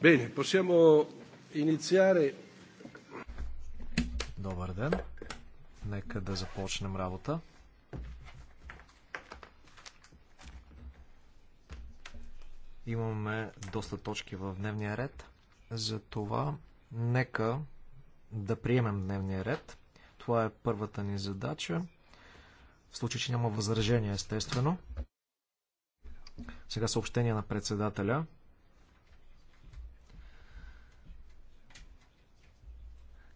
Bene, possiamo iniziare. Добър ден. Нека да започнем работа. Имаме доста точки в дневния ред. Затова нека да приемем дневния ред. Това е първата ни задача. В случай, че няма възражение, естествено. Сега съобщение на председателя.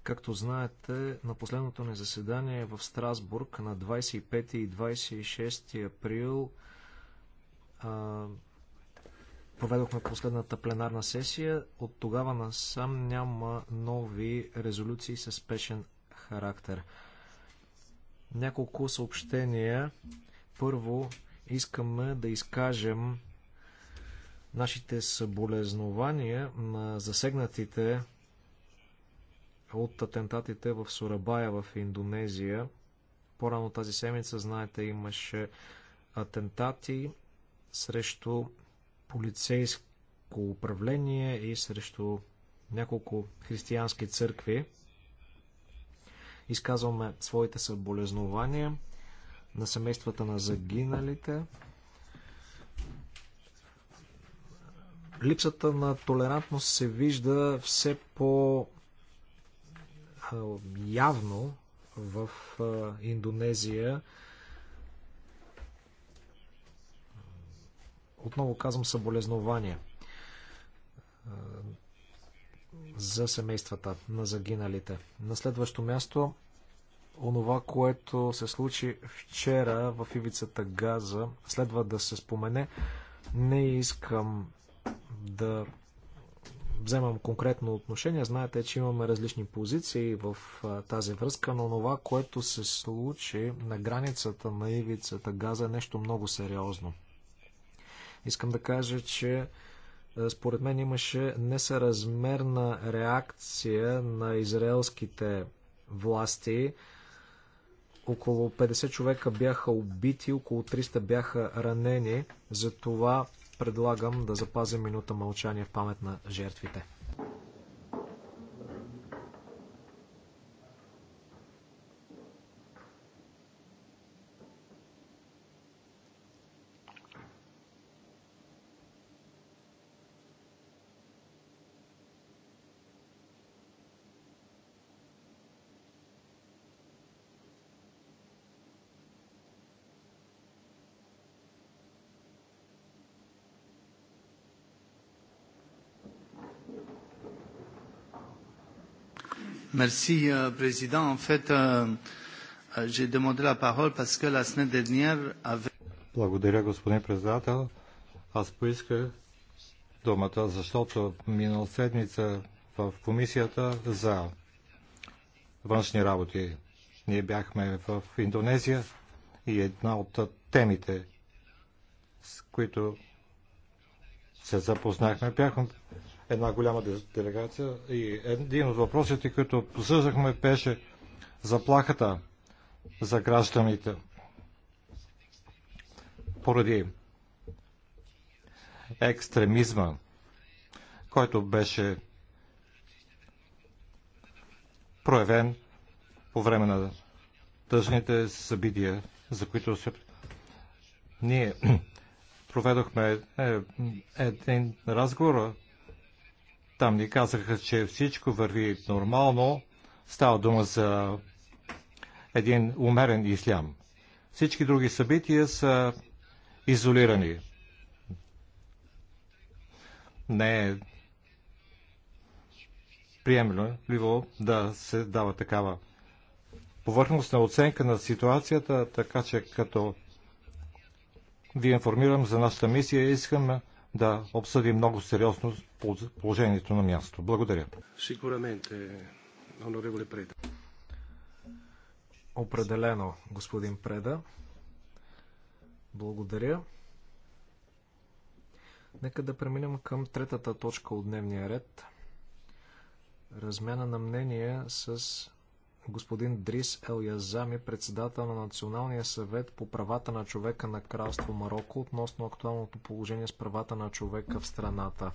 Както знаете, на последното ни заседание в Страсбург на 25 и 26 април а, проведохме последната пленарна сесия. От тогава насам няма нови резолюции с спешен характер. Няколко съобщения. Първо, искаме да изкажем нашите съболезнования на засегнатите от атентатите в Сурабая в Индонезия. По-рано тази седмица, знаете, имаше атентати срещу полицейско управление и срещу няколко християнски църкви. Изказваме своите съболезнования на семействата на загиналите. Липсата на толерантност се вижда все по явно в Индонезия. Отново казвам съболезнования за семействата на загиналите. На следващо място, онова, което се случи вчера в ивицата Газа, следва да се спомене. Не искам да вземам конкретно отношение. Знаете, че имаме различни позиции в тази връзка, но това, което се случи на границата на ивицата Газа е нещо много сериозно. Искам да кажа, че според мен имаше несъразмерна реакция на израелските власти. Около 50 човека бяха убити, около 300 бяха ранени. Затова Предлагам да запазим минута мълчание в памет на жертвите. Merci, euh, Président. En fait, euh, euh, j'ai demandé la parole parce que la semaine dernière, avec... Благодаря, господин председател. Аз поисках думата, защото минал седмица в комисията за външни работи. Ние бяхме в Индонезия и една от темите, с които се запознахме, бяхме една голяма делегация и един от въпросите, които обсъждахме, беше заплахата за гражданите поради екстремизма, който беше проявен по време на тъжните събития, за които се... Ние проведохме е, един разговор там ни казаха, че всичко върви нормално. Става дума за един умерен ислям. Всички други събития са изолирани. Не е приемливо да се дава такава повърхностна оценка на ситуацията, така че като ви информирам за нашата мисия, искам да обсъди много сериозно положението на място. Благодаря. Определено, господин Преда. Благодаря. Нека да преминем към третата точка от дневния ред. Размяна на мнения с господин Дрис Елязами, е председател на Националния съвет по правата на човека на Кралство Марокко относно актуалното положение с правата на човека в страната.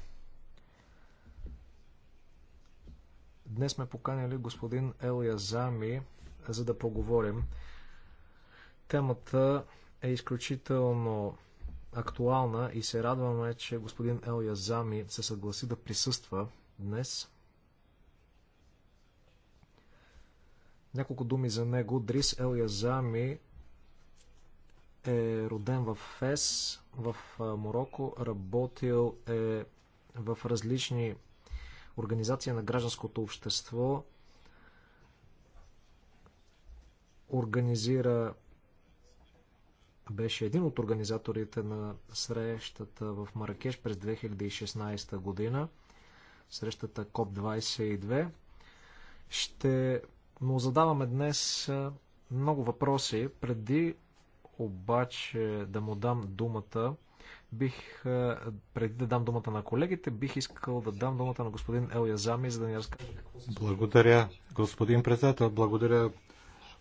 Днес сме поканили господин Елязами, за да поговорим. Темата е изключително актуална и се радваме, че господин Елязами се съгласи да присъства днес Няколко думи за него. Дрис Ел Язами е роден в Фес, в Мороко, работил е в различни организации на гражданското общество, организира беше един от организаторите на срещата в Маракеш през 2016 година, срещата КОП-22. Ще но задаваме днес много въпроси. Преди обаче да му дам думата, бих, преди да дам думата на колегите, бих искал да дам думата на господин Ел Язами, за да ни разкаже какво се Благодаря, господин председател. Благодаря,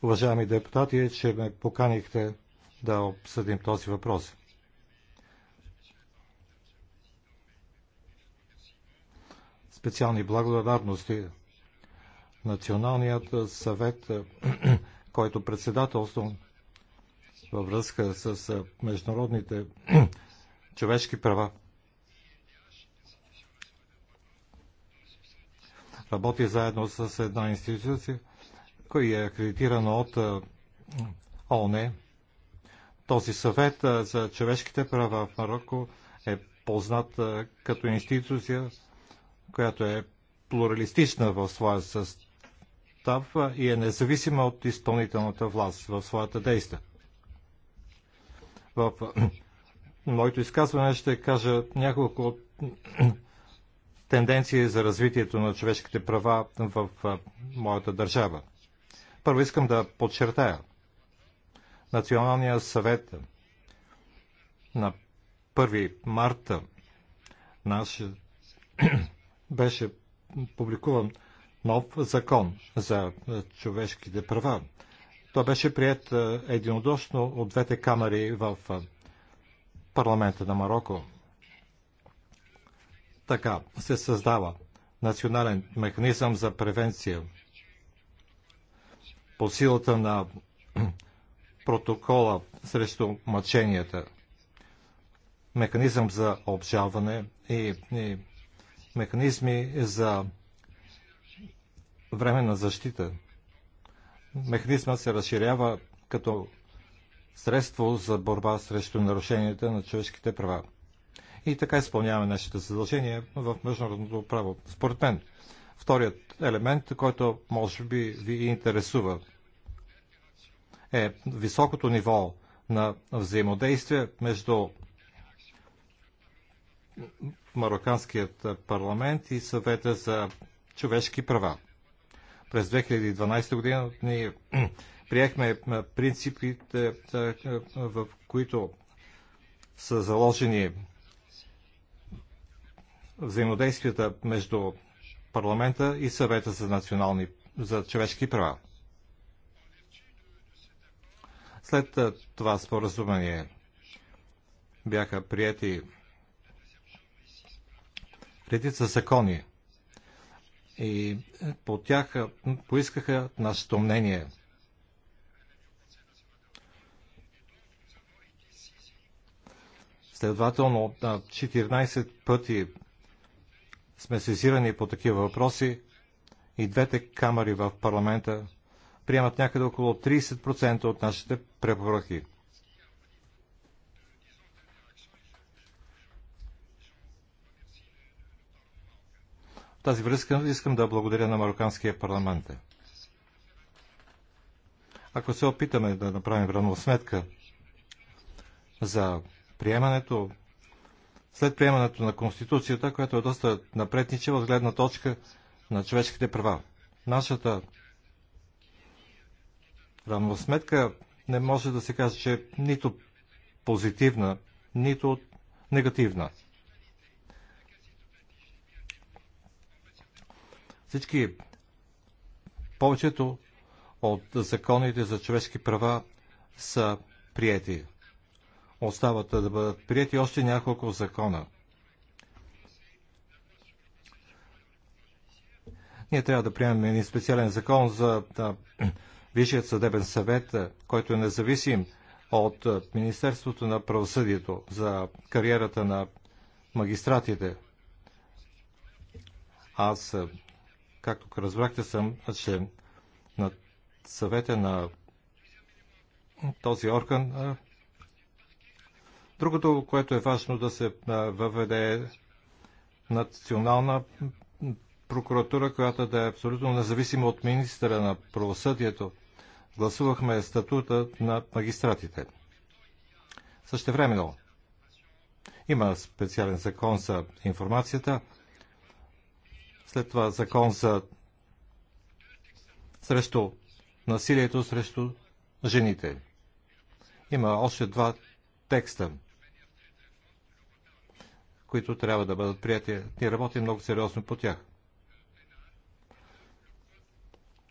уважаеми депутати, че ме поканихте да обсъдим този въпрос. Специални благодарности Националният съвет, който председателство във връзка с международните човешки права. Работи заедно с една институция, която е акредитирана от ООН. Този съвет за човешките права в Марокко е познат като институция, която е плуралистична в своя състав състав и е независима от изпълнителната власт в своята действа. В моето изказване ще кажа няколко тенденции за развитието на човешките права в моята държава. Първо искам да подчертая. Националния съвет на 1 марта наш беше публикуван нов закон за е, човешките права. Той беше прият е, единодушно от двете камери в е, парламента на Марокко. Така се създава национален механизъм за превенция по силата на протокола срещу мъченията, механизъм за обжалване и, и механизми за време на защита. Механизма се разширява като средство за борба срещу нарушенията на човешките права. И така изпълняваме нашите задължения в международното право. Според мен, вторият елемент, който може би ви интересува, е високото ниво на взаимодействие между Марокканският парламент и съвета за човешки права. През 2012 година ние приехме принципите, в които са заложени взаимодействията между парламента и съвета за национални за човешки права. След това споразумение бяха прияти редица закони и е, по тях е, поискаха нашето мнение. Следователно, 14 пъти сме сезирани по такива въпроси и двете камери в парламента приемат някъде около 30% от нашите препоръки. В тази връзка искам да благодаря на Марокканския парламент. Ако се опитаме да направим равносметка за приемането, след приемането на Конституцията, която е доста напредничева от гледна точка на човешките права. Нашата равносметка не може да се каже, че е нито позитивна, нито негативна. Всички, повечето от законите за човешки права са приети. Остават да бъдат прияти още няколко закона. Ние трябва да приемем един специален закон за да, Висшият съдебен съвет, който е независим от Министерството на правосъдието за кариерата на магистратите. Аз Както разбрахте, съм член на съвета на този орган. Другото, което е важно да се въведе е национална прокуратура, която да е абсолютно независима от министра на правосъдието. Гласувахме статута на магистратите. Същевременно има специален закон за информацията, след това закон за срещу насилието срещу жените. Има още два текста, които трябва да бъдат прияти. Ние работим много сериозно по тях.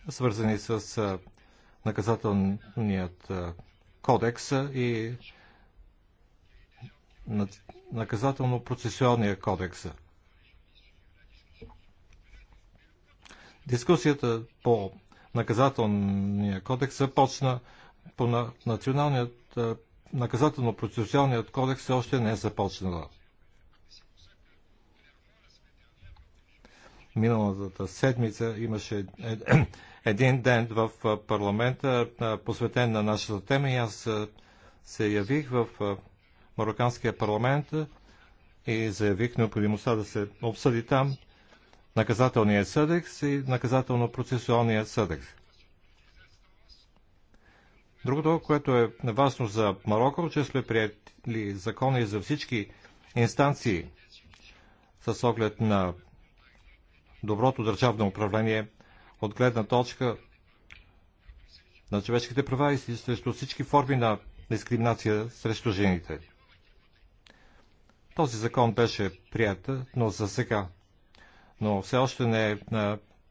Свързани с наказателният кодекс и наказателно-процесуалния кодекс. Дискусията по наказателния кодекс започна по националният наказателно-процесуалният кодекс все още не е започнала. Миналата седмица имаше е, е, един ден в парламента, посветен на нашата тема и аз се явих в Марокканския парламент и заявих необходимостта да се обсъди там наказателния съдекс и наказателно-процесуалния съдекс. Другото, което е важно за Марокко, че сме приятели закони за всички инстанции с оглед на доброто държавно управление от гледна точка на човешките права и срещу всички форми на дискриминация срещу жените. Този закон беше прият, но за сега но все още не е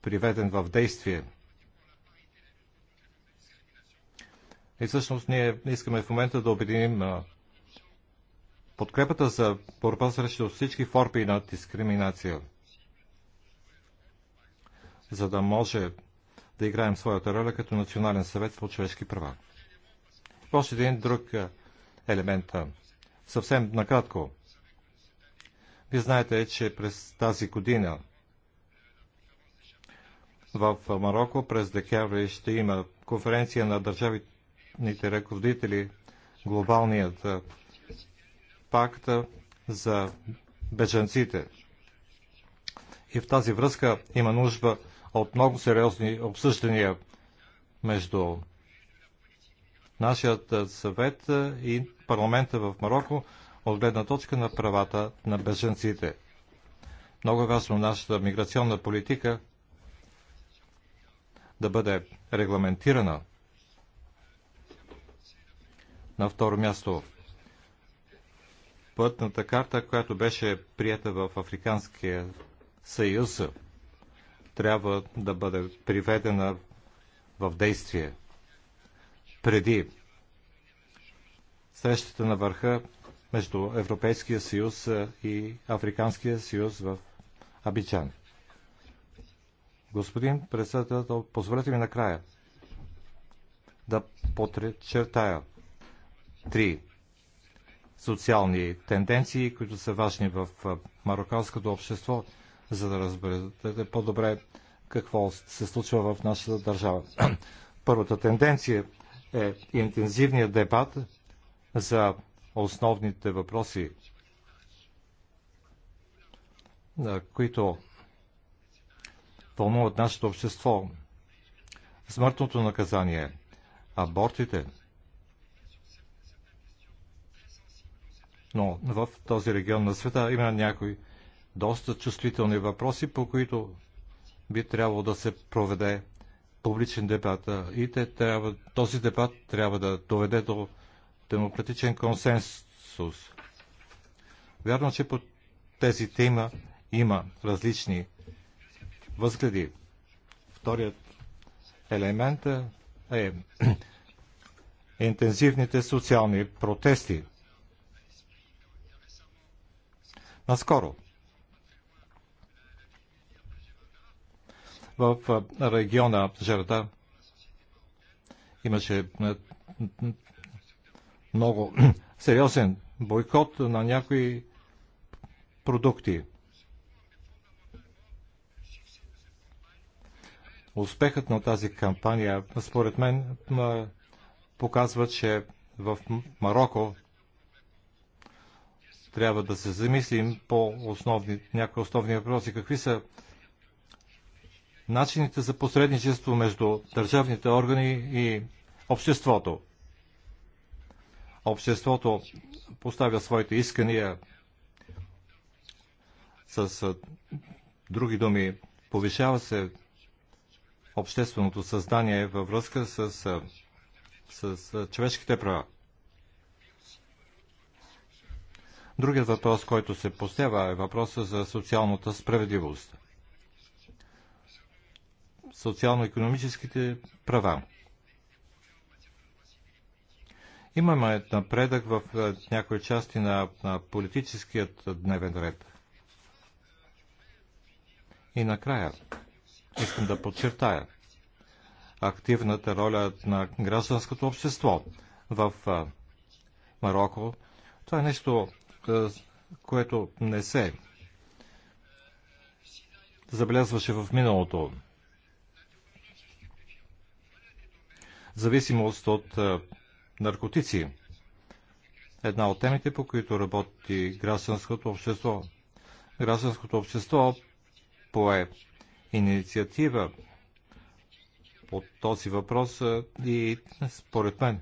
приведен в действие. И всъщност ние искаме в момента да обединим подкрепата за борба срещу всички форми на дискриминация, за да може да играем своята роля като Национален съвет по човешки права. Още един друг елемент. Съвсем накратко. Вие знаете, че през тази година в Марокко. През декември ще има конференция на държавните ръководители, глобалният пакт за беженците. И в тази връзка има нужда от много сериозни обсъждания между нашият съвет и парламента в Марокко от гледна точка на правата на беженците. Много е важно нашата миграционна политика да бъде регламентирана. На второ място, пътната карта, която беше прията в Африканския съюз, трябва да бъде приведена в действие. Преди срещата на върха между Европейския съюз и Африканския съюз в Абичан. Господин председател, позволете ми накрая да подчертая три социални тенденции, които са важни в марокканското общество, за да разберете по-добре какво се случва в нашата държава. Първата тенденция е интензивният дебат за основните въпроси, на които вълнуват нашето общество. Смъртното наказание, абортите. Но в този регион на света има някои доста чувствителни въпроси, по които би трябвало да се проведе публичен дебат. И те трябва, този дебат трябва да доведе до демократичен консенсус. Вярно, че по тези тема има различни възгледи. Вторият елемент е, е интензивните социални протести. Наскоро в региона Жерда имаше много сериозен бойкот на някои продукти. Успехът на тази кампания, според мен, показва, че в Марокко трябва да се замислим по основни, някои основни въпроси. Какви са начините за посредничество между държавните органи и обществото? Обществото поставя своите искания с други думи, повишава се общественото съзнание във връзка с, с, с човешките права. Другият въпрос, който се поставя, е въпроса за социалната справедливост. Социално-економическите права. Имаме напредък в някои части на, на политическият дневен ред. И накрая, искам да подчертая активната роля на гражданското общество в Марокко. Това е нещо, което не се забелязваше в миналото. Зависимост от наркотици. Една от темите, по които работи гражданското общество. Гражданското общество пое инициатива по този въпрос и според мен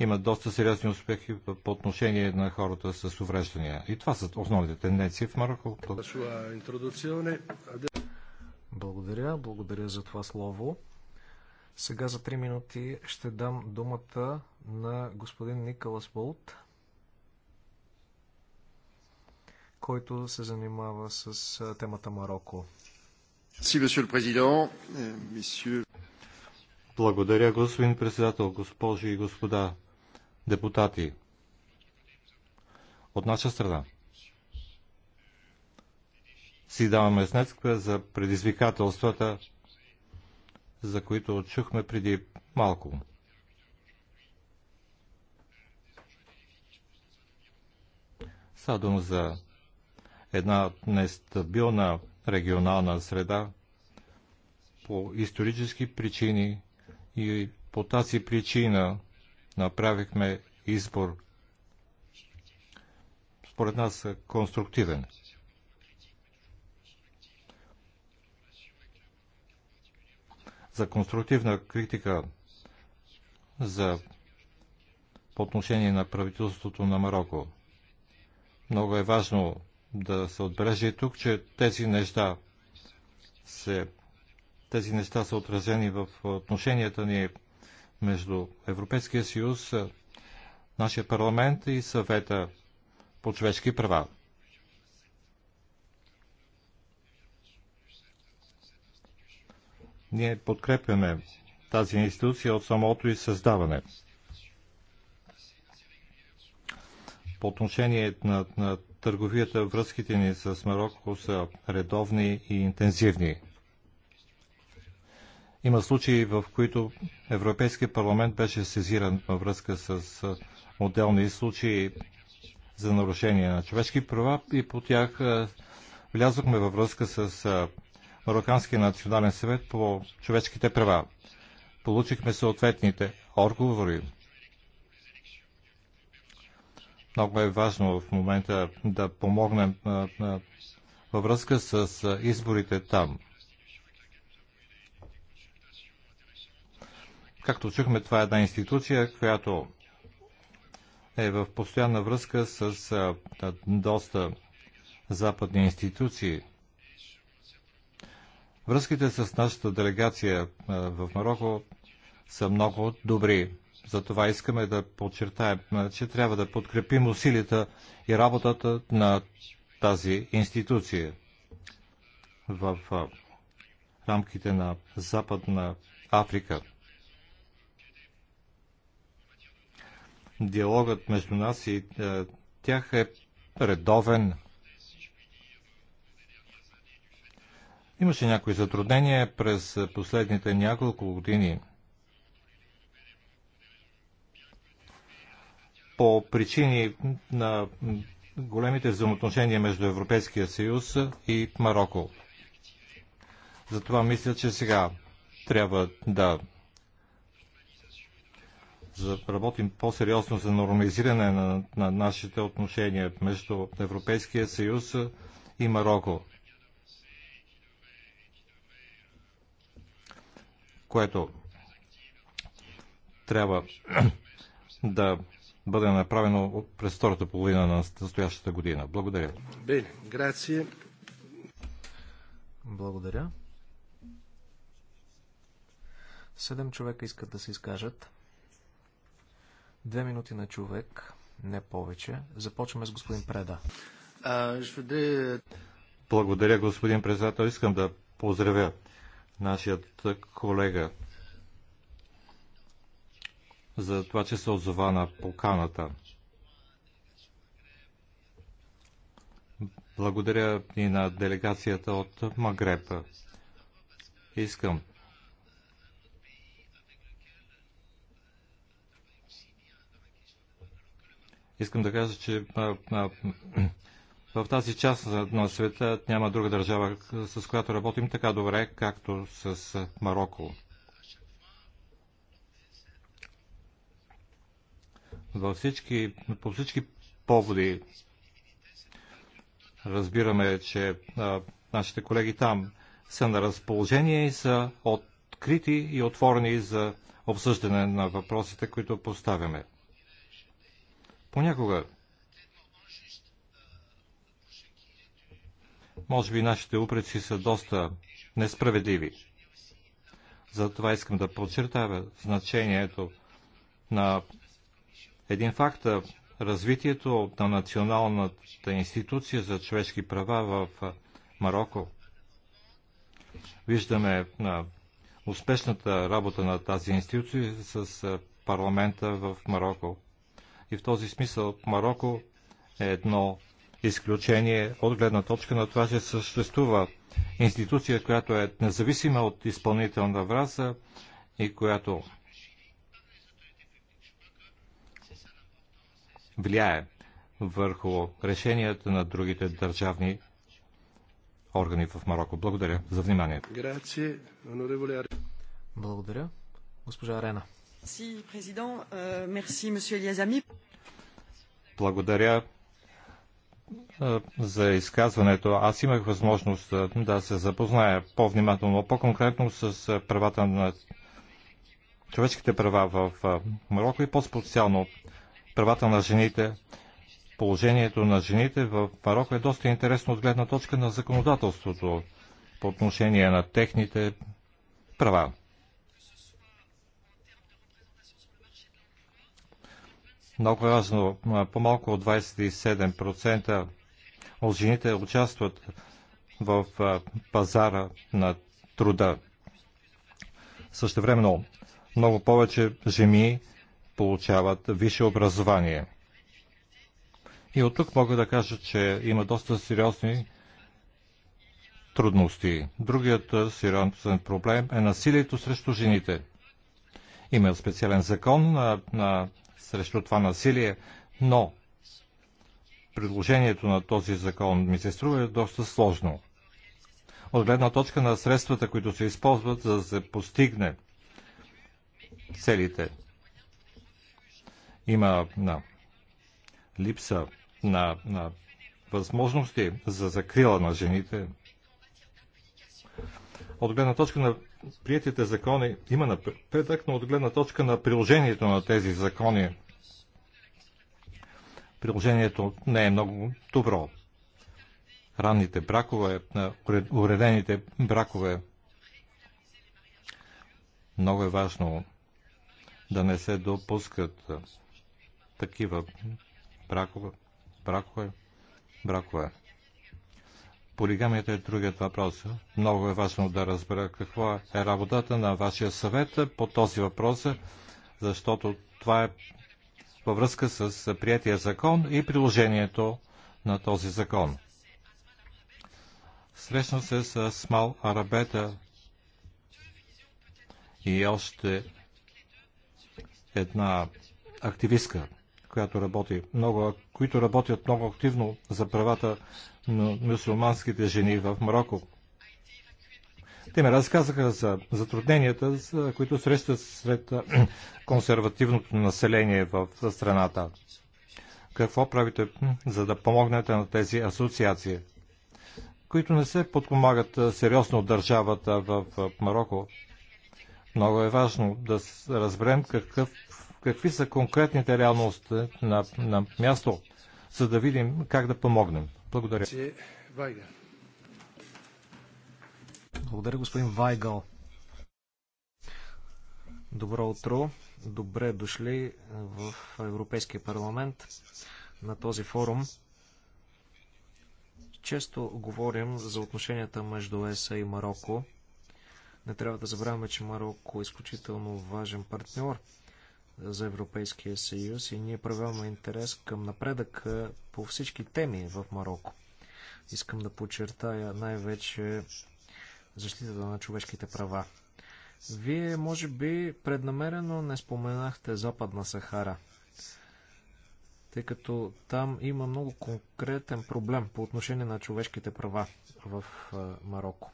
има доста сериозни успехи по отношение на хората с увреждания. И това са основните тенденции в Марокко. Благодаря, благодаря за това слово. Сега за 3 минути ще дам думата на господин Николас Болт. който се занимава с темата Марокко. Е, Благодаря, господин председател, госпожи и господа депутати. От наша страна си даваме сметка за предизвикателствата, за които чухме преди малко. Става дума за една нестабилна регионална среда по исторически причини и по тази причина направихме избор според нас конструктивен. За конструктивна критика за по отношение на правителството на Марокко. Много е важно да се отбележи тук, че тези неща се, тези неща са отразени в отношенията ни между Европейския съюз, нашия парламент и съвета по човешки права. Ние подкрепяме тази институция от самото и създаване. По отношение на, на търговията, връзките ни с Марокко са редовни и интензивни. Има случаи, в които Европейския парламент беше сезиран във връзка с отделни случаи за нарушение на човешки права и по тях влязохме във връзка с Марокканския национален съвет по човешките права. Получихме съответните отговори много е важно в момента да помогнем във връзка с изборите там. Както чухме, това е една институция, която е в постоянна връзка с доста западни институции. Връзките с нашата делегация в Марокко са много добри. Затова искаме да подчертаем, че трябва да подкрепим усилията и работата на тази институция в рамките на Западна Африка. Диалогът между нас и тях е редовен. Имаше някои затруднения през последните няколко години – по причини на големите взаимоотношения между Европейския съюз и Марокко. Затова мисля, че сега трябва да работим по-сериозно за нормализиране на, на нашите отношения между Европейския съюз и Марокко. Което трябва да бъде направено през втората половина на настоящата година. Благодаря. Бели, грация. Благодаря. Седем човека искат да се изкажат. Две минути на човек, не повече. Започваме с господин Преда. Благодаря, господин председател. Искам да поздравя нашият колега за това, че се озова на поканата. Благодаря и на делегацията от Магреб. Искам Искам да кажа, че а, а, в тази част на света няма друга държава, с която работим така добре, както с Марокко. във всички, по всички поводи. Разбираме, че а, нашите колеги там са на разположение и са открити и отворени за обсъждане на въпросите, които поставяме. Понякога, може би нашите упреци са доста несправедливи. Затова искам да подчертая значението на един факт развитието на Националната институция за човешки права в Марокко. Виждаме на успешната работа на тази институция с парламента в Марокко. И в този смисъл Марокко е едно изключение от гледна точка на това, че съществува институция, която е независима от изпълнителна враза и която влияе върху решенията на другите държавни органи в Марокко. Благодаря за вниманието. Благодаря. Госпожа Арена. Е, Благодаря е, за изказването. Аз имах възможност е, да се запозная по-внимателно, по-конкретно с правата на човешките права в Марокко и по-специално правата на жените. Положението на жените в Марокко е доста интересно от гледна точка на законодателството по отношение на техните права. Много е важно, по-малко от 27% от жените участват в пазара на труда. Също времено, много повече жени получават висше образование. И от тук мога да кажа, че има доста сериозни трудности. Другият сериозен проблем е насилието срещу жените. Има специален закон на, на, срещу това насилие, но предложението на този закон ми се струва е доста сложно. От гледна точка на средствата, които се използват, за да се постигне целите. Има на, липса на, на възможности за закрила на жените. От гледна точка на приятите закони има напредък, но от гледна точка на приложението на тези закони приложението не е много добро. Ранните бракове, уредените бракове. Много е важно да не се допускат такива бракове. бракове, бракове. Полигамията е другият въпрос. Много е важно да разбера какво е работата на вашия съвет по този въпрос, защото това е във връзка с приятия закон и приложението на този закон. Срещна се с Мал Арабета и още една активистка която работи много, които работят много активно за правата на мусулманските жени в Марокко. Те ми разказаха за затрудненията, за които срещат сред консервативното население в страната. Какво правите, за да помогнете на тези асоциации, които не се подпомагат сериозно от държавата в Марокко? Много е важно да разберем какъв какви са конкретните реалности на, на място, за да видим как да помогнем. Благодаря. Благодаря, господин Вайгъл. Добро утро. Добре дошли в Европейския парламент на този форум. Често говорим за отношенията между ЕСА и Марокко. Не трябва да забравяме, че Марокко е изключително важен партньор за Европейския съюз и ние проявяваме интерес към напредък по всички теми в Марокко. Искам да подчертая най-вече защитата на човешките права. Вие, може би, преднамерено не споменахте Западна Сахара, тъй като там има много конкретен проблем по отношение на човешките права в Марокко.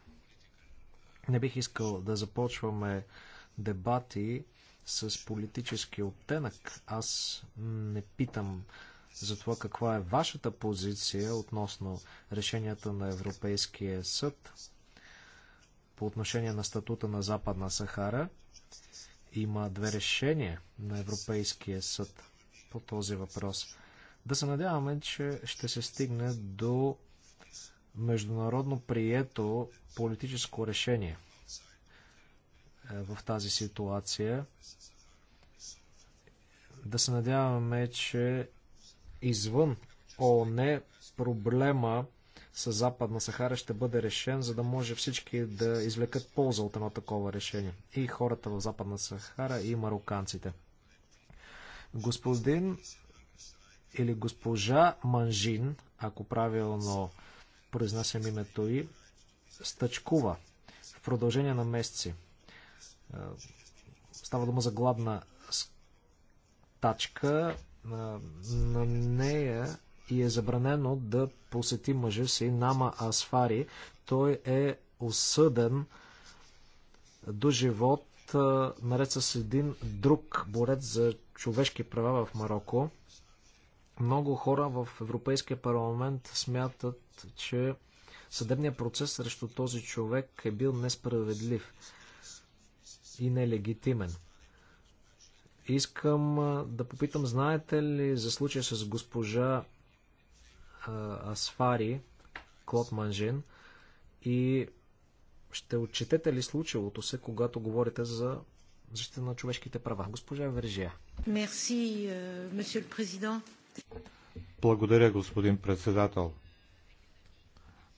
Не бих искал да започваме дебати с политически оттенък. Аз не питам за това каква е вашата позиция относно решенията на Европейския съд по отношение на статута на Западна Сахара. Има две решения на Европейския съд по този въпрос. Да се надяваме, че ще се стигне до международно прието политическо решение е, в тази ситуация. Да се надяваме, че извън ООН проблема с Западна Сахара ще бъде решен, за да може всички да извлекат полза от едно такова решение. И хората в Западна Сахара, и мароканците. Господин или госпожа Манжин, ако правилно произнасям името и, стъчкува в продължение на месеци. Става дума за гладна стачка. На нея и е забранено да посети мъжа си Нама Асфари. Той е осъден до живот наред с един друг борец за човешки права в Марокко. Много хора в Европейския парламент смятат, че съдебният процес срещу този човек е бил несправедлив и нелегитимен. Искам да попитам, знаете ли за случая с госпожа Асфари, Клод Манжин, и ще отчетете ли случилото се, когато говорите за защита на човешките права? Госпожа Вержия. Мерси, е, месье президент. Благодаря, господин председател.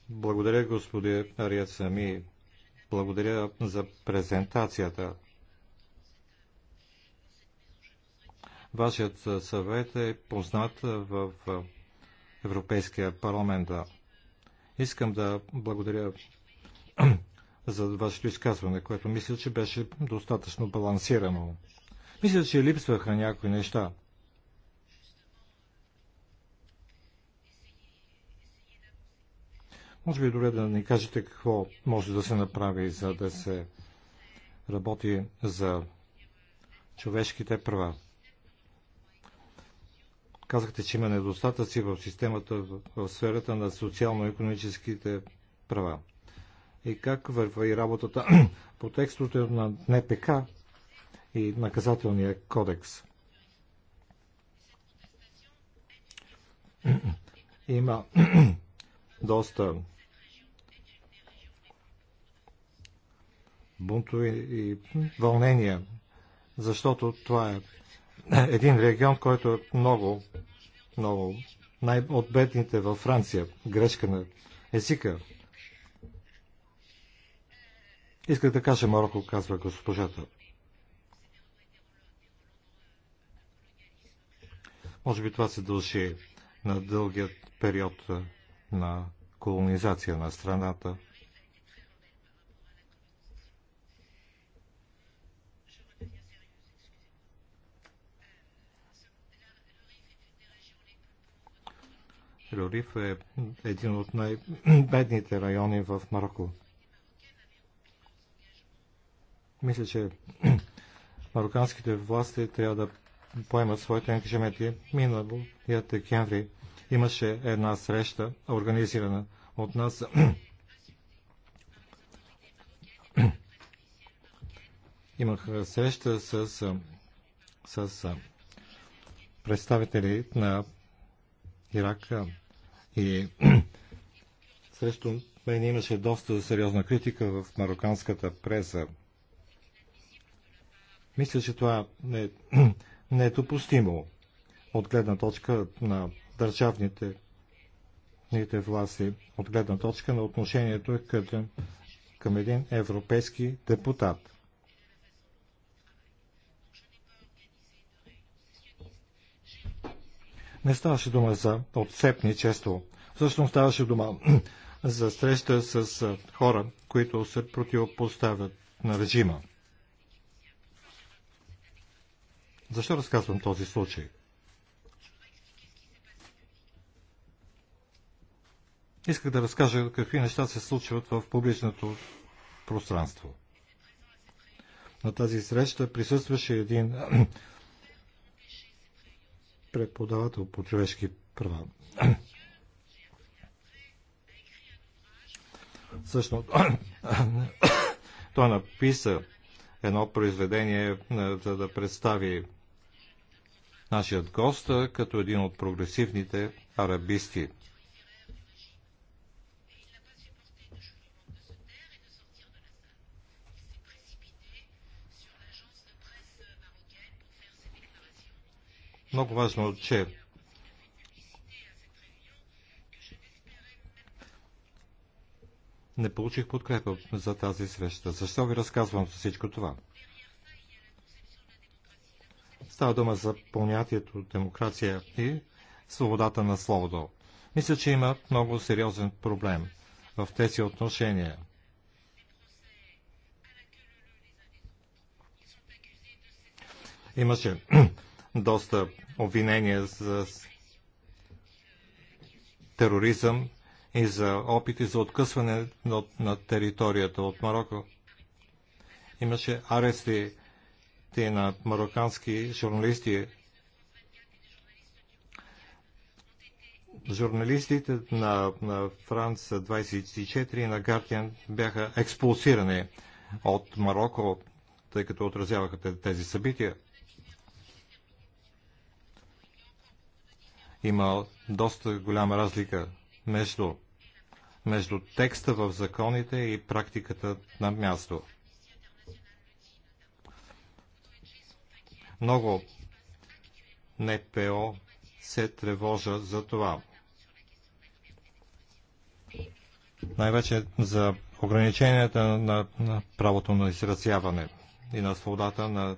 Благодаря, господин Ария Сами, благодаря за презентацията. Вашият съвет е познат в Европейския парламент. Искам да благодаря за вашето изказване, което мисля, че беше достатъчно балансирано. Мисля, че липсваха някои неща. Може би е добре да ни кажете какво може да се направи, за да се работи за човешките права. Казахте, че има недостатъци в системата в сферата на социално-економическите права. И как и работата по текстовете на НПК и наказателния кодекс? Има доста бунтове и вълнения, защото това е един регион, който е много, много най-отбедните във Франция. Грешка на езика. Исках да кажа Марокко, казва госпожата. Може би това се дължи на дългият период на колонизация на страната. Рориф е един от най-бедните райони в Марокко. Мисля, че мароканските власти трябва да поемат своите ангажименти. Миналия декември имаше една среща, организирана от нас. Имах среща с, с представители на Ирак. И срещу мен имаше доста сериозна критика в мароканската преса. Мисля, че това не, не е допустимо от гледна точка на държавните ните власти, от гледна точка на отношението е към, към един европейски депутат. Не ставаше дума за отцепни често. Всъщност ставаше дума за среща с хора, които се противопоставят на режима. Защо разказвам този случай? Исках да разкажа какви неща се случват в публичното пространство. На тази среща присъстваше един преподавател по човешки права. Също той написа едно произведение, е, за да представи нашият гост е, като един от прогресивните арабисти – много важно, че не получих подкрепа за тази среща. Защо ви разказвам всичко това? Става дума за понятието демокрация и свободата на словото. Мисля, че има много сериозен проблем в тези отношения. Имаше доста обвинения за тероризъм и за опити за откъсване на, територията от Марокко. Имаше арести на марокански журналисти. Журналистите на, на Франц 24 и на Гартиан бяха експулсирани от Марокко, тъй като отразяваха тези събития. Има доста голяма разлика между, между текста в законите и практиката на място. Много НПО се тревожа за това. Най-вече за ограниченията на, на правото на изразяване и на свободата на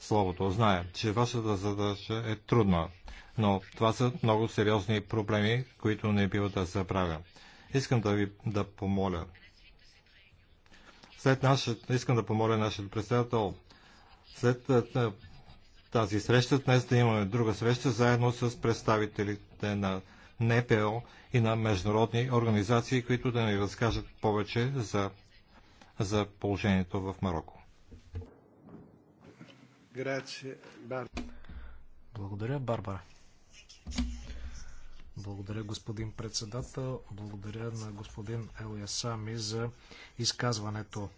словото. Знаем, че вашата задача е трудна. Но това са много сериозни проблеми, които не бива да забравя. Искам да ви да помоля. След нашата, искам да помоля нашия председател след е, е, тази среща днес да имаме друга среща заедно с представителите на НПО и на международни организации, които да ни разкажат повече за, за положението в Марокко. Благодаря, Барбара. Благодаря, господин председател. Благодаря на господин Елиасами за изказването.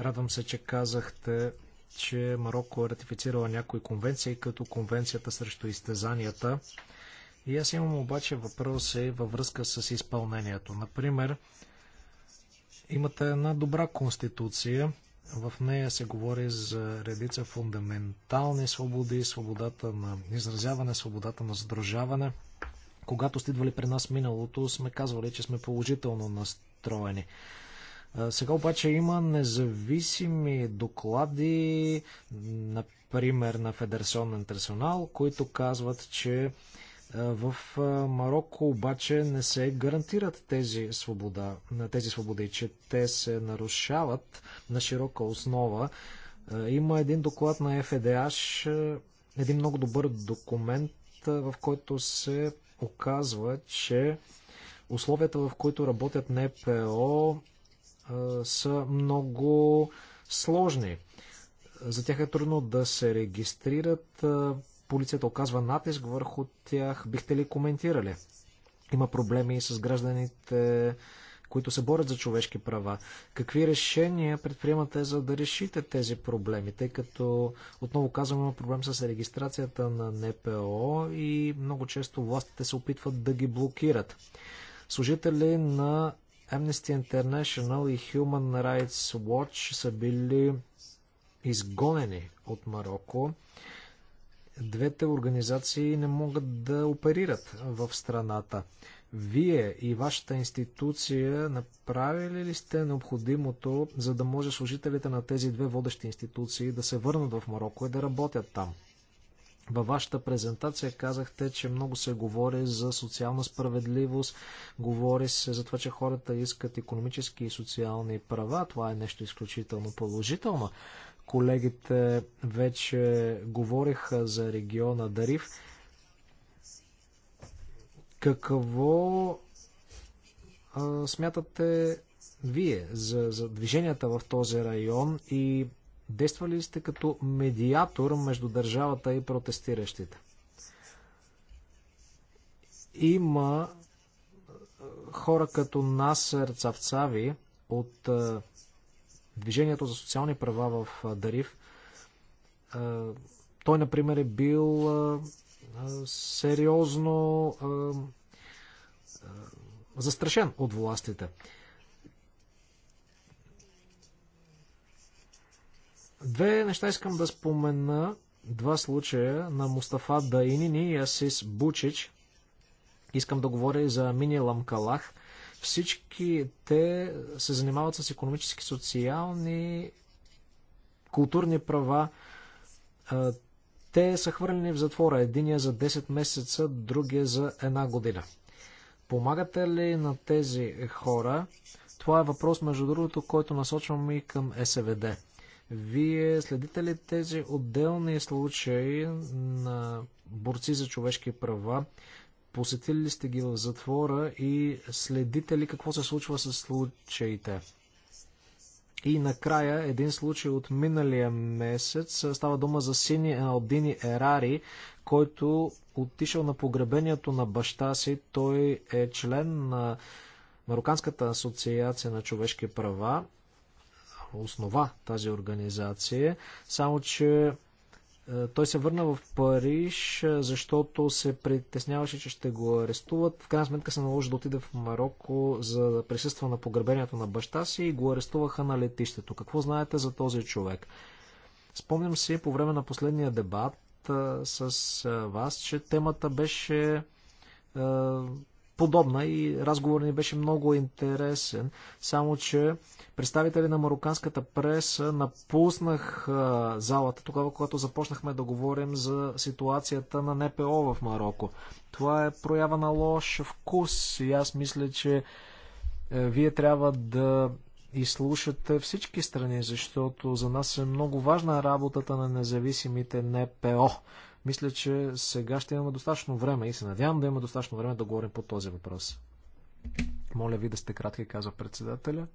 Радвам се, че казахте, че Марокко е ратифицирала някои конвенции, като конвенцията срещу изтезанията. И аз имам обаче въпроси във връзка с изпълнението. Например, имате една добра конституция, в нея се говори за редица фундаментални свободи, свободата на изразяване, свободата на задружаване. Когато сте идвали при нас миналото, сме казвали, че сме положително настроени. Сега обаче има независими доклади, например на Федерационен интернационал, които казват, че в Марокко обаче не се гарантират тези, свобода, тези свободи, че те се нарушават на широка основа. Има един доклад на ФДАШ, един много добър документ, в който се оказва, че условията, в които работят НПО, са много сложни. За тях е трудно да се регистрират, полицията оказва натиск върху тях. Бихте ли коментирали? Има проблеми и с гражданите, които се борят за човешки права. Какви решения предприемате за да решите тези проблеми? Тъй като, отново казвам, има проблем с регистрацията на НПО и много често властите се опитват да ги блокират. Служители на Amnesty International и Human Rights Watch са били изгонени от Марокко двете организации не могат да оперират в страната. Вие и вашата институция направили ли сте необходимото, за да може служителите на тези две водещи институции да се върнат в Марокко и да работят там? Във вашата презентация казахте, че много се говори за социална справедливост, говори се за това, че хората искат економически и социални права. Това е нещо изключително положително. Колегите вече говориха за региона Дарив. Какво а, смятате вие за, за движенията в този район и действали сте като медиатор между държавата и протестиращите? Има хора като Насър Цавцави от Движението за социални права в Дарив. Той, например, е бил сериозно застрашен от властите. Две неща искам да спомена. Два случая на Мустафа Даинини и Асис Бучич. Искам да говоря и за Мини Ламкалах – всички те се занимават с економически, социални, културни права. Те са хвърлени в затвора. Единия за 10 месеца, другия за една година. Помагате ли на тези хора? Това е въпрос, между другото, който насочвам и към СВД. Вие следите ли тези отделни случаи на борци за човешки права? Посетили ли сте ги в затвора и следите ли какво се случва с случаите? И накрая един случай от миналия месец. Става дума за Сини Алдини Ерари, който отишъл на погребението на баща си. Той е член на Марокканската асоциация на човешки права. Основа тази организация. Само, че е, той се върна в Париж, е, защото се притесняваше, че ще го арестуват. В крайна сметка се наложи да отиде в Марокко, за да присъства на погребението на баща си и го арестуваха на летището. Какво знаете за този човек? Спомням си по време на последния дебат е, с вас, че темата беше подобна и разговор ни беше много интересен, само че представители на марокканската преса напуснах залата тогава, когато започнахме да говорим за ситуацията на НПО в Марокко. Това е проява на лош вкус и аз мисля, че е, вие трябва да изслушате всички страни, защото за нас е много важна работата на независимите НПО мисля, че сега ще имаме достатъчно време и се надявам да имаме достатъчно време да говорим по този въпрос. Моля ви да сте кратки, казва председателя.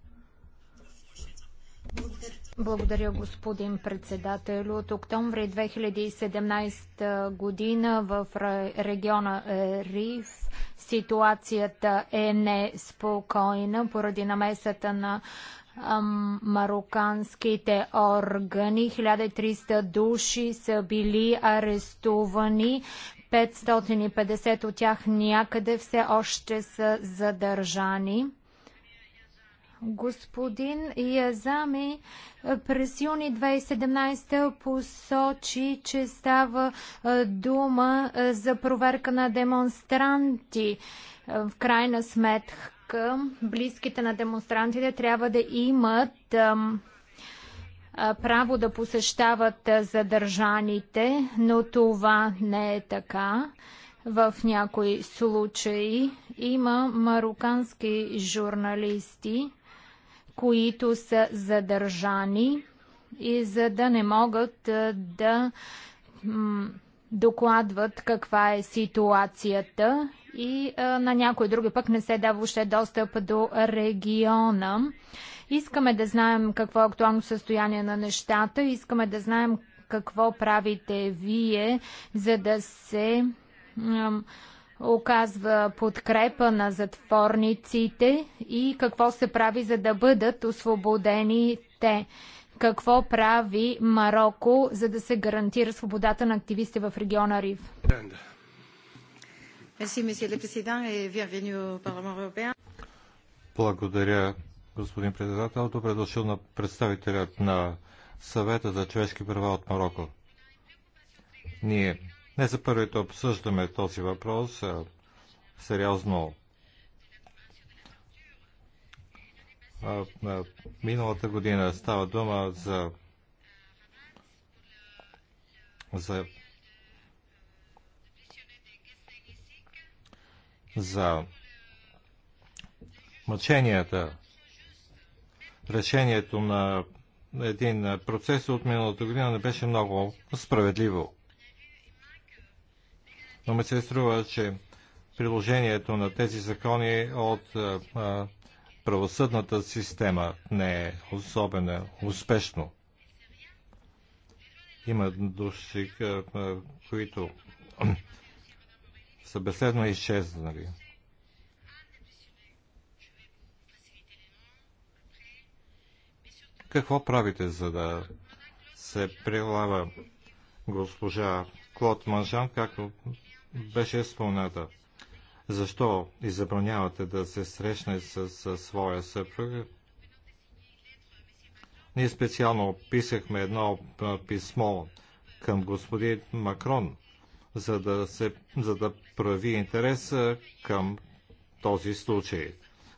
Благодаря, господин председател. От октомври 2017 година в региона е, Риф ситуацията е неспокойна поради намесата на мароканските органи. 1300 души са били арестувани. 550 от тях някъде все още са задържани. Господин Язами през юни 2017 посочи, че става дума за проверка на демонстранти. В крайна сметка стъпка близките на демонстрантите трябва да имат право да посещават задържаните, но това не е така. В някои случаи има марокански журналисти, които са задържани и за да не могат да докладват каква е ситуацията и а, на някой други пък не се дава още достъп до региона. Искаме да знаем какво е актуално състояние на нещата, искаме да знаем какво правите вие, за да се оказва подкрепа на затворниците и какво се прави, за да бъдат освободени те какво прави Марокко, за да се гарантира свободата на активисти в региона Рив? Благодаря, господин председател. Добре дошъл на представителят на съвета за човешки права от Марокко. Ние не за първито обсъждаме този въпрос сериозно миналата година. Става дума за, за, за мъченията, решението на един процес от миналата година не беше много справедливо. Но ми се струва, че приложението на тези закони от а, правосъдната система не е особено успешно. Има души, които са безследно изчезнали. Какво правите, за да се прилага госпожа Клод Манжан, както беше спомната? Защо и забранявате да се срещне с, с своя съпруг? Ние специално писахме едно писмо към господин Макрон, за да, се, за да прояви интерес към този случай.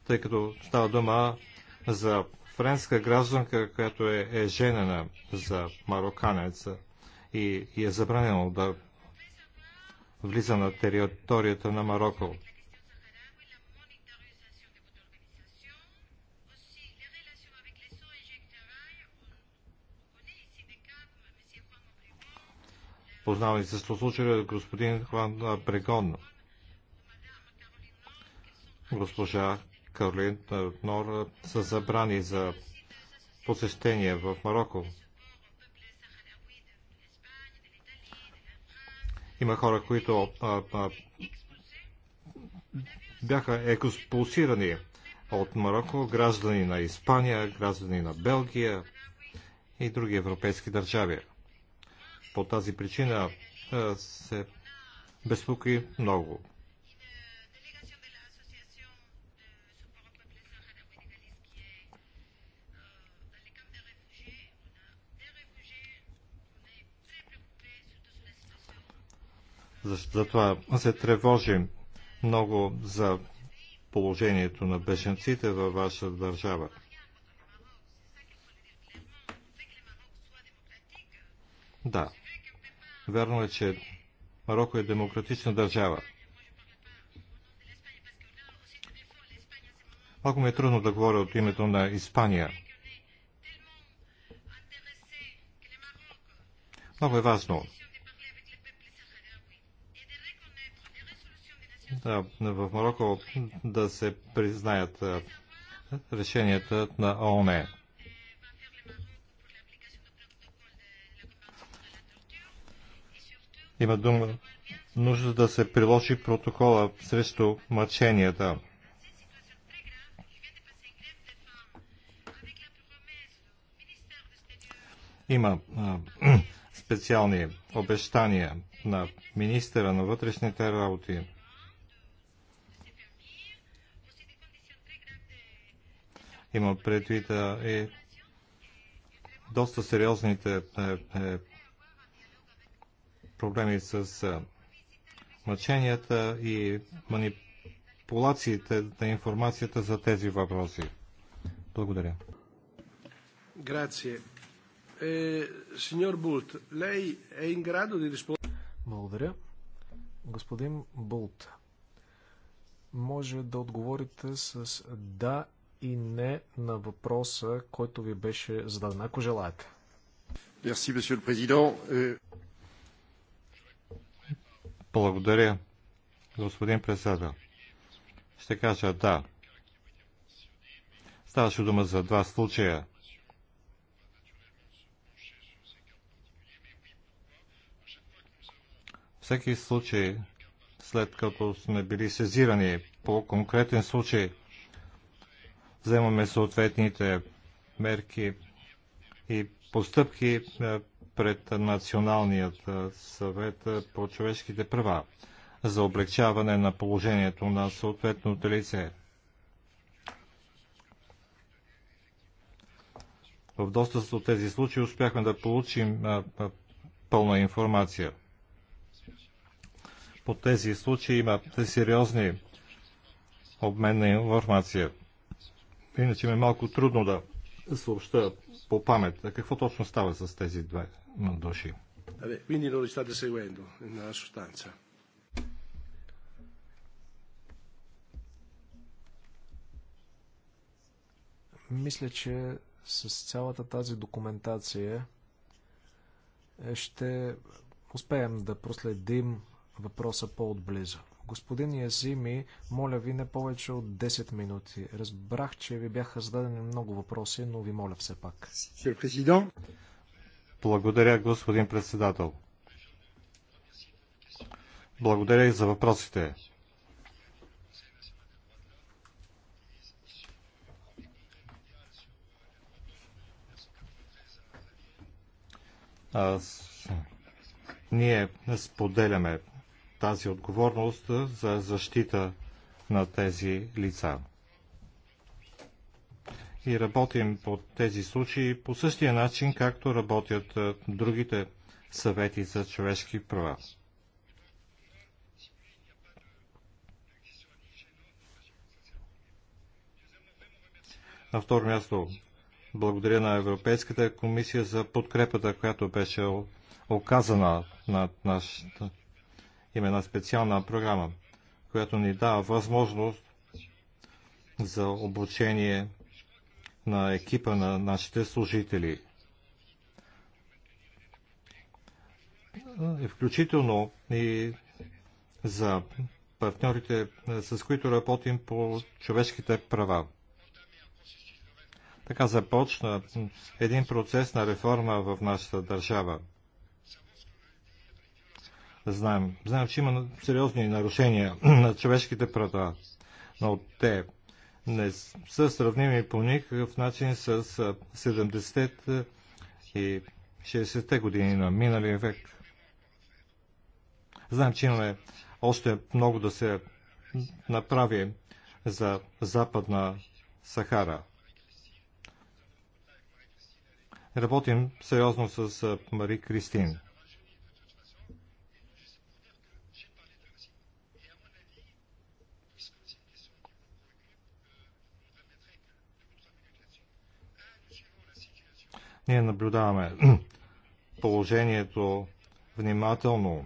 Тъй като става дума за френска гражданка, която е, е женена за мароканец и, и е забранено да влиза на територията на Марокко. Познавали се с случая господин Хван Прегон, госпожа Каролин Нор са забрани за посещение в Марокко. Има хора, които а, а, бяха експулсирани от Марокко, граждани на Испания, граждани на Белгия и други европейски държави. По тази причина се безпокои много Затова се тревожим много за положението на беженците във ваша държава. Да, верно е, че Марокко е демократична държава. Малко ми е трудно да говоря от името на Испания. Много е важно в Марокко да се признаят решенията на ООН. Има дума нужда да се приложи протокола срещу мъченията. Има а, специални обещания на министъра на вътрешните работи Има предвид е, доста сериозните е, е, проблеми с мъченията и манипулациите на информацията за тези въпроси. Благодаря. Грация. Е, сеньор Булт, лей е инградо да респонд... Благодаря. Господин Булт, може да отговорите с да и не на въпроса, който ви беше зададен, ако желаете. Merci, monsieur le président. Благодаря, господин председател. Ще кажа да. Ставаше дума за два случая. Всеки случай, след като сме били сезирани по конкретен случай, вземаме съответните мерки и постъпки е, пред Националният е, съвет е, по човешките права за облегчаване на положението на съответното лице. В доста от тези случаи успяхме да получим пълна информация. По тези случаи има сериозни обмен на информация. Иначе ми е малко трудно да съобща по памет какво точно става с тези две души. Quindi non li state seguendo nella Мисля, че с цялата тази документация е, ще успеем да проследим въпроса по-отблизо. Господин Язими, моля ви не повече от 10 минути. Разбрах, че ви бяха зададени много въпроси, но ви моля все пак. Благодаря, господин председател. Благодаря и за въпросите. Аз... Ние споделяме тази отговорност за защита на тези лица. И работим по тези случаи по същия начин, както работят другите съвети за човешки права. На второ място, благодаря на Европейската комисия за подкрепата, която беше оказана на нашата има една специална програма, която ни дава възможност за обучение на екипа на нашите служители. Включително и за партньорите, с които работим по човешките права. Така започна един процес на реформа в нашата държава знаем. Знаем, че има сериозни нарушения на човешките права, но те не са сравними по никакъв начин с 70-те и 60-те години на миналия век. Знаем, че имаме още много да се направи за Западна Сахара. Работим сериозно с Мари Кристин. Ние наблюдаваме положението внимателно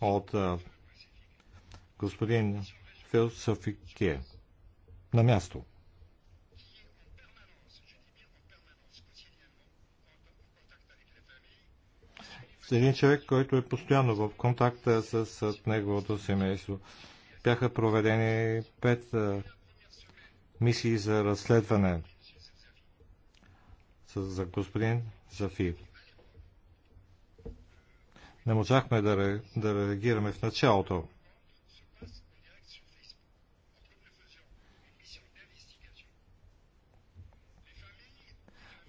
от господин Фил на място. един човек, който е постоянно в контакта с, с неговото семейство. Бяха проведени пет а, мисии за разследване за господин Зафир. Не можахме да, ре, да реагираме в началото.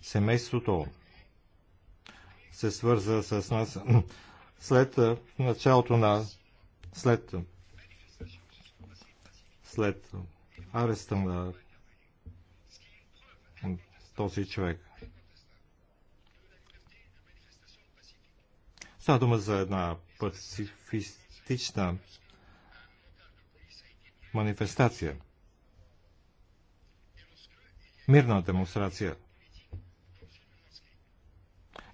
Семейството се свърза с нас след началото на след след ареста на този човек. Става дума за една пацифистична манифестация. Мирна демонстрация.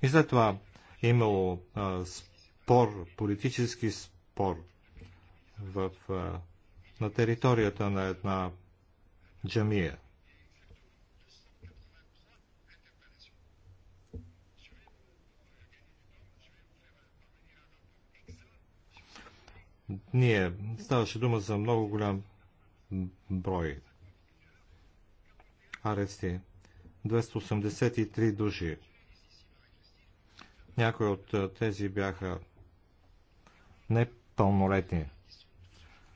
И след това е имало а, спор, политически спор в, а, на територията на една джамия. Ние ставаше дума за много голям брой арести. 283 души. Някои от тези бяха непълнолетни.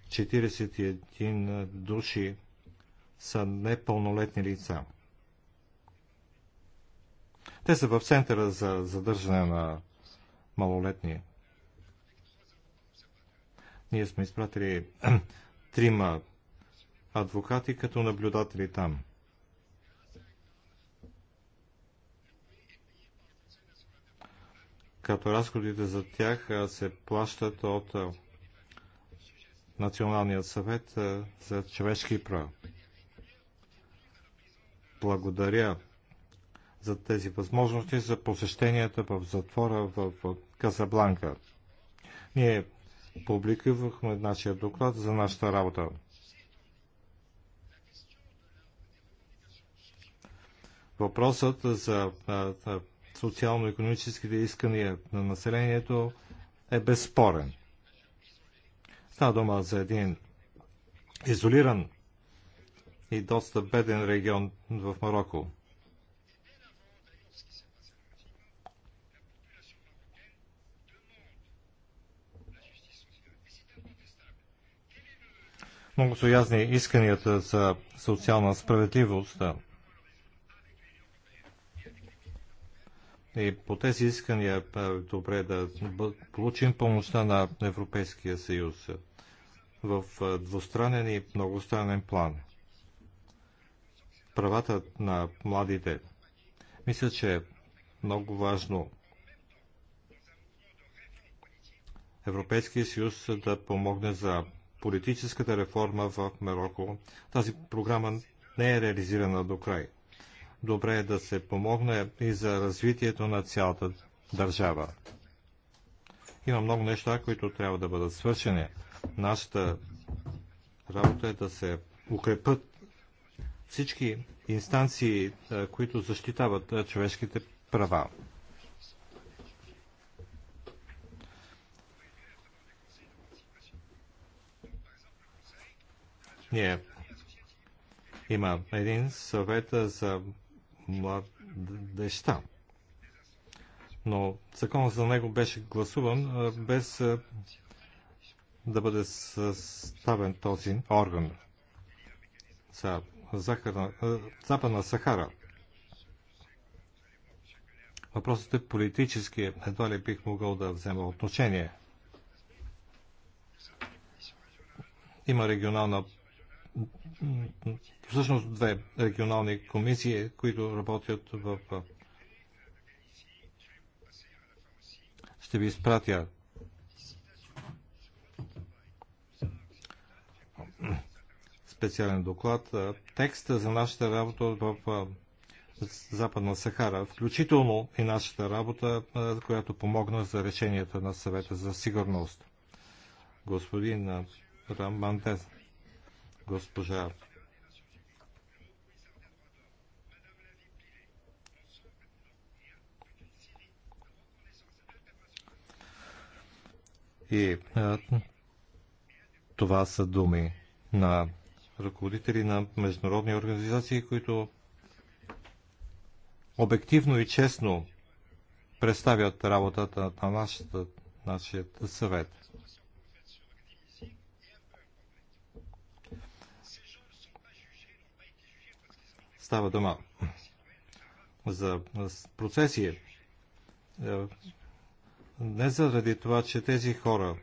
41 души са непълнолетни лица. Те са в центъра за задържане на малолетни. Ние сме изпратили трима адвокати като наблюдатели там. Като разходите за тях се плащат от Националният съвет за човешки права. Благодаря за тези възможности за посещенията в затвора в Казабланка. Ние публикувахме нашия доклад за нашата работа. Въпросът за социално-економическите искания на населението е безспорен. Става дума за един изолиран и доста беден регион в Марокко. Много са ясни исканията за социална справедливост. И по тези искания е, добре да получим помощта на Европейския съюз в е, двустранен и многостранен план. Правата на младите. Мисля, че е много важно Европейския съюз да помогне за политическата реформа в Марокко. Тази програма не е реализирана до край. Добре е да се помогне и за развитието на цялата държава. Има много неща, които трябва да бъдат свършени. Нашата работа е да се укрепят всички инстанции, които защитават човешките права. Ние има един съвет за младеща. Но закон за него беше гласуван без да бъде съставен този орган за Захарна, Западна Сахара. Въпросът е политически. Едва ли бих могъл да взема отношение. Има регионална всъщност две регионални комисии, които работят в... Ще ви изпратя специален доклад. Текста за нашата работа в Западна Сахара, включително и нашата работа, която помогна за решенията на съвета за сигурност. Господин Рамбантес госпожа И а, това са думи на ръководители на международни организации, които обективно и честно представят работата на нашата, нашия съвет. Става дума за процеси. Е, не заради това, че тези хора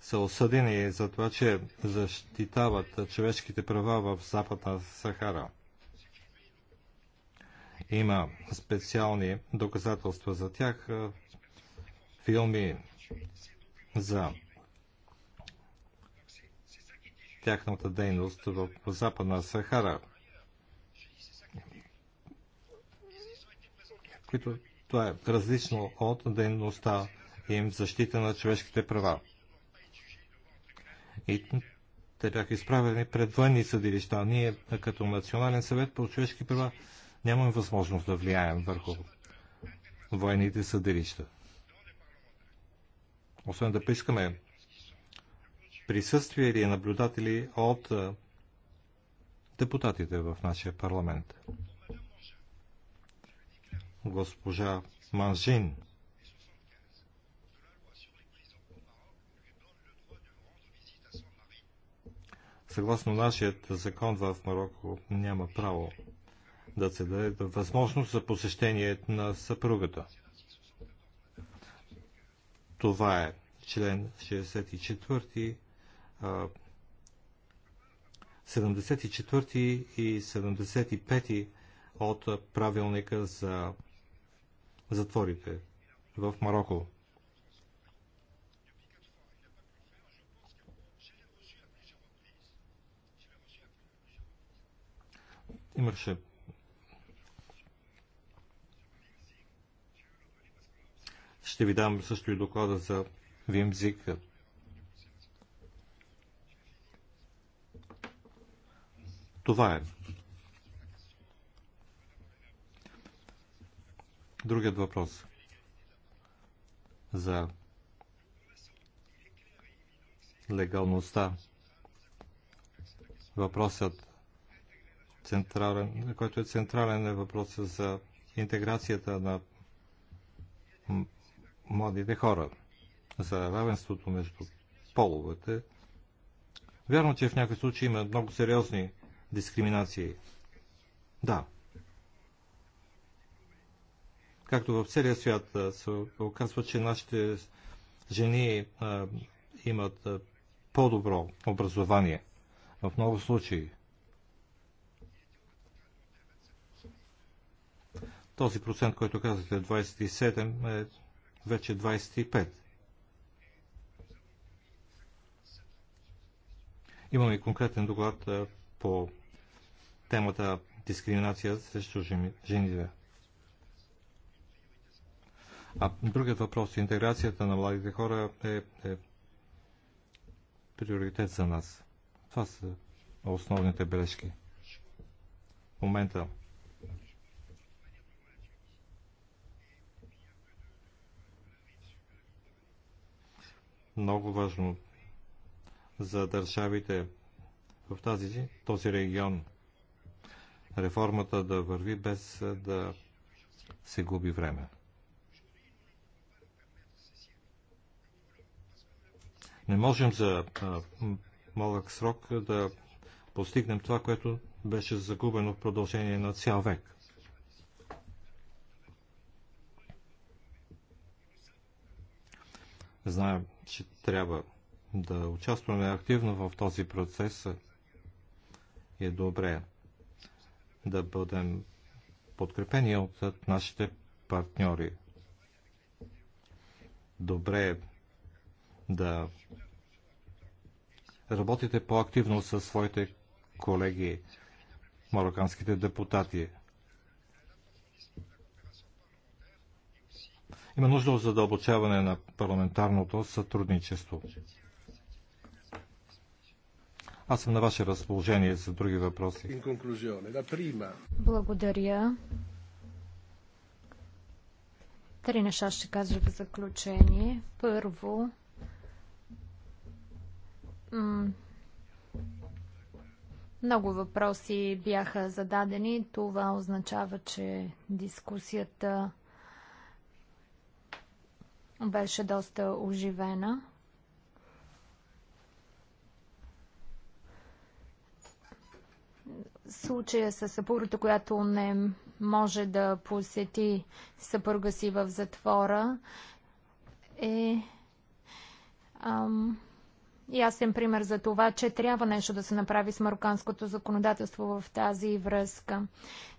са осъдени за това, че защитават човешките права в Западна Сахара. Има специални доказателства за тях, е, филми за тяхната дейност в Западна Сахара – които това е различно от дейността им в защита на човешките права. И те бяха изправени пред военни съдилища. Ние, като Национален съвет по човешки права, нямаме възможност да влияем върху военните съдилища. Освен да поискаме присъствие или наблюдатели от депутатите в нашия парламент госпожа Манжин. Съгласно нашият закон в Марокко няма право да се даде възможност за посещение на съпругата. Това е член 64, 74 и 75 от правилника за затворите в Марокко. Имаше Ще ви дам също и доклада за Вимзик. Това е. Другият въпрос за легалността. Въпросът, централен, който е централен, е въпросът за интеграцията на младите хора, за равенството между половете. Вярно, че в някои случаи има много сериозни дискриминации. Да, както в целия свят се оказва, че нашите жени имат по-добро образование в много случаи. Този процент, който казвате 27, е вече 25. Имаме конкретен доклад по темата дискриминация срещу жените. А другият въпрос, интеграцията на младите хора е, е приоритет за нас. Това са основните бележки. В момента много важно за държавите в тази, този регион реформата да върви без да се губи време. Не можем за малък срок да постигнем това, което беше загубено в продължение на цял век. Знаем, че трябва да участваме активно в този процес е добре да бъдем подкрепени от нашите партньори. Добре е да работите по-активно с своите колеги, мароканските депутати. Има нужда от задълбочаване на парламентарното сътрудничество. Аз съм на ваше разположение за други въпроси. Благодаря. Три неща ще кажа в заключение. Първо, много въпроси бяха зададени. Това означава, че дискусията беше доста оживена. Случая с съпругата, която не може да посети съпруга си в затвора, е ам, ясен пример за това, че трябва нещо да се направи с мароканското законодателство в тази връзка.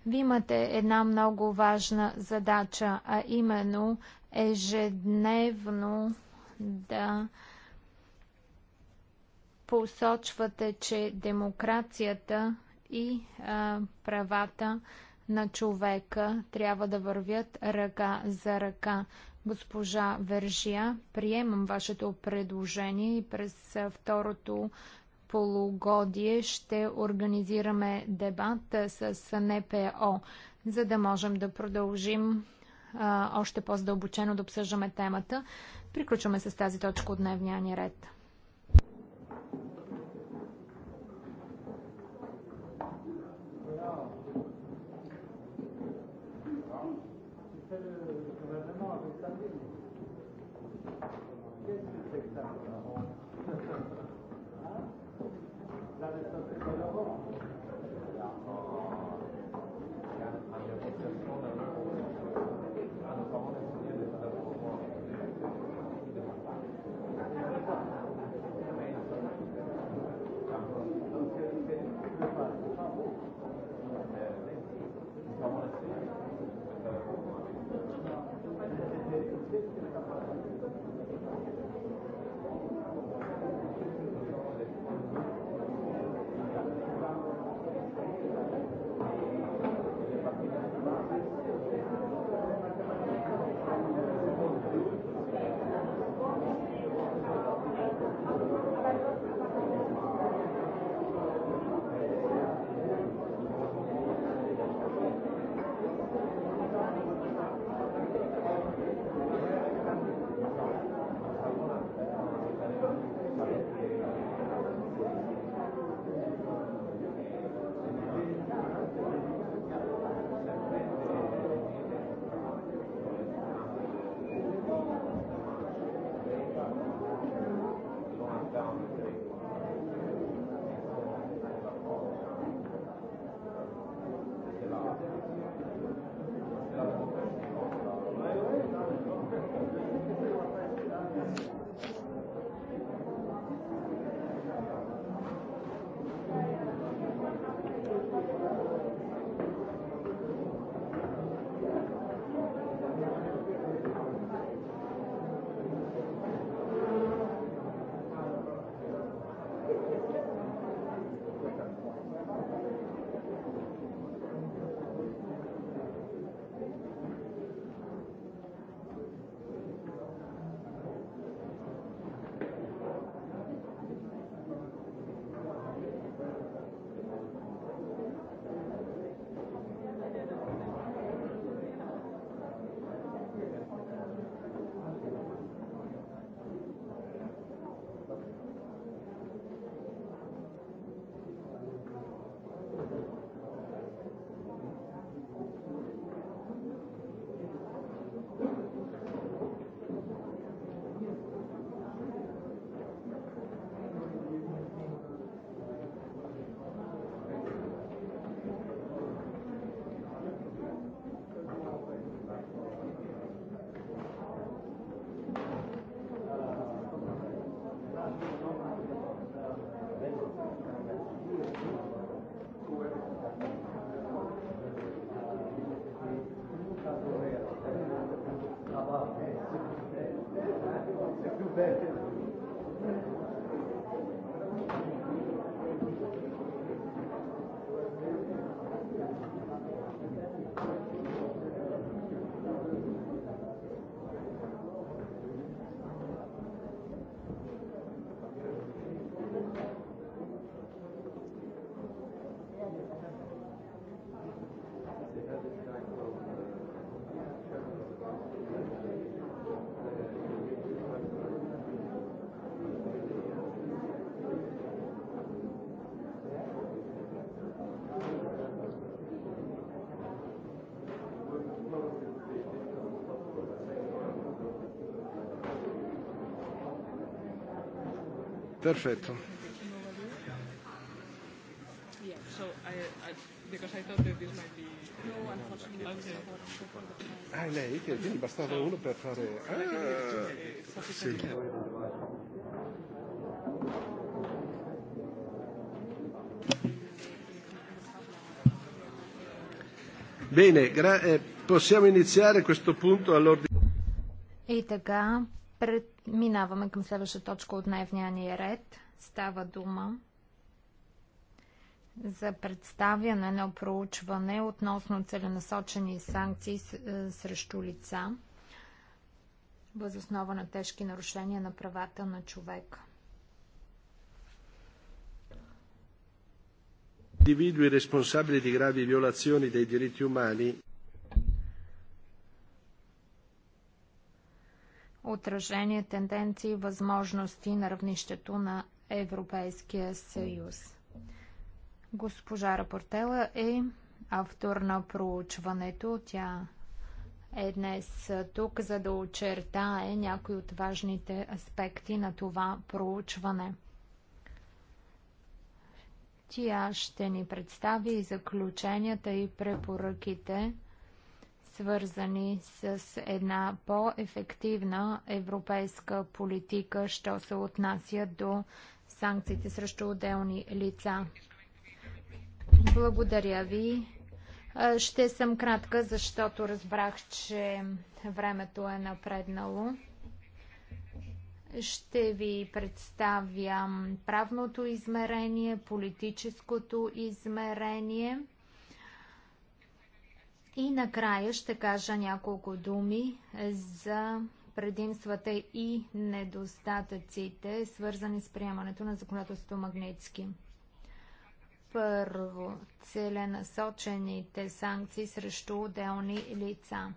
Вие имате една много важна задача, а именно ежедневно да посочвате, че демокрацията и а, правата на човека трябва да вървят ръка за ръка. Госпожа Вержия, приемам вашето предложение и през второто полугодие ще организираме дебат с НПО, за да можем да продължим още по здълбочено да обсъждаме темата. Приключваме с тази точка от дневния ни ред. Perfetto. Ah, lei? Che, quindi bastava uno per fare... Ah, sì. Bene, gra- eh, possiamo iniziare questo punto all'ordine. така, Преминаваме към следваща точка от дневния ни ред. Става дума за представяне на проучване относно целенасочени санкции е, срещу лица възоснова на тежки нарушения на правата на човека. Индивидуи, responsabili di gravi violazioni dei diritti umani отражение, тенденции и възможности на равнището на Европейския съюз. Госпожа Рапортела е автор на проучването. Тя е днес тук, за да очертае някои от важните аспекти на това проучване. Тя ще ни представи и заключенията и препоръките свързани с една по-ефективна европейска политика, що се отнася до санкциите срещу отделни лица. Благодаря ви. Ще съм кратка, защото разбрах, че времето е напреднало. Ще ви представя правното измерение, политическото измерение – и накрая ще кажа няколко думи за предимствата и недостатъците, свързани с приемането на законодателството Магнитски. Първо, целенасочените санкции срещу отделни лица.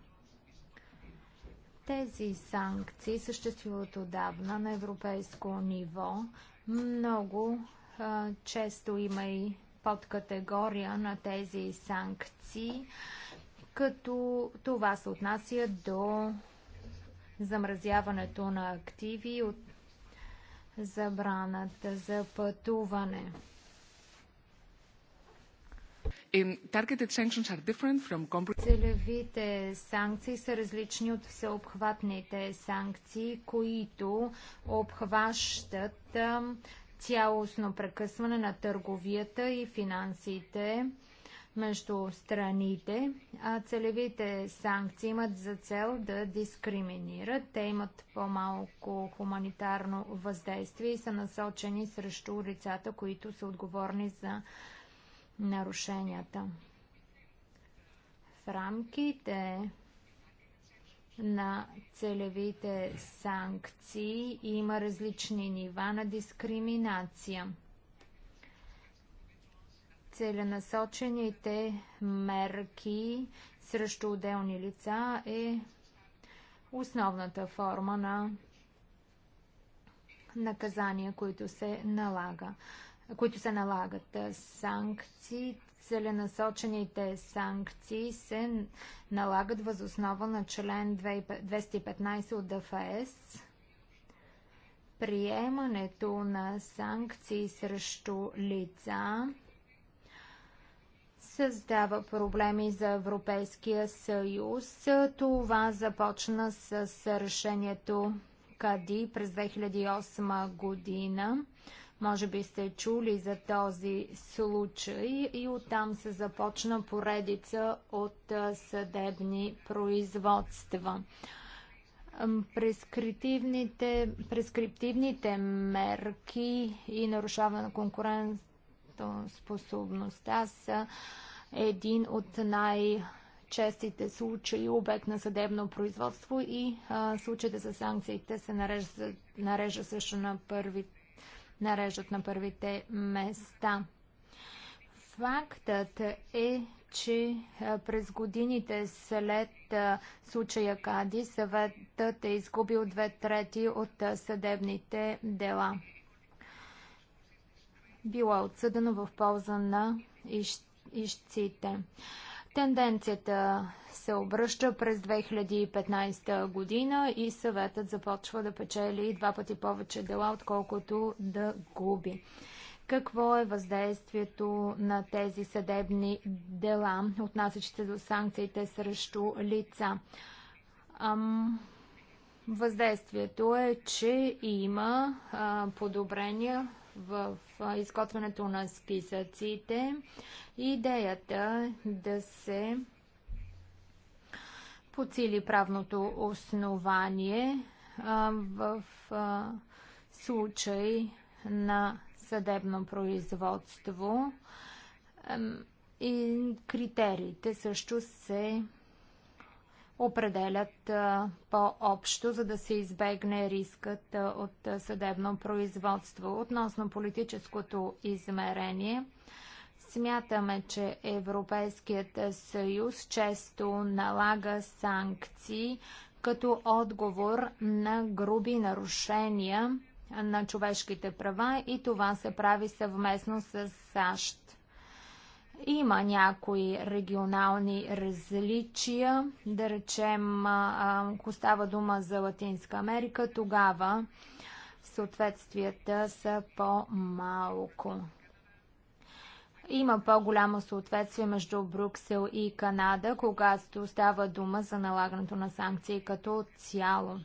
Тези санкции съществуват отдавна на европейско ниво. Много често има и подкатегория на тези санкции като това се отнася до замразяването на активи от забраната за пътуване. From... Целевите санкции са различни от всеобхватните санкции, които обхващат цялостно прекъсване на търговията и финансите между страните, а целевите санкции имат за цел да дискриминират. Те имат по-малко хуманитарно въздействие и са насочени срещу лицата, които са отговорни за нарушенията. В рамките на целевите санкции има различни нива на дискриминация – целенасочените мерки срещу отделни лица е основната форма на наказания, които се налага, които се налагат. Санкции, целенасочените санкции се налагат възоснова на член 215 от ДФС. Приемането на санкции срещу лица, създава проблеми за Европейския съюз. Това започна с решението Кади през 2008 година. Може би сте чули за този случай и оттам се започна поредица от съдебни производства. Прескриптивните, прескриптивните мерки и нарушаване на конкуренция платежоспособността са един от най- честите случаи, обект на съдебно производство и а, случаите за санкциите се нареждат, също на, първи, нарежат на първите места. Фактът е, че а, през годините след а, случая Кади съветът е изгубил две трети от а, съдебните дела било отсъдено в полза на ищците. Тенденцията се обръща през 2015 година и съветът започва да печели два пъти повече дела, отколкото да губи. Какво е въздействието на тези съдебни дела, отнасящите до санкциите срещу лица? Ам, въздействието е, че има а, подобрения в изготвянето на списъците. Идеята да се подсили правното основание в случай на съдебно производство и критериите също се определят по-общо, за да се избегне рискът от съдебно производство. Относно политическото измерение, смятаме, че Европейският съюз често налага санкции като отговор на груби нарушения на човешките права и това се прави съвместно с САЩ. Има някои регионални различия, да речем, ако става дума за Латинска Америка, тогава съответствията са по-малко. Има по-голямо съответствие между Бруксел и Канада, когато става дума за налагането на санкции като цяло.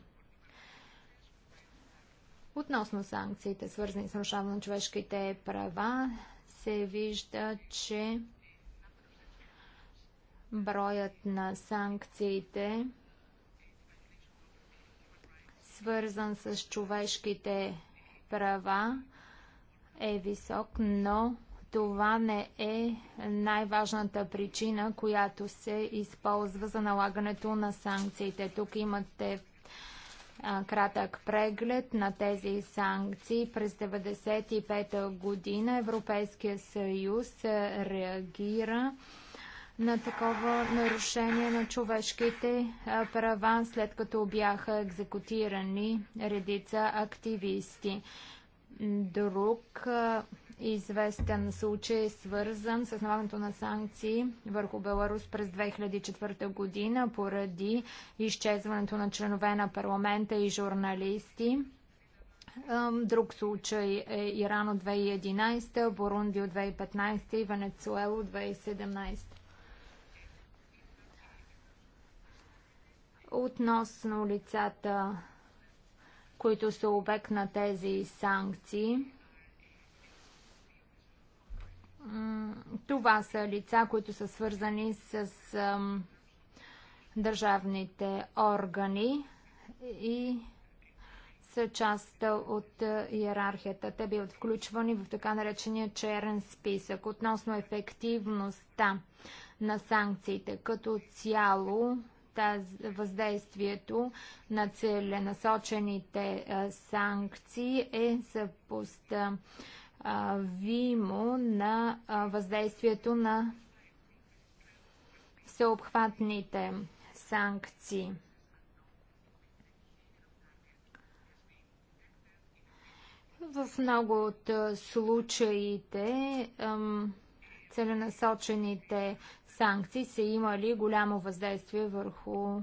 Относно санкциите, свързани с нарушаване на човешките права, се вижда, че броят на санкциите, свързан с човешките права, е висок, но това не е най-важната причина, която се използва за налагането на санкциите. Тук имате кратък преглед на тези санкции. През 1995 година Европейския съюз реагира на такова нарушение на човешките права, след като бяха екзекутирани редица активисти. Друг известен случай, свързан с налагането на санкции върху Беларус през 2004 година поради изчезването на членове на парламента и журналисти. Друг случай е Иран от 2011, Бурунди от 2015 и Венецуела от 2017. Относно лицата, които са обект на тези санкции, това са лица, които са свързани с държавните органи и са част от иерархията. Те биват включвани в така наречения черен списък относно ефективността на санкциите. Като цяло въздействието на целенасочените санкции е съпоставено вимо на въздействието на всеобхватните санкции. В много от случаите целенасочените санкции са имали голямо въздействие върху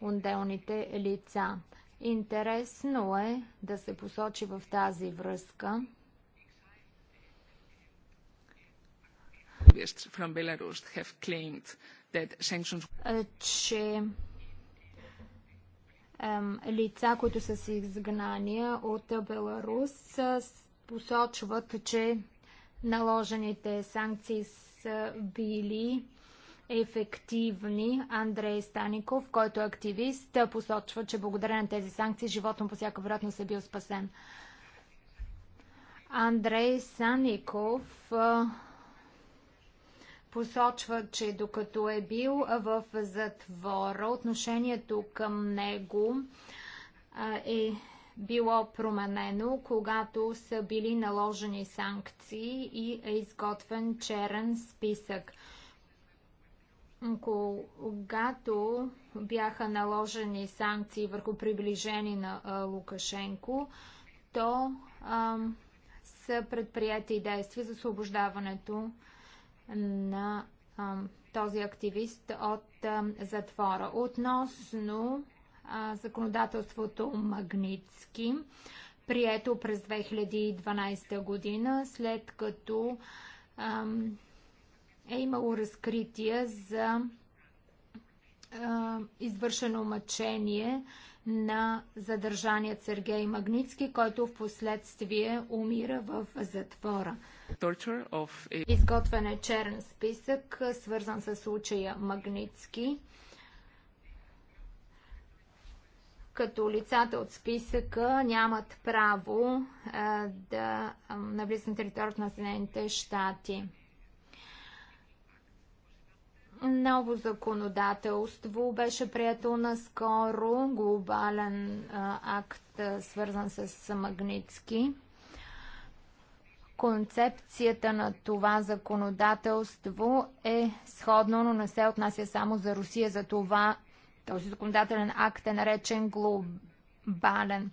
отделните лица. Интересно е да се посочи в тази връзка, е, че лица, които са с изгнания от Беларус, е, посочват, че наложените санкции са били ефективни. Андрей Стаников, който е активист, посочва, че благодарение на тези санкции живота му по всяка вероятност е бил спасен. Андрей Саников посочва, че докато е бил в затвора, отношението към него е било променено, когато са били наложени санкции и е изготвен черен списък когато бяха наложени санкции върху приближени на Лукашенко, то а, са предприяти действия за освобождаването на а, този активист от а, затвора. Относно а, законодателството Магницки, прието през 2012 година, след като ам, е имало разкрития за извършено мъчение на задържаният Сергей Магницки, който в последствие умира в затвора. Изготвен е черен списък, свързан с случая Магницки, като лицата от списъка нямат право а, да навлизат на територията на Съединените щати. Ново законодателство беше прието наскоро, глобален а, акт, а, свързан с Магницки. Концепцията на това законодателство е сходно, но не се отнася само за Русия. За това този законодателен акт е наречен глобален.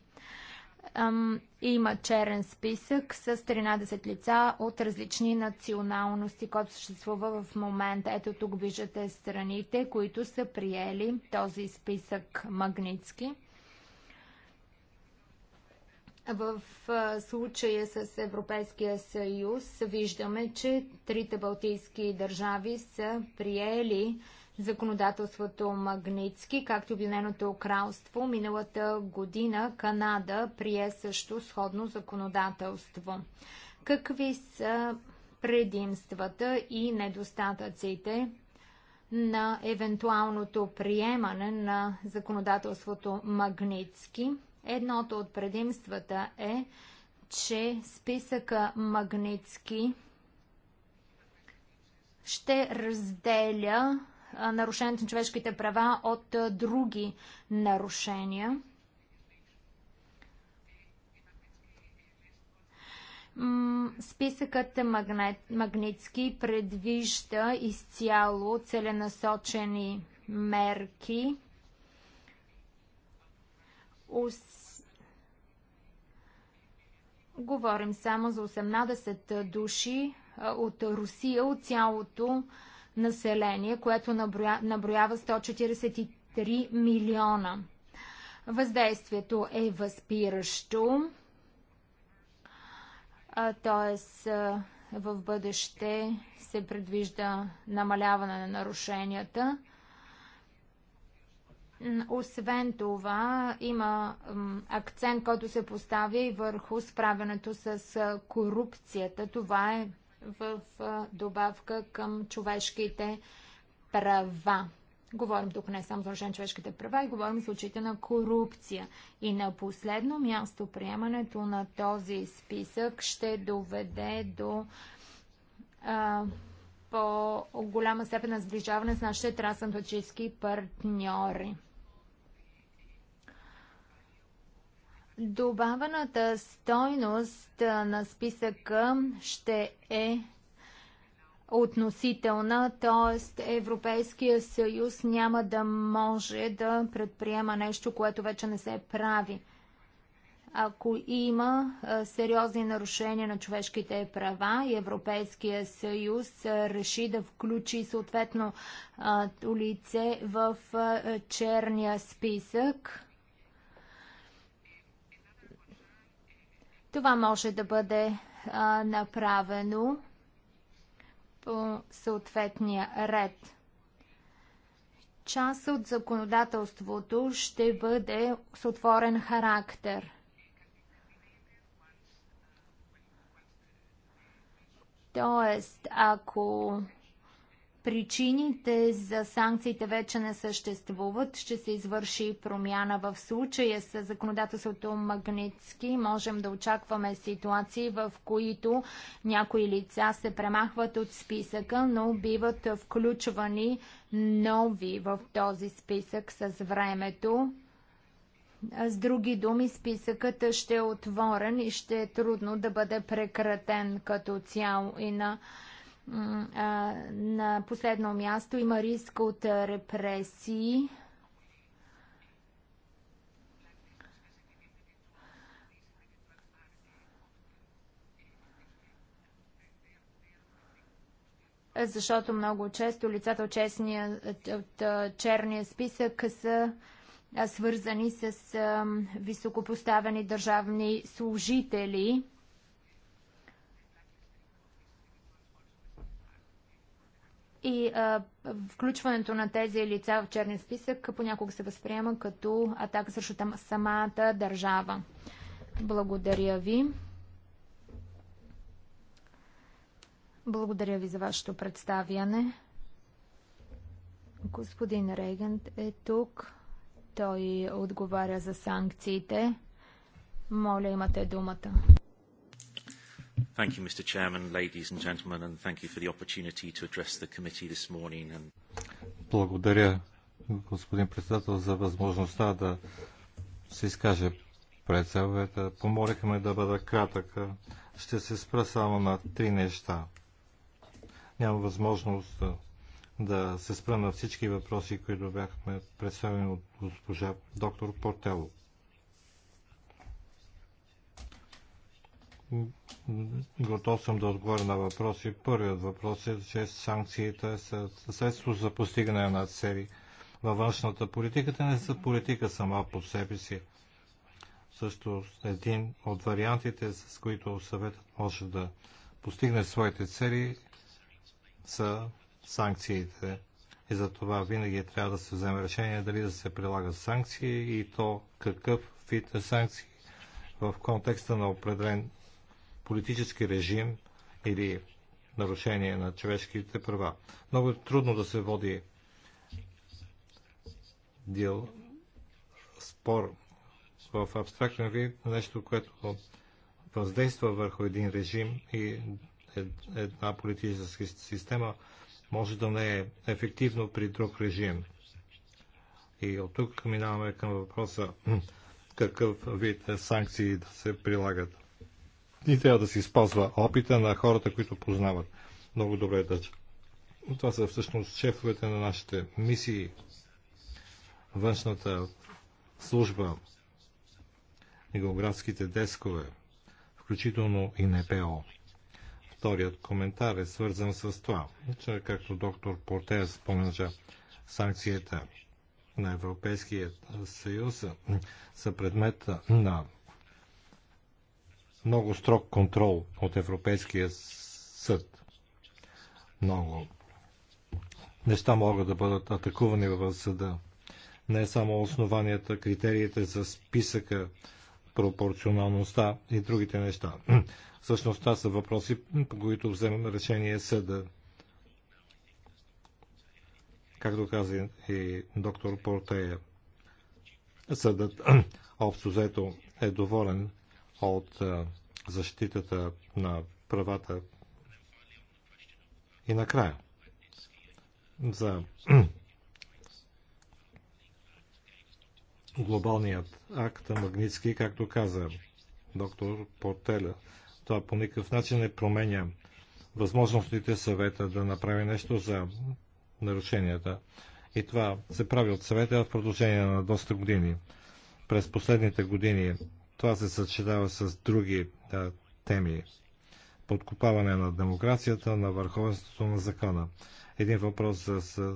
Има черен списък с 13 лица от различни националности, който съществува в момента. Ето тук виждате страните, които са приели този списък магнитски. В случая с Европейския съюз виждаме, че трите балтийски държави са приели законодателството Магницки, както Обединеното кралство. Миналата година Канада прие също сходно законодателство. Какви са предимствата и недостатъците на евентуалното приемане на законодателството Магнитски. Едното от предимствата е, че списъка Магнитски ще разделя нарушението на човешките права от други нарушения. Списъкът Магнет, предвижда изцяло целенасочени мерки. Говорим само за 18 души от Русия, от цялото население, което наброя, наброява 143 милиона. Въздействието е възпиращо, т.е. в бъдеще се предвижда намаляване на нарушенията. Освен това, има акцент, който се поставя и върху справянето с корупцията. Това е в добавка към човешките права. Говорим тук не само за нарушение на човешките права, и говорим за случаите на корупция. И на последно място приемането на този списък ще доведе до а, по-голяма степен на сближаване с нашите трансатлантически партньори. Добавената стойност на списъка ще е относителна, т.е. Европейския съюз няма да може да предприема нещо, което вече не се прави. Ако има сериозни нарушения на човешките права и Европейския съюз реши да включи съответно лице в черния списък, Това може да бъде а, направено по съответния ред. Част от законодателството ще бъде с отворен характер. Тоест, ако Причините за санкциите вече не съществуват. Ще се извърши промяна в случая с законодателството Магнитски. Можем да очакваме ситуации, в които някои лица се премахват от списъка, но биват включвани нови в този списък с времето. С други думи, списъкът ще е отворен и ще е трудно да бъде прекратен като цяло и на на последно място има риск от репресии. Защото много често лицата от, честния, от черния списък са свързани с високопоставени държавни служители. и а, включването на тези лица в черния списък понякога се възприема като атака срещу там, самата държава. Благодаря ви. Благодаря ви за вашето представяне. Господин Регент е тук. Той отговаря за санкциите. Моля, имате думата. Thank you, Mr. Chairman, ladies and gentlemen, and thank you for the opportunity to address the committee this morning. And... Благодаря, господин председател, за възможността да се изкаже пред съвета. Помолиха ме да бъда кратък. Ще се спра само на три неща. Няма възможност да, да се спра на всички въпроси, които бяхме представени от госпожа доктор Портело. готов съм да отговоря на въпроси. Първият въпрос е, че санкциите са средство за постигане на цели във външната политика. Те не са политика сама по себе си. Също един от вариантите, с които съветът може да постигне своите цели, са санкциите. И за това винаги трябва да се вземе решение дали да се прилагат санкции и то какъв вид е санкции в контекста на определен политически режим или нарушение на човешките права. Много е трудно да се води дел, спор в абстрактен вид, нещо, което въздейства върху един режим и е- една политическа система може да не е ефективно при друг режим. И от тук минаваме към въпроса какъв вид санкции да се прилагат и трябва да се използва опита на хората, които познават много добре е Дъч. Това са всъщност шефовете на нашите мисии, външната служба и географските дескове, включително и НПО. Вторият коментар е свързан с това, че както доктор Портер споменача, санкцията на Европейския съюз са предмет на много строг контрол от Европейския съд. Много неща могат да бъдат атакувани в съда. Не само основанията, критериите за списъка, пропорционалността и другите неща. това са въпроси, по които взема решение съда. Както каза и доктор Портея, съдът общо взето е доволен от защитата на правата. И накрая, за глобалният акт Магницки, както каза доктор Портеля, това по никакъв начин не променя възможностите съвета да направи нещо за нарушенията. И това се прави от съвета в продължение на доста години. През последните години това се съчетава с други а, теми. Подкопаване на демокрацията, на върховенството на закона. Един въпрос за,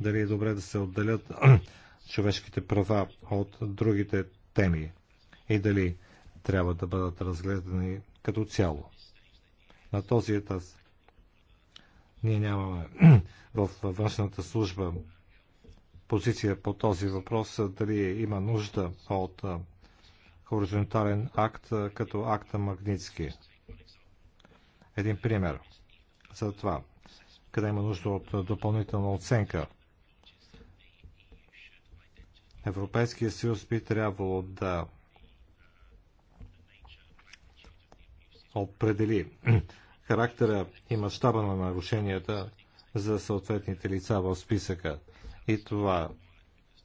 дали е добре да се отделят човешките права от другите теми и дали трябва да бъдат разгледани като цяло. На този етап ние нямаме в външната служба позиция по този въпрос, дали има нужда от хоризонтален акт, като акта Магницки. Един пример за това, къде има нужда от допълнителна оценка. Европейския съюз би трябвало да определи характера и мащаба на нарушенията за съответните лица в списъка. И това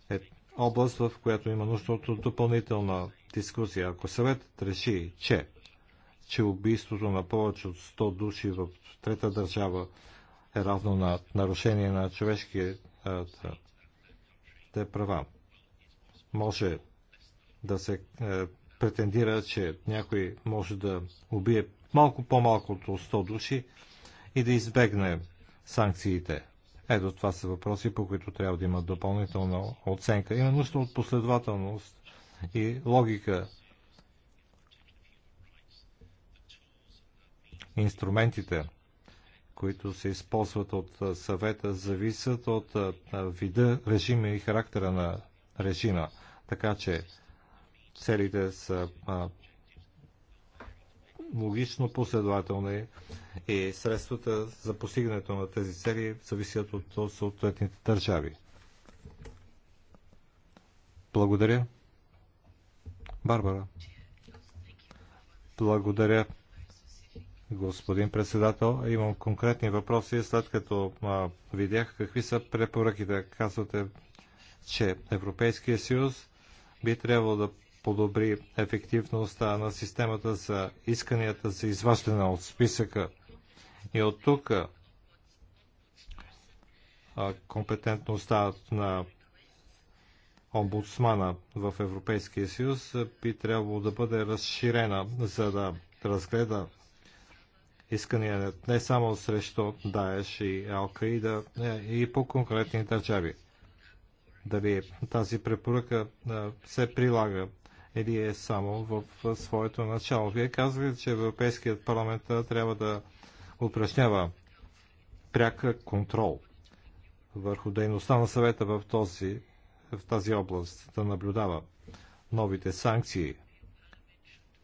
е област, в която има нужда от допълнителна дискусия. Ако съветът реши, че, че убийството на повече от 100 души в трета държава е равно на нарушение на е, те права, може да се е, претендира, че някой може да убие малко по-малко от 100 души и да избегне санкциите. Ето това са въпроси, по които трябва да има допълнителна оценка. Има нужда от последователност и логика. Инструментите, които се използват от съвета, зависят от вида, режима и характера на режима. Така че целите са логично последователни и средствата за постигането на тези цели зависят от съответните държави. Благодаря. Барбара. Благодаря, господин председател. Имам конкретни въпроси, след като а, видях какви са препоръките. Казвате, че Европейския съюз би трябвало да подобри ефективността на системата за исканията за изваждане от списъка. И от тук компетентността на омбудсмана в Европейския съюз е, би трябвало да бъде разширена, за да разгледа искания не само срещу Даеш и Алкаида, е, и по конкретни държави. Дали тази препоръка е, се прилага или е само в своето начало. Вие казвате, че Европейският парламент трябва да упражнява пряк контрол върху дейността на съвета в този в тази област, да наблюдава новите санкции.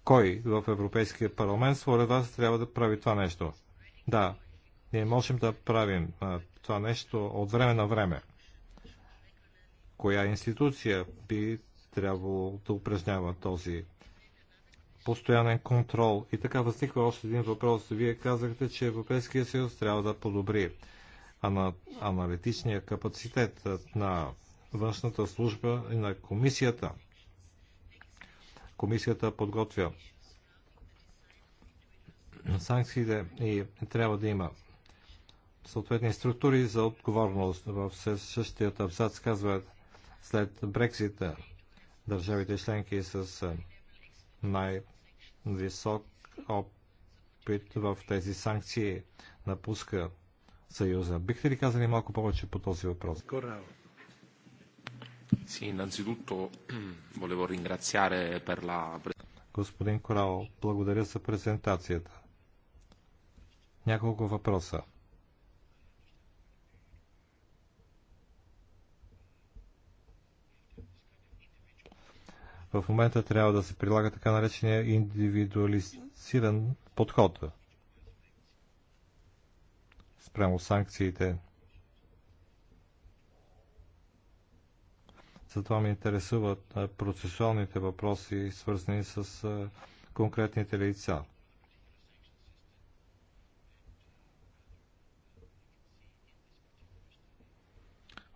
Кой в Европейския парламент според вас трябва да прави това нещо? Да, ние можем да правим това нещо от време на време. Коя институция би трябвало да упражнява този постоянен контрол? И така възниква още един въпрос. Вие казахте, че Европейския съюз трябва да подобри аналитичния капацитет на външната служба и е на комисията. Комисията подготвя санкциите и трябва да има съответни структури за отговорност. В същият абзац казват след Брексита държавите членки с най-висок опит в тези санкции напуска Съюза. Бихте ли казали малко повече по този въпрос? Корао. Sì, innanzitutto volevo ringraziare per la Господин Корал, благодаря за презентацията. Няколко въпроса. В момента трябва да се прилага така наречения индивидуализиран подход спрямо санкциите – Затова ме интересуват процесуалните въпроси, свързани с конкретните лица.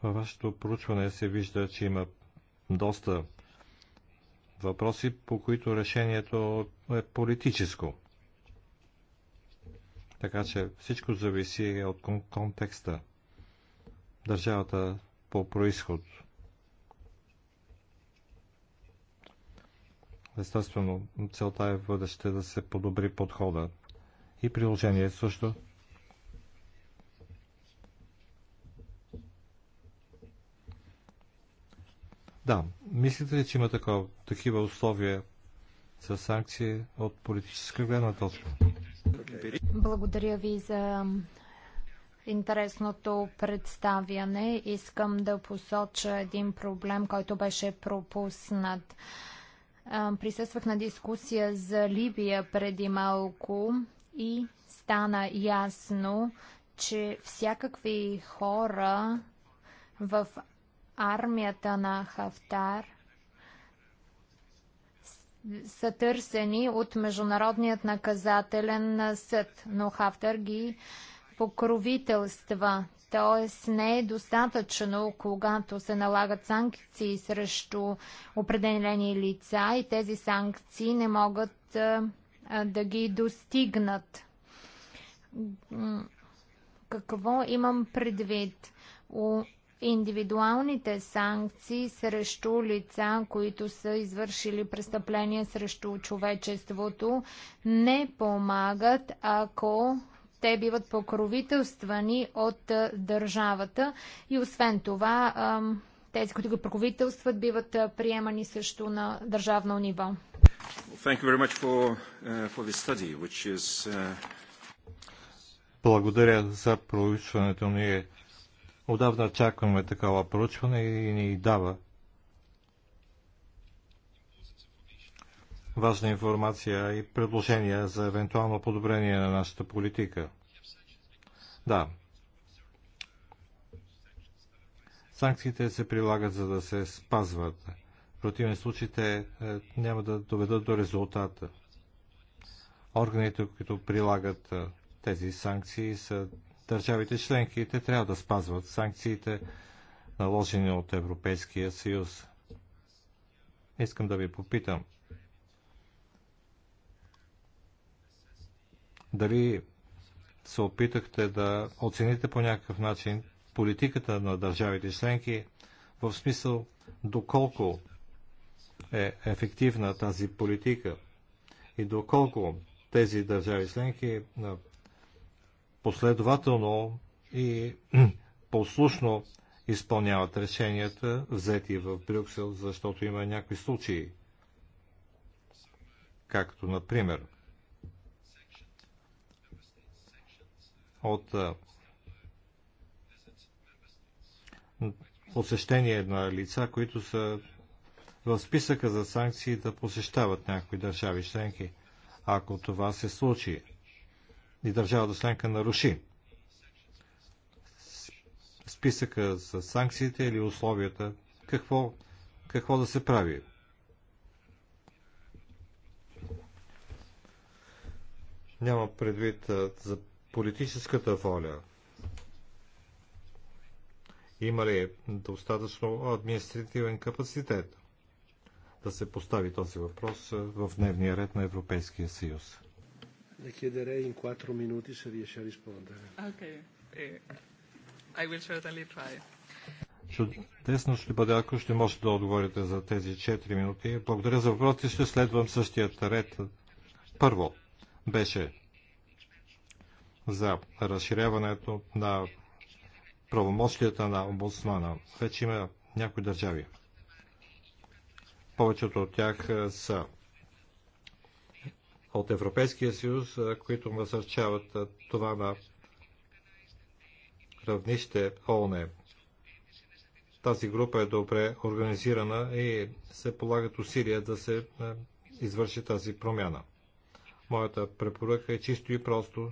Във вашето проучване се вижда, че има доста въпроси, по които решението е политическо. Така че всичко зависи от контекста. Държавата по происход – Естествено, целта е в бъдеще да се подобри подхода и приложение също. Да, мислите ли, че има такова, такива условия за санкции от политическа гледна точка? Благодаря ви за интересното представяне. Искам да посоча един проблем, който беше пропуснат. Присъствах на дискусия за Либия преди малко и стана ясно, че всякакви хора в армията на Хафтар са търсени от Международният наказателен съд, но Хафтар ги покровителства т.е. не е достатъчно, когато се налагат санкции срещу определени лица и тези санкции не могат да ги достигнат. Какво имам предвид? У индивидуалните санкции срещу лица, които са извършили престъпления срещу човечеството, не помагат, ако те биват покровителствани от държавата и освен това тези, които го покровителстват, биват приемани също на държавно ниво. Uh, uh, Благодаря за проучването. Ние отдавна очакваме такава проучване и ни дава важна информация и предложения за евентуално подобрение на нашата политика. Да. Санкциите се прилагат за да се спазват. В противен случай те е, няма да доведат до резултата. Органите, които прилагат е, тези санкции са държавите членки и те трябва да спазват санкциите, наложени от Европейския съюз. Искам да ви попитам, Дали се опитахте да оцените по някакъв начин политиката на държавите членки, в смисъл доколко е ефективна тази политика и доколко тези държави членки последователно и послушно изпълняват решенията, взети в Брюксел, защото има някои случаи, както например от посещение на лица, които са в списъка за санкции да посещават някои държави членки, ако това се случи и държавата членка наруши списъка за санкциите или условията, какво, какво да се прави. Няма предвид за политическата воля. Има ли достатъчно административен капацитет да се постави този въпрос в дневния ред на Европейския съюз? Le chiederei in minuti se riesce a rispondere. Eh, I will certainly try. Чудесно ще бъде, ако ще можете да отговорите за тези 4 минути. Благодаря за въпросите. Ще следвам същият ред. Първо беше за разширяването на правомощията на омбудсмана. Вече има някои държави. Повечето от тях е, са от Европейския съюз, е, които насърчават е, това на равнище ООН. Тази група е добре организирана и се полагат усилия да се извърши тази промяна. Моята препоръка е чисто и просто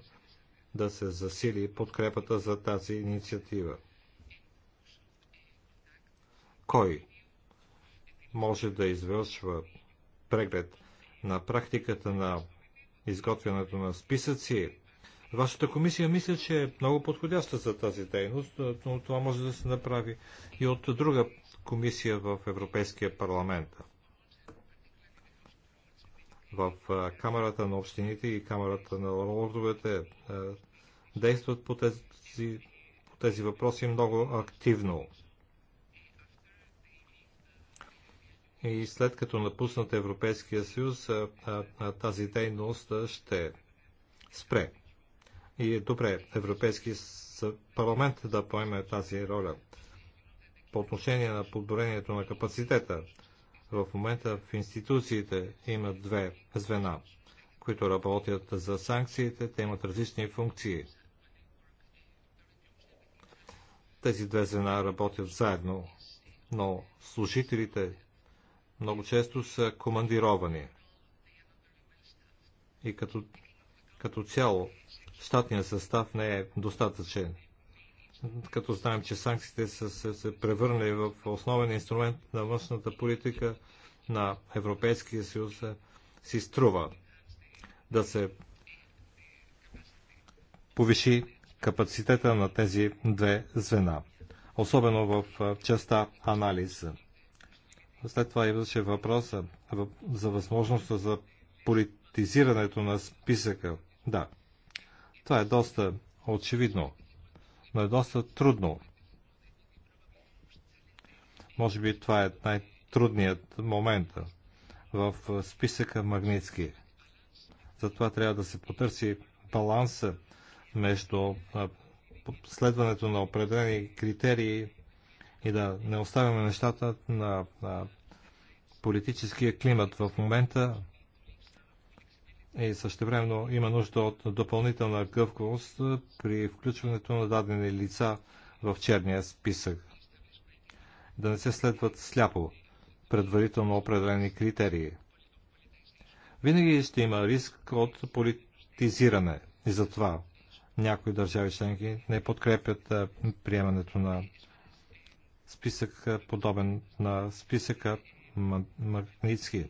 да се засили подкрепата за тази инициатива. Кой може да извършва преглед на практиката на изготвянето на списъци. Вашата комисия мисля, че е много подходяща за тази дейност, но това може да се направи и от друга комисия в Европейския парламент в Камерата на общините и Камерата на лордовете действат по тези, по тези въпроси много активно. И след като напуснат Европейския съюз, тази дейност ще спре. И е добре Европейския парламент да поеме тази роля. По отношение на подборението на капацитета, в момента в институциите има две звена, които работят за санкциите. Те имат различни функции. Тези две звена работят заедно, но служителите много често са командировани. И като, като цяло, щатният състав не е достатъчен като знаем, че санкциите са се, се превърнали в основен инструмент на външната политика на Европейския съюз, е, си струва да се повиши капацитета на тези две звена, особено в е, частта анализ. След това имаше въпроса за възможността за политизирането на списъка. Да, това е доста очевидно но е доста трудно. Може би това е най-трудният момент в списъка Магницки. Затова трябва да се потърси баланса между следването на определени критерии и да не оставяме нещата на, на политическия климат в момента е, и също времено има нужда от допълнителна гъвкавост при включването на дадени лица в черния списък. Да не се следват сляпо предварително определени критерии. Винаги ще има риск от политизиране и затова някои държави членки не подкрепят приемането на списък подобен на списъка Магницки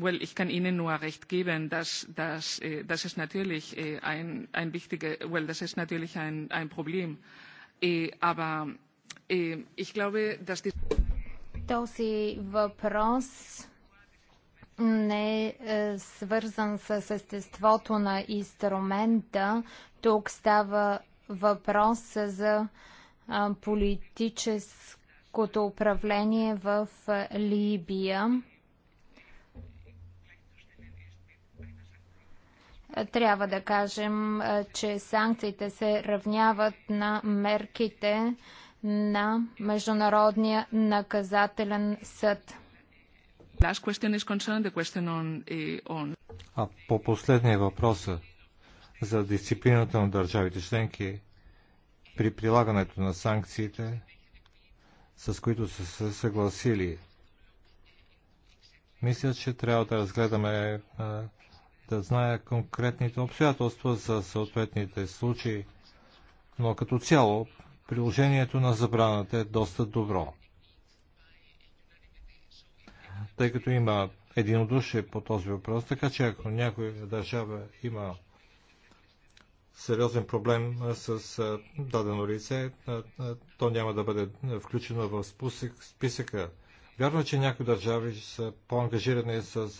well, ich kann Ihnen nur recht geben, dass, dass, äh, dass es natürlich äh, ein, ein wichtiges, well, das ist natürlich ein, ein Problem. Äh, aber äh, ich glaube, dass die Този въпрос не е свързан с естеството на инструмента. Тук става въпрос за политическото управление в Либия. Трябва да кажем, че санкциите се равняват на мерките на Международния наказателен съд. Eh, а по последния въпрос за дисциплината на държавите членки при прилагането на санкциите, с които са се съгласили, мисля, че трябва да разгледаме да знае конкретните обстоятелства за съответните случаи, но като цяло приложението на забраната е доста добро. Тъй като има единодушие по този въпрос, така че ако някой държава има сериозен проблем с дадено лице, то няма да бъде включено в списъка Вярно е, че някои държави са по-ангажирани с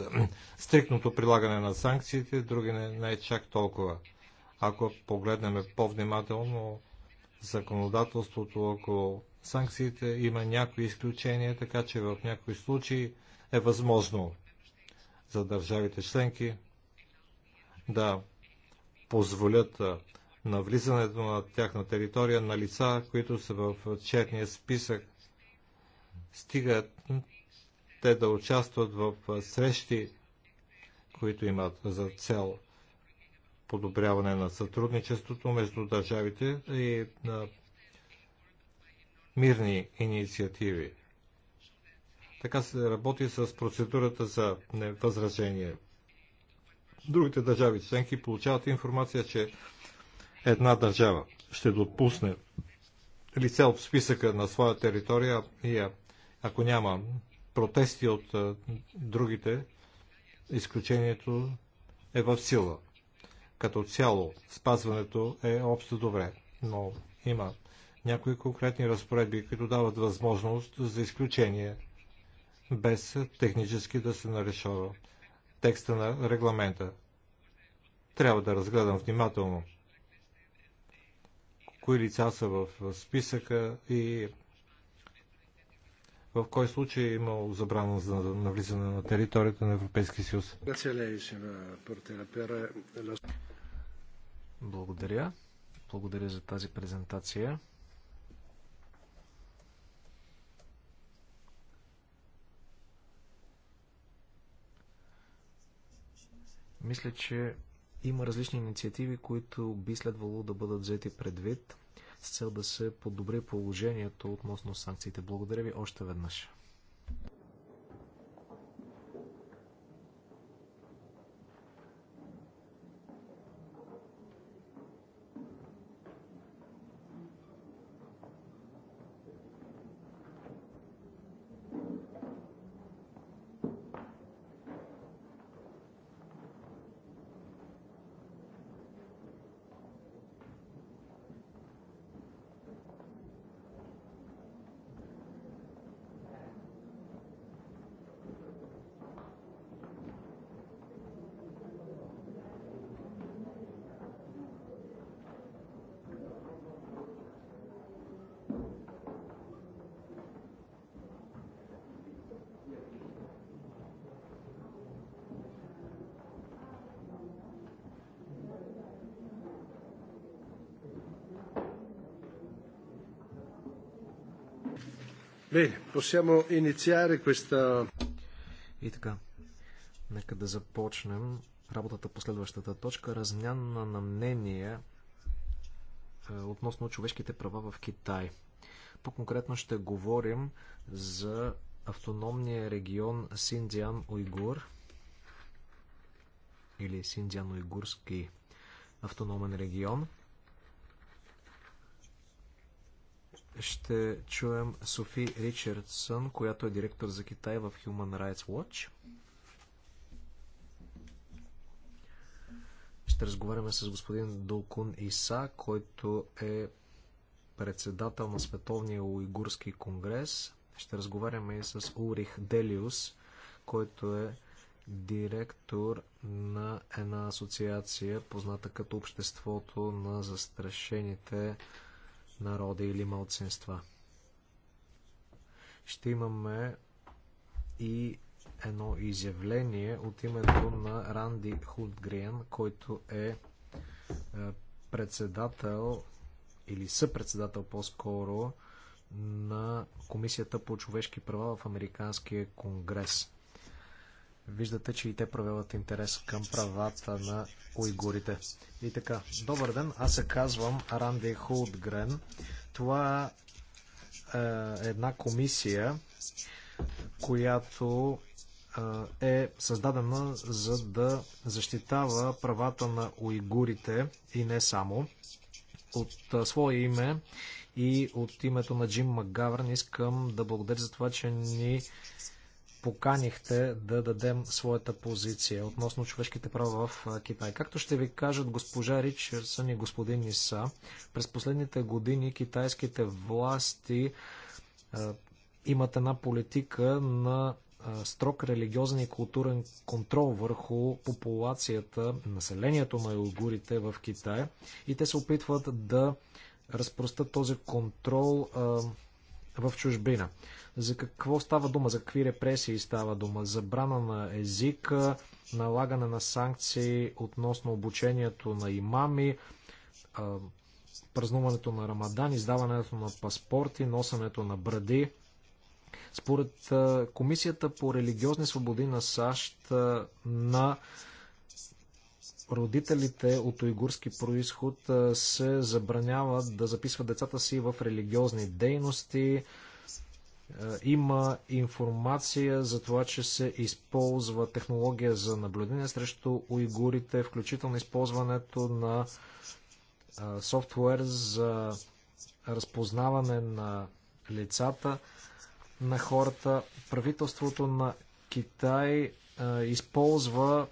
стрикното прилагане на санкциите, други не, не е чак толкова. Ако погледнем по-внимателно законодателството около санкциите, има някои изключения, така че в някои случаи е възможно за държавите членки да позволят на влизането на тяхна територия на лица, които са в черния списък стига те да участват в срещи, които имат за цел подобряване на сътрудничеството между държавите и на мирни инициативи. Така се работи с процедурата за възражение. Другите държави членки получават информация, че една държава ще допусне лице от списъка на своя територия и я ако няма протести от другите, изключението е в сила. Като цяло спазването е общо добре, но има някои конкретни разпоредби, които дават възможност за изключение, без технически да се нарешава текста на регламента. Трябва да разгледам внимателно кои лица са в списъка и в кой случай е имало забрана за навлизане на територията на Европейския съюз. Благодаря. Благодаря за тази презентация. Мисля, че има различни инициативи, които би следвало да бъдат взети предвид с цел да се подобри положението относно санкциите. Благодаря ви още веднъж. Possiamo iniziare questa... И така, нека да започнем работата по следващата точка. Размяна на мнение е, относно човешките права в Китай. По-конкретно ще говорим за автономния регион Синдиан Уйгур или Синдиан Уйгурски автономен регион. ще чуем Софи Ричардсън, която е директор за Китай в Human Rights Watch. Ще разговаряме с господин Долкун Иса, който е председател на Световния уйгурски конгрес. Ще разговаряме и с Урих Делиус, който е директор на една асоциация, позната като Обществото на застрашените народа или малцинства. Ще имаме и едно изявление от името на Ранди Хултгриен, който е, е председател или съпредседател по-скоро на Комисията по човешки права в Американския конгрес. Виждате, че и те проявяват интерес към правата на уйгурите. И така, добър ден, аз се казвам Ранди Хулдгрен. Това е една комисия, която е, е създадена за да защитава правата на уйгурите и не само. От е, свое име и от името на Джим Макгавърн искам да благодаря за това, че ни поканихте да дадем своята позиция относно човешките права в Китай. Както ще ви кажат госпожа Ричардсън и господин Ниса, през последните години китайските власти имат една политика на строг религиозен и културен контрол върху популацията, населението на Югурите в Китай и те се опитват да разпростат този контрол в чужбина. За какво става дума? За какви репресии става дума? Забрана на езика, налагане на санкции относно обучението на имами, празнуването на Рамадан, издаването на паспорти, носенето на бради. Според Комисията по религиозни свободи на САЩ на родителите от уйгурски происход се забраняват да записват децата си в религиозни дейности. Има информация за това, че се използва технология за наблюдение срещу уйгурите, включително използването на софтуер за разпознаване на лицата на хората. Правителството на Китай използва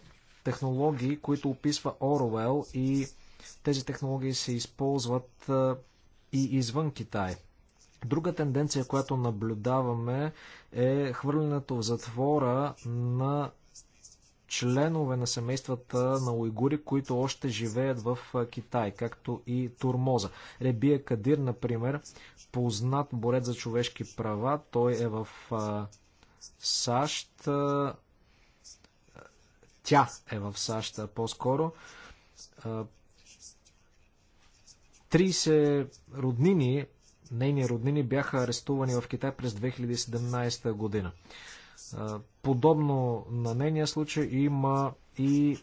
технологии, които описва Оруел и тези технологии се използват и извън Китай. Друга тенденция, която наблюдаваме е хвърлянето в затвора на членове на семействата на уйгури, които още живеят в Китай, както и Турмоза. Ребия е Кадир, например, познат борец за човешки права, той е в САЩ, тя е в САЩ по-скоро. 30 роднини, нейни роднини бяха арестувани в Китай през 2017 година. Подобно на нейния случай има и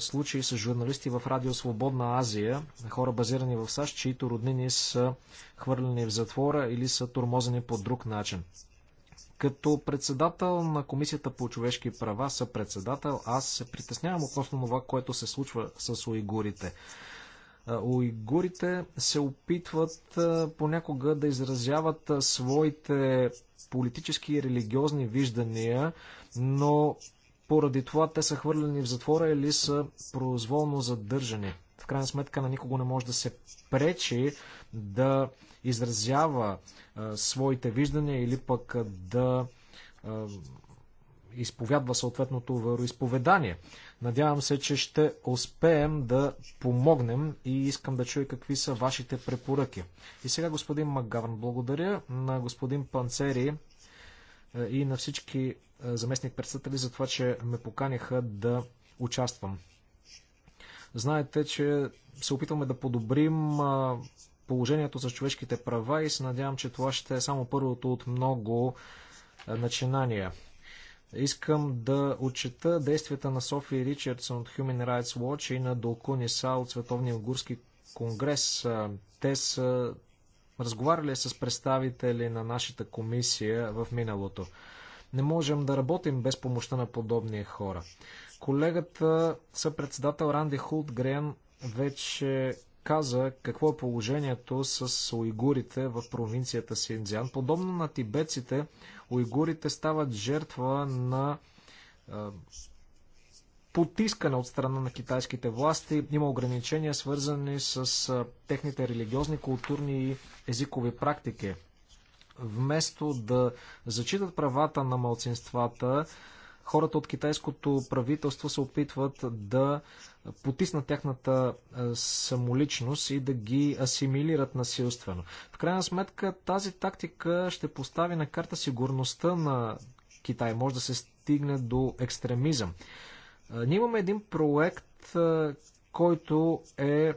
случаи с журналисти в Радио Свободна Азия, хора базирани в САЩ, чието роднини са хвърлени в затвора или са турмозени по друг начин. Като председател на Комисията по човешки права, съпредседател, аз се притеснявам относно това, което се случва с уйгурите. Уйгурите се опитват понякога да изразяват своите политически и религиозни виждания, но поради това те са хвърлени в затвора или са произволно задържани. В крайна сметка на никого не може да се пречи да изразява а, своите виждания или пък да а, изповядва съответното вероисповедание. Надявам се, че ще успеем да помогнем и искам да чуя какви са вашите препоръки. И сега господин Магарн, благодаря на господин Панцери и на всички заместник председатели за това, че ме поканиха да участвам. Знаете, че се опитваме да подобрим положението за човешките права и се надявам, че това ще е само първото от много начинания. Искам да отчета действията на Софи Ричардсон от Human Rights Watch и на Долко Ниса от Световния Угурски конгрес. Те са разговаряли с представители на нашата комисия в миналото. Не можем да работим без помощта на подобни хора. Колегата съпредседател Ранди Хулт Грен вече каза какво е положението с уйгурите в провинцията Синдзян. Подобно на тибетците, уйгурите стават жертва на е, потискане от страна на китайските власти. Има ограничения, свързани с е, техните религиозни, културни и езикови практики. Вместо да зачитат правата на малцинствата, хората от китайското правителство се опитват да потиснат тяхната самоличност и да ги асимилират насилствено. В крайна сметка тази тактика ще постави на карта сигурността на Китай. Може да се стигне до екстремизъм. Ние имаме един проект, който е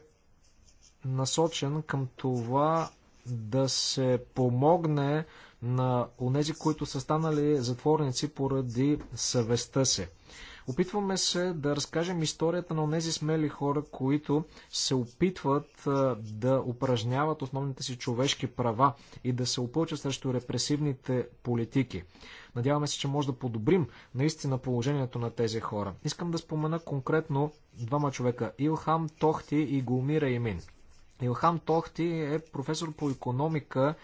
насочен към това да се помогне на онези, които са станали затворници поради съвестта си. Опитваме се да разкажем историята на онези смели хора, които се опитват да упражняват основните си човешки права и да се опълчат срещу репресивните политики. Надяваме се, че може да подобрим наистина положението на тези хора. Искам да спомена конкретно двама човека Илхам Тохти и Гулмира Имин. Илхам Тохти е професор по економика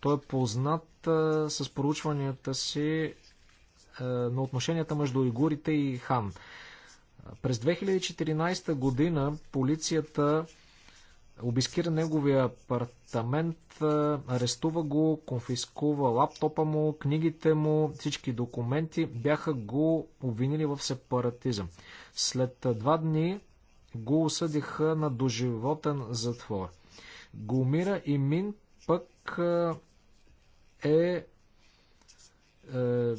той е познат а, с проучванията си а, на отношенията между Игурите и хан. През 2014 година полицията обискира неговия апартамент, арестува го, конфискува лаптопа му, книгите му, всички документи, бяха го обвинили в сепаратизъм. След два дни го осъдиха на доживотен затвор. Гумира и Мин пък е, е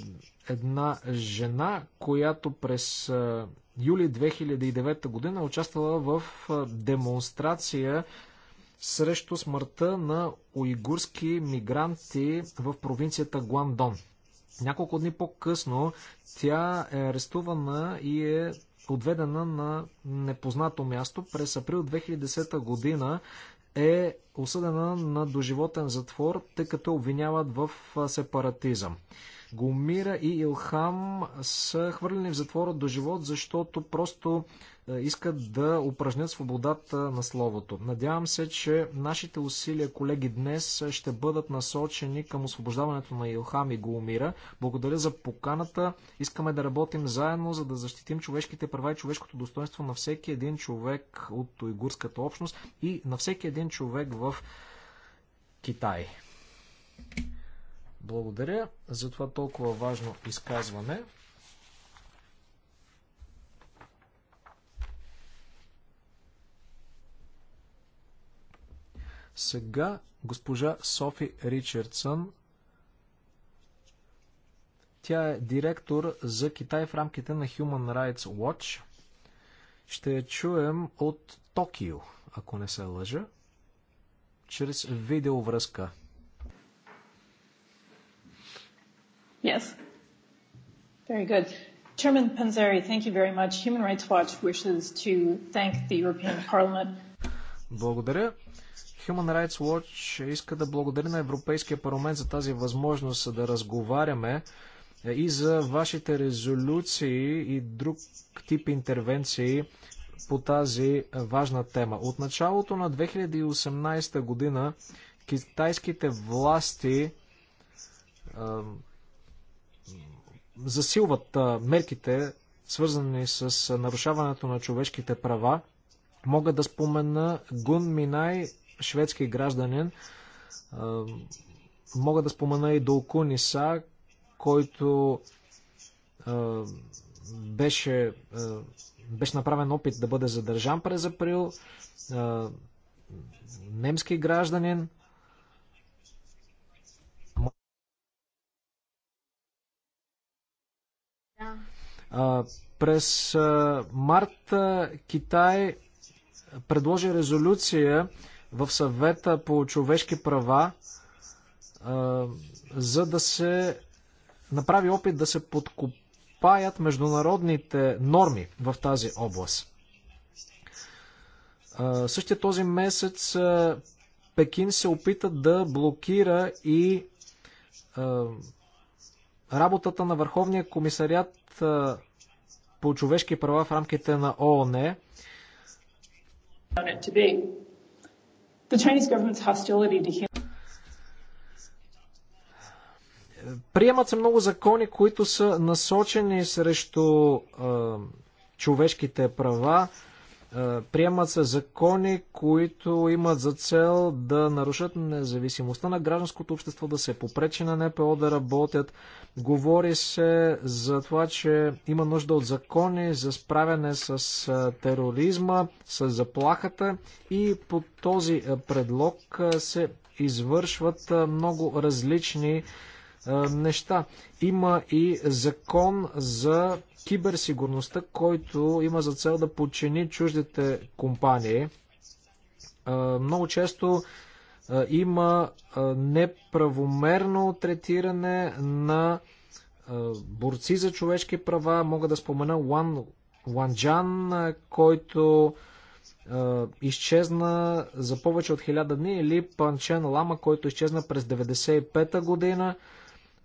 една жена, която през е, юли 2009 година е участвала в демонстрация срещу смъртта на уйгурски мигранти в провинцията Гуандон. Няколко дни по-късно тя е арестувана и е отведена на непознато място. През април 2010 година е осъдена на доживотен затвор, тъй като обвиняват в сепаратизъм. Гумира и Илхам са хвърлени в затвора до живот, защото просто е, искат да упражнят свободата на словото. Надявам се, че нашите усилия, колеги, днес ще бъдат насочени към освобождаването на Илхам и Голмира. Благодаря за поканата. Искаме да работим заедно, за да защитим човешките права и човешкото достоинство на всеки един човек от уйгурската общност и на всеки един човек в Китай. Благодаря за това толкова важно изказване. Сега госпожа Софи Ричардсън. Тя е директор за Китай в рамките на Human Rights Watch. Ще я чуем от Токио, ако не се лъжа, чрез видеовръзка. Yes. Very good. Chairman Panzeri, thank you very much. Human Rights Watch wishes to thank the European Parliament. Благодаря. Human Rights Watch иска да благодари на Европейския парламент за тази възможност да разговаряме е, и за вашите резолюции и друг тип интервенции по тази важна тема. От началото на 2018 година китайските власти а, засилват а, мерките, свързани с нарушаването на човешките права. Мога да спомена Гун Минай, шведски гражданин. Мога да спомена и Долку Ниса, който беше, беше направен опит да бъде задържан през април. Немски гражданин. През март Китай предложи резолюция в съвета по човешки права, за да се направи опит да се подкопаят международните норми в тази област. Същия този месец Пекин се опита да блокира и работата на Върховния комисарят по човешки права в рамките на ООН. The Chinese government's hostility to human Приемат се много закони, които са насочени срещу е, човешките права. Е, приемат се закони, които имат за цел да нарушат независимостта на гражданското общество, да се попречи на НПО да работят. Говори се за това, че има нужда от закони за справяне с е, тероризма, с заплахата и по този е, предлог се извършват много различни неща. Има и закон за киберсигурността, който има за цел да подчини чуждите компании. Много често има неправомерно третиране на борци за човешки права. Мога да спомена Уан, Уанджан, който изчезна за повече от 1000 дни или Панчен Лама, който изчезна през 95-та година.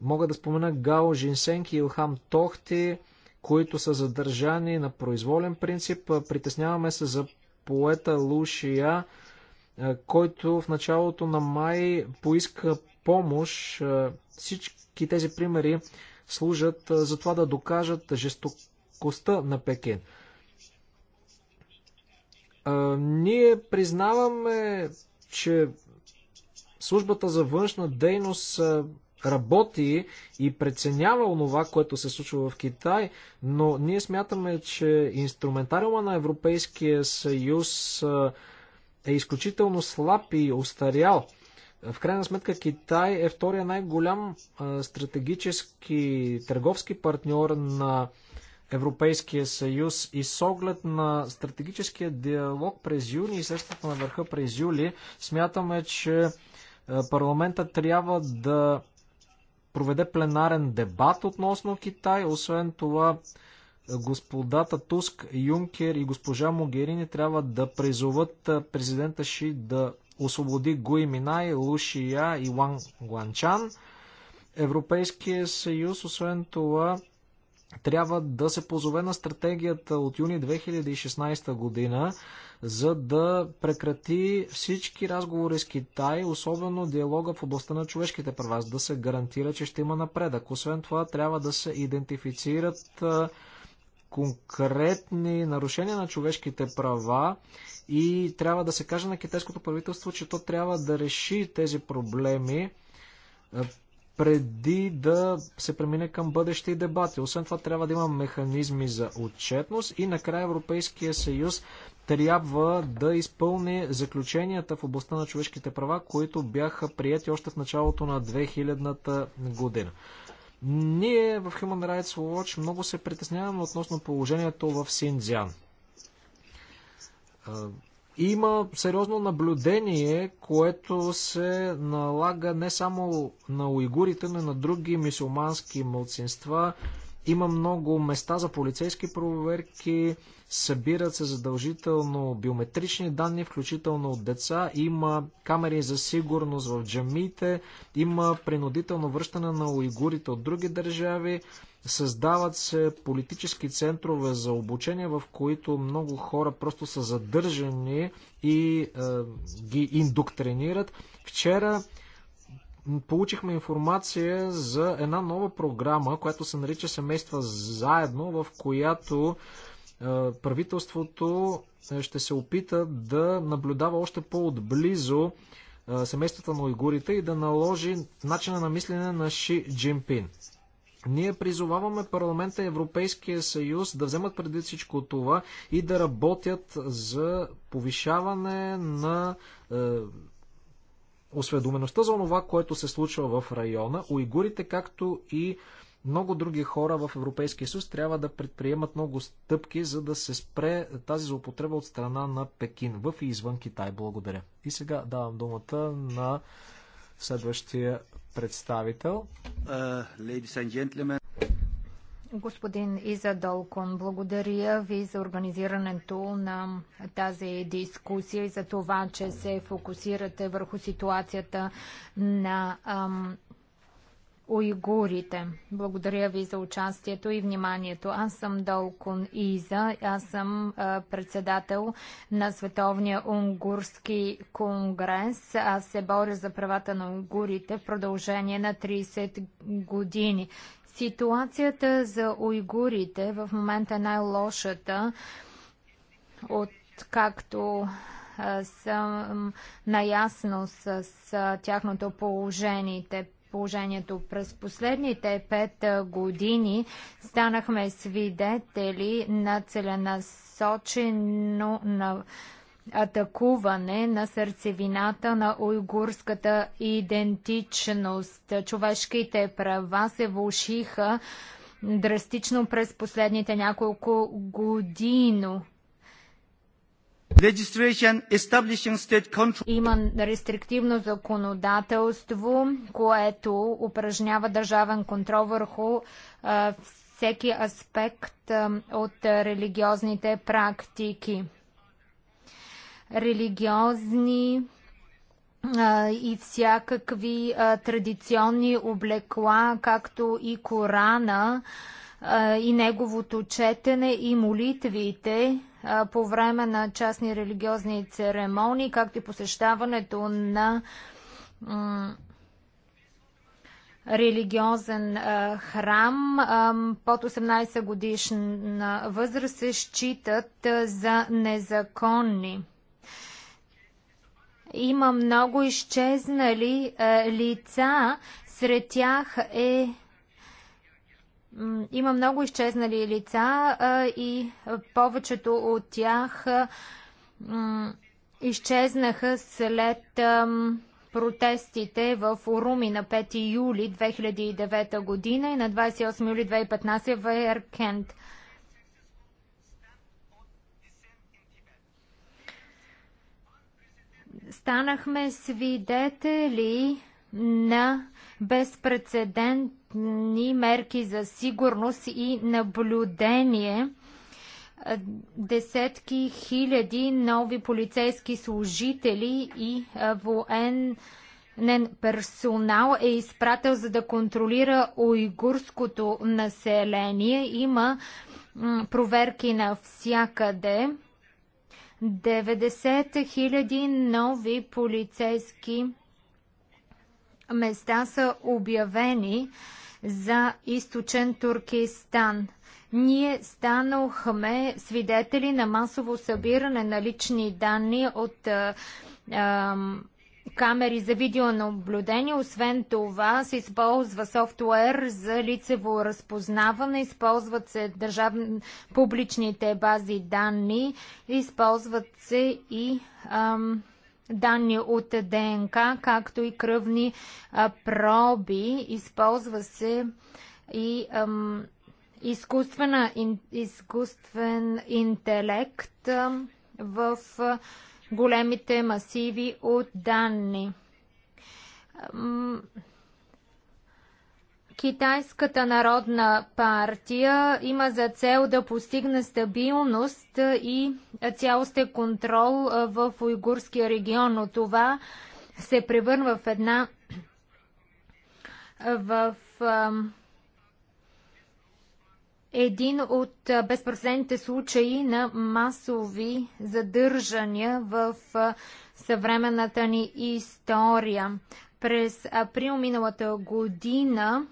Мога да спомена Гао Жинсенг и Илхам Тохти, които са задържани на произволен принцип. Притесняваме се за поета Лушия, който в началото на май поиска помощ. Всички тези примери служат за това да докажат жестокостта на Пекин. Ние признаваме, че службата за външна дейност работи и преценява онова, което се случва в Китай, но ние смятаме, че инструментариума на Европейския съюз е изключително слаб и устарял. В крайна сметка Китай е втория най-голям стратегически търговски партньор на Европейския съюз и с оглед на стратегическия диалог през юни и срещата на върха през юли, смятаме, че парламента трябва да проведе пленарен дебат относно Китай. Освен това, господата Туск, Юнкер и госпожа Могерини трябва да призоват президента Ши да освободи Гуи Минай, Лушия и Ван Гуанчан. Европейския съюз, освен това, трябва да се позове на стратегията от юни 2016 година за да прекрати всички разговори с Китай, особено диалога в областта на човешките права, за да се гарантира, че ще има напредък. Освен това, трябва да се идентифицират конкретни нарушения на човешките права и трябва да се каже на китайското правителство, че то трябва да реши тези проблеми преди да се премине към бъдещи дебати. Освен това трябва да има механизми за отчетност и накрая Европейския съюз трябва да изпълни заключенията в областта на човешките права, които бяха прияти още в началото на 2000-та година. Ние в Human Rights Watch много се притесняваме относно положението в Синдзян. Е, има сериозно наблюдение, което се налага не само на уйгурите, но и на други мисулмански мълцинства. Има много места за полицейски проверки, събират се задължително биометрични данни, включително от деца, има камери за сигурност в джамиите, има принудително връщане на уйгурите от други държави, създават се политически центрове за обучение, в които много хора просто са задържани и е, ги индоктринират. Вчера получихме информация за една нова програма, която се нарича Семейства заедно, в която е, правителството е, ще се опита да наблюдава още по-отблизо е, семействата на уйгурите и да наложи начина на мислене на Ши Джинпин. Ние призоваваме парламента и Европейския съюз да вземат преди всичко това и да работят за повишаване на осведомеността за това, което се случва в района, уйгурите, както и много други хора в Европейския съюз трябва да предприемат много стъпки, за да се спре тази злоупотреба от страна на Пекин в и извън Китай. Благодаря. И сега давам думата на следващия представител. Uh, Господин Иза Долкон, благодаря ви за организирането на тази дискусия и за това, че се фокусирате върху ситуацията на ам, уйгурите. Благодаря ви за участието и вниманието. Аз съм Долкон Иза. Аз съм а, председател на Световния унгурски конгрес. Аз се боря за правата на уйгурите в продължение на 30 години. Ситуацията за уйгурите в момента е най-лошата, откакто съм наясно с тяхното положение положението. През последните пет години станахме свидетели на целенасочено на атакуване на сърцевината на уйгурската идентичност. Човешките права се влушиха драстично през последните няколко години. Има рестриктивно законодателство, което упражнява държавен контрол върху а, всеки аспект а, от религиозните практики религиозни и всякакви традиционни облекла, както и Корана и неговото четене и молитвите по време на частни религиозни церемонии, както и посещаването на религиозен храм под 18 годишна възраст се считат за незаконни. Има много изчезнали е, лица, сред тях е има много изчезнали лица е, и повечето от тях е, изчезнаха след е, протестите в Уруми на 5 юли 2009 година и на 28 юли 2015 в Еркент. Станахме свидетели на безпредседентни мерки за сигурност и наблюдение. Десетки хиляди нови полицейски служители и воен персонал е изпратил за да контролира уйгурското население. Има проверки навсякъде. 90 хиляди нови полицейски места са обявени за източен Туркестан. Ние станахме свидетели на масово събиране на лични данни от а, а, камери за видеонаблюдение. Освен това се използва софтуер за лицево разпознаване, използват се държав публичните бази данни, използват се и ам, данни от ДНК, както и кръвни а, проби, използва се и ам, изкуствена, ин, изкуствен интелект ам, в а, големите масиви от данни. Китайската народна партия има за цел да постигне стабилност и цялостен контрол в уйгурския регион, но това се превърна в една в един от безпредседентните случаи на масови задържания в съвременната ни история. През април миналата година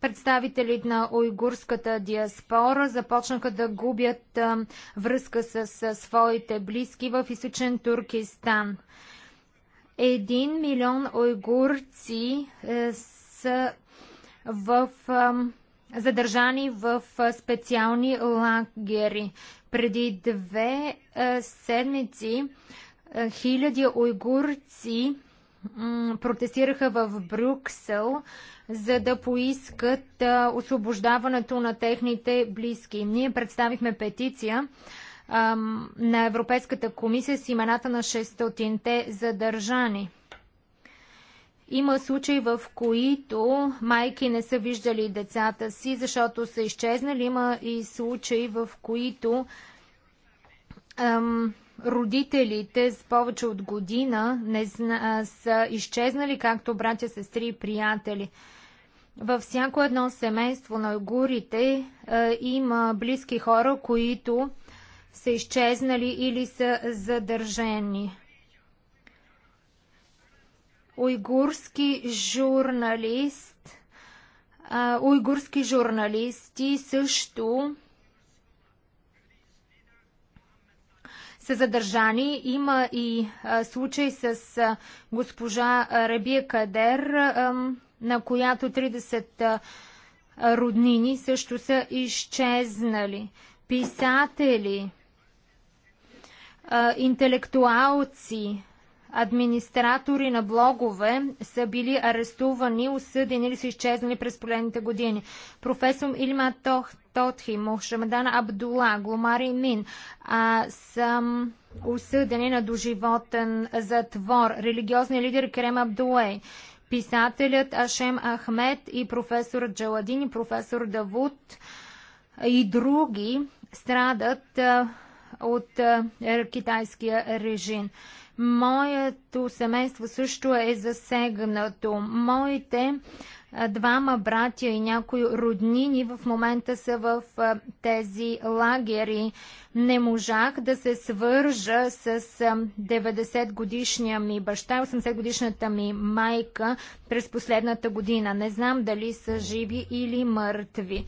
представители на уйгурската диаспора започнаха да губят връзка с своите близки в източен Туркестан. Един милион уйгурци е, са в задържани в специални лагери. Преди две седмици хиляди уйгурци протестираха в Брюксел, за да поискат освобождаването на техните близки. Ние представихме петиция на Европейската комисия с имената на 600-те задържани. Има случаи, в които майки не са виждали децата си, защото са изчезнали. Има и случаи, в които ам, родителите с повече от година не зна, са изчезнали, както братя, сестри и приятели. Във всяко едно семейство на горите е, има близки хора, които са изчезнали или са задържени уйгурски журналист, уйгурски журналисти също са задържани. Има и случай с госпожа Рабия Кадер, на която 30 роднини също са изчезнали. Писатели, интелектуалци, администратори на блогове са били арестувани, осъдени или са изчезнали през последните години. Професор Ильма Тох, Тотхи, Мохшамадан Абдула, Гломари Мин а, са осъдени на доживотен затвор. Религиозният лидер Крем Абдулей, писателят Ашем Ахмед и професор Джаладин и професор Давуд и други страдат от китайския режим. Моето семейство също е засегнато. Моите двама братя и някои роднини в момента са в тези лагери. Не можах да се свържа с 90 годишния ми баща, 80 годишната ми майка през последната година. Не знам дали са живи или мъртви.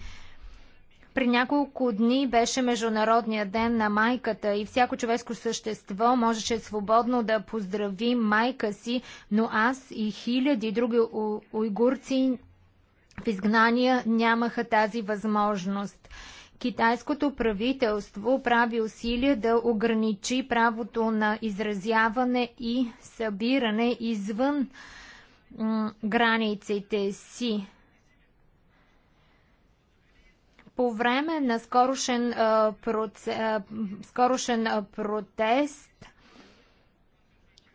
При няколко дни беше Международния ден на майката и всяко човешко същество можеше свободно да поздрави майка си, но аз и хиляди други уйгурци в изгнания нямаха тази възможност. Китайското правителство прави усилия да ограничи правото на изразяване и събиране извън границите си. По време на скорошен, а, проце, а, скорошен а, протест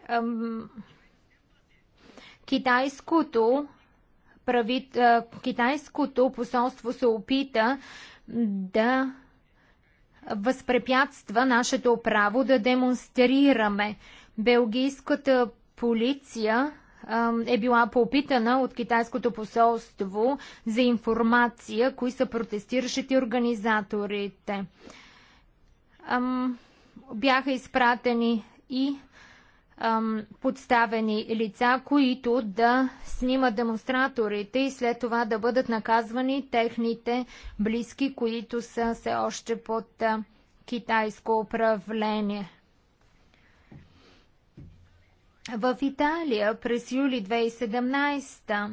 а, китайското, прави, а, китайското посолство се опита да възпрепятства нашето право да демонстрираме. Белгийската полиция е била попитана от китайското посолство за информация, кои са протестиращите организаторите. Бяха изпратени и подставени лица, които да снимат демонстраторите и след това да бъдат наказвани техните близки, които са все още под китайско управление. В Италия през юли 2017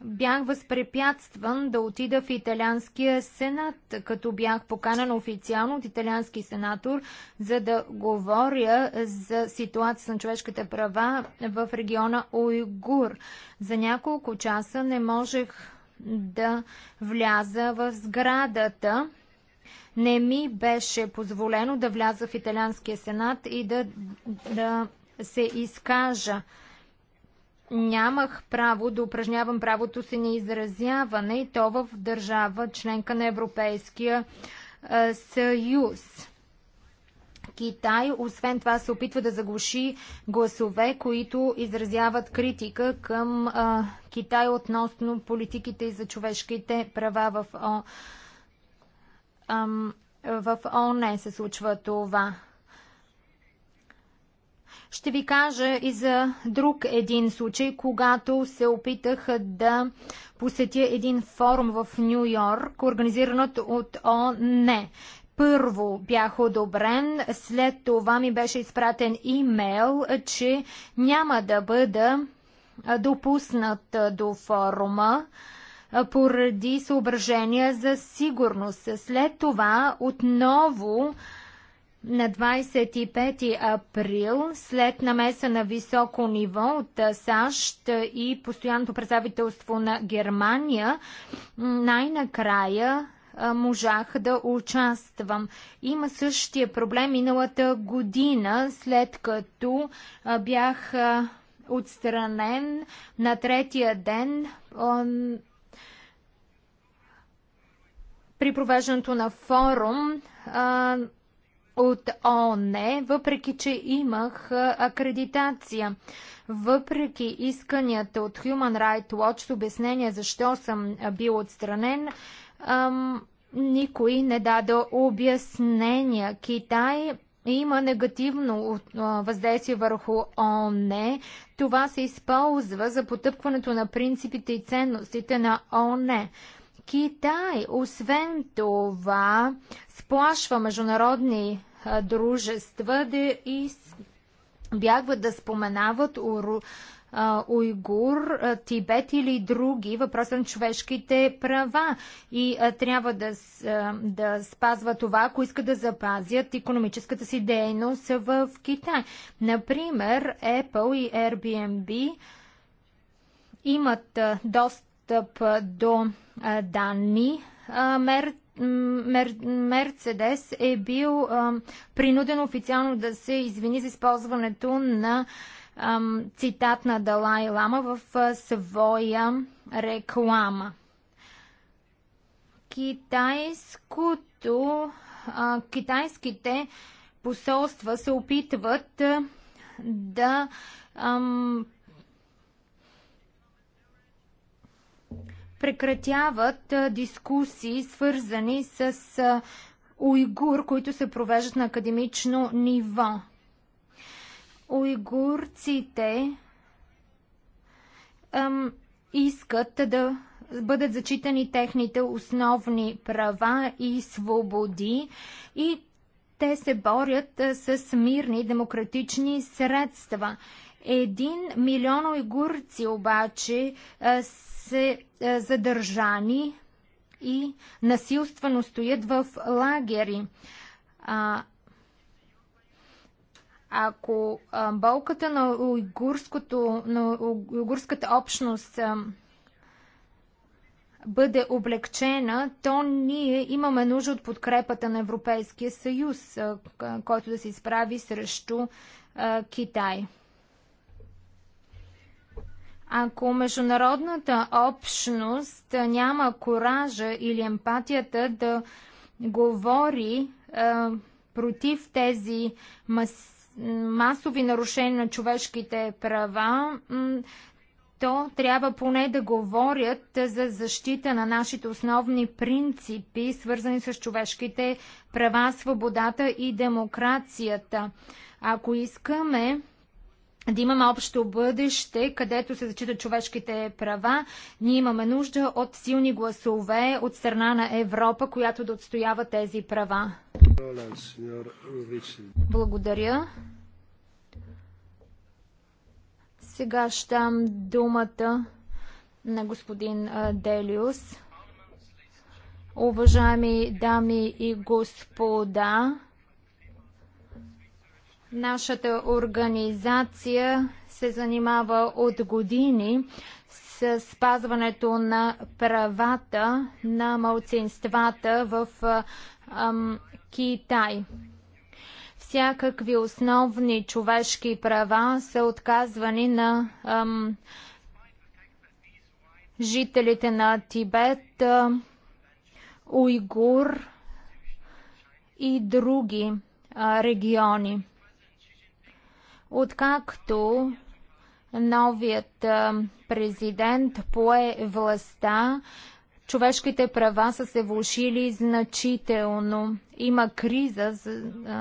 бях възпрепятстван да отида в Италианския сенат, като бях поканен официално от италиански сенатор, за да говоря за ситуация на човешките права в региона Уйгур. За няколко часа не можех да вляза в сградата. Не ми беше позволено да вляза в Италианския сенат и да, да се изкажа. Нямах право да упражнявам правото си на изразяване и то в държава членка на Европейския е, съюз. Китай, освен това, се опитва да заглуши гласове, които изразяват критика към а, е, Китай относно политиките и за човешките права в, О, ам, в ОНЕ Се случва това. Ще ви кажа и за друг един случай, когато се опитах да посетя един форум в Нью Йорк, организиран от ОНЕ. Първо бях одобрен, след това ми беше изпратен имейл, че няма да бъда допуснат до форума поради съображения за сигурност. След това отново на 25 април, след намеса на високо ниво от САЩ и постоянното представителство на Германия, най-накрая можах да участвам. Има същия проблем миналата година, след като бях отстранен на третия ден при провеждането на форум от ООН, въпреки че имах акредитация. Въпреки исканията от Human Rights Watch с обяснение защо съм бил отстранен, ам, никой не даде обяснения. Китай има негативно въздействие върху ООН. Това се използва за потъпкването на принципите и ценностите на ООН. Китай, освен това, сплашва международни дружества да и бягват да споменават уру, уйгур, Тибет или други, въпроса на човешките права. И а, трябва да, да спазва това, ако иска да запазят економическата си дейност в Китай. Например, Apple и Airbnb имат достъп до данни, мерт Мерцедес е бил принуден официално да се извини за използването на цитат на Далай Лама в своя реклама. Китайското, китайските посолства се опитват да прекратяват дискусии, свързани с уйгур, които се провеждат на академично ниво. Уйгурците ам, искат да бъдат зачитани техните основни права и свободи и те се борят с мирни демократични средства. Един милион уйгурци обаче се задържани и насилствено стоят в лагери. А, ако болката на, уйгурското, на уйгурската общност бъде облегчена, то ние имаме нужда от подкрепата на Европейския съюз, който да се изправи срещу Китай. Ако международната общност няма коража или емпатията да говори е, против тези мас, масови нарушения на човешките права, то трябва поне да говорят за защита на нашите основни принципи, свързани с човешките права, свободата и демокрацията. Ако искаме да имаме общо бъдеще, където се зачитат човешките права, ние имаме нужда от силни гласове от страна на Европа, която да отстоява тези права. Благодаря. Сега ще дам думата на господин Делиус. Уважаеми дами и господа, Нашата организация се занимава от години с спазването на правата на малцинствата в ам, Китай. Всякакви основни човешки права са отказвани на ам, жителите на Тибет, уйгур и други а, региони. Откакто новият президент пое властта, човешките права са се влушили значително. Има криза,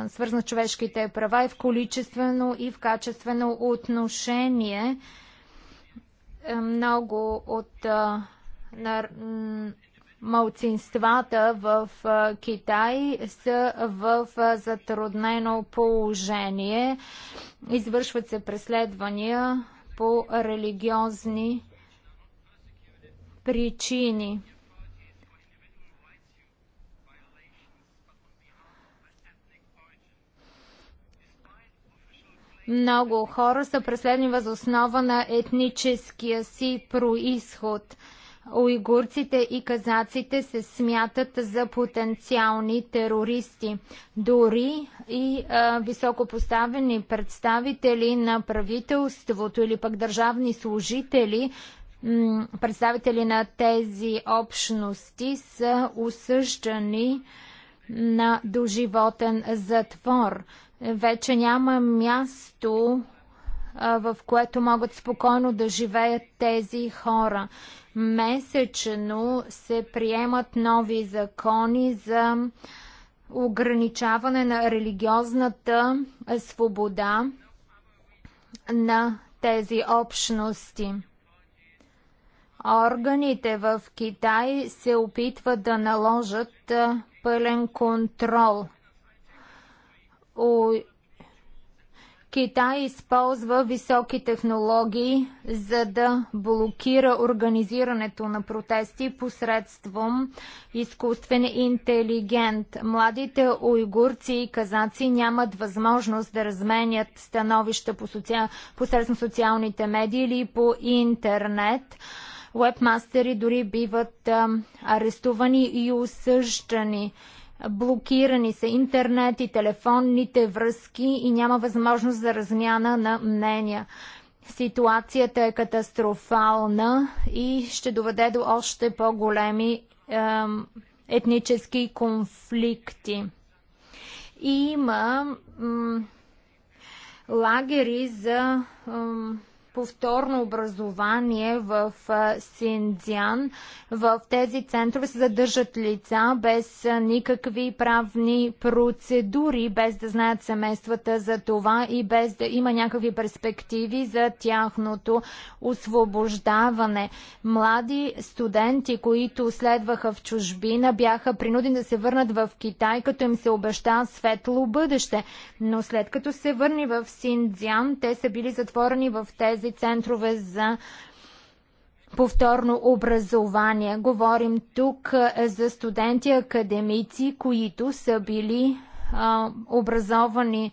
свързана с човешките права и в количествено и в качествено отношение. Е, много от малцинствата в Китай са в затруднено положение. Извършват се преследвания по религиозни причини. Много хора са преследни възоснова основа на етническия си происход – уйгурците и казаците се смятат за потенциални терористи. Дори и а, високопоставени представители на правителството или пък държавни служители, представители на тези общности са осъждани на доживотен затвор. Вече няма място в което могат спокойно да живеят тези хора. Месечно се приемат нови закони за ограничаване на религиозната свобода на тези общности. Органите в Китай се опитват да наложат пълен контрол. Китай използва високи технологии, за да блокира организирането на протести посредством изкуствен интелигент. Младите уйгурци и казаци нямат възможност да разменят становища по социал... посредством социалните медии или по интернет. Уебмастери дори биват а, арестувани и осъждани. Блокирани са интернет и телефонните връзки и няма възможност за размяна на мнения. Ситуацията е катастрофална и ще доведе до още по-големи е, етнически конфликти. Има лагери за повторно образование в Синдзян. В тези центрове се задържат лица без никакви правни процедури, без да знаят семействата за това и без да има някакви перспективи за тяхното освобождаване. Млади студенти, които следваха в чужбина, бяха принудени да се върнат в Китай, като им се обеща светло бъдеще. Но след като се върни в Синдзян, те са били затворени в тези тези центрове за повторно образование. Говорим тук е, за студенти, академици, които са били а, образовани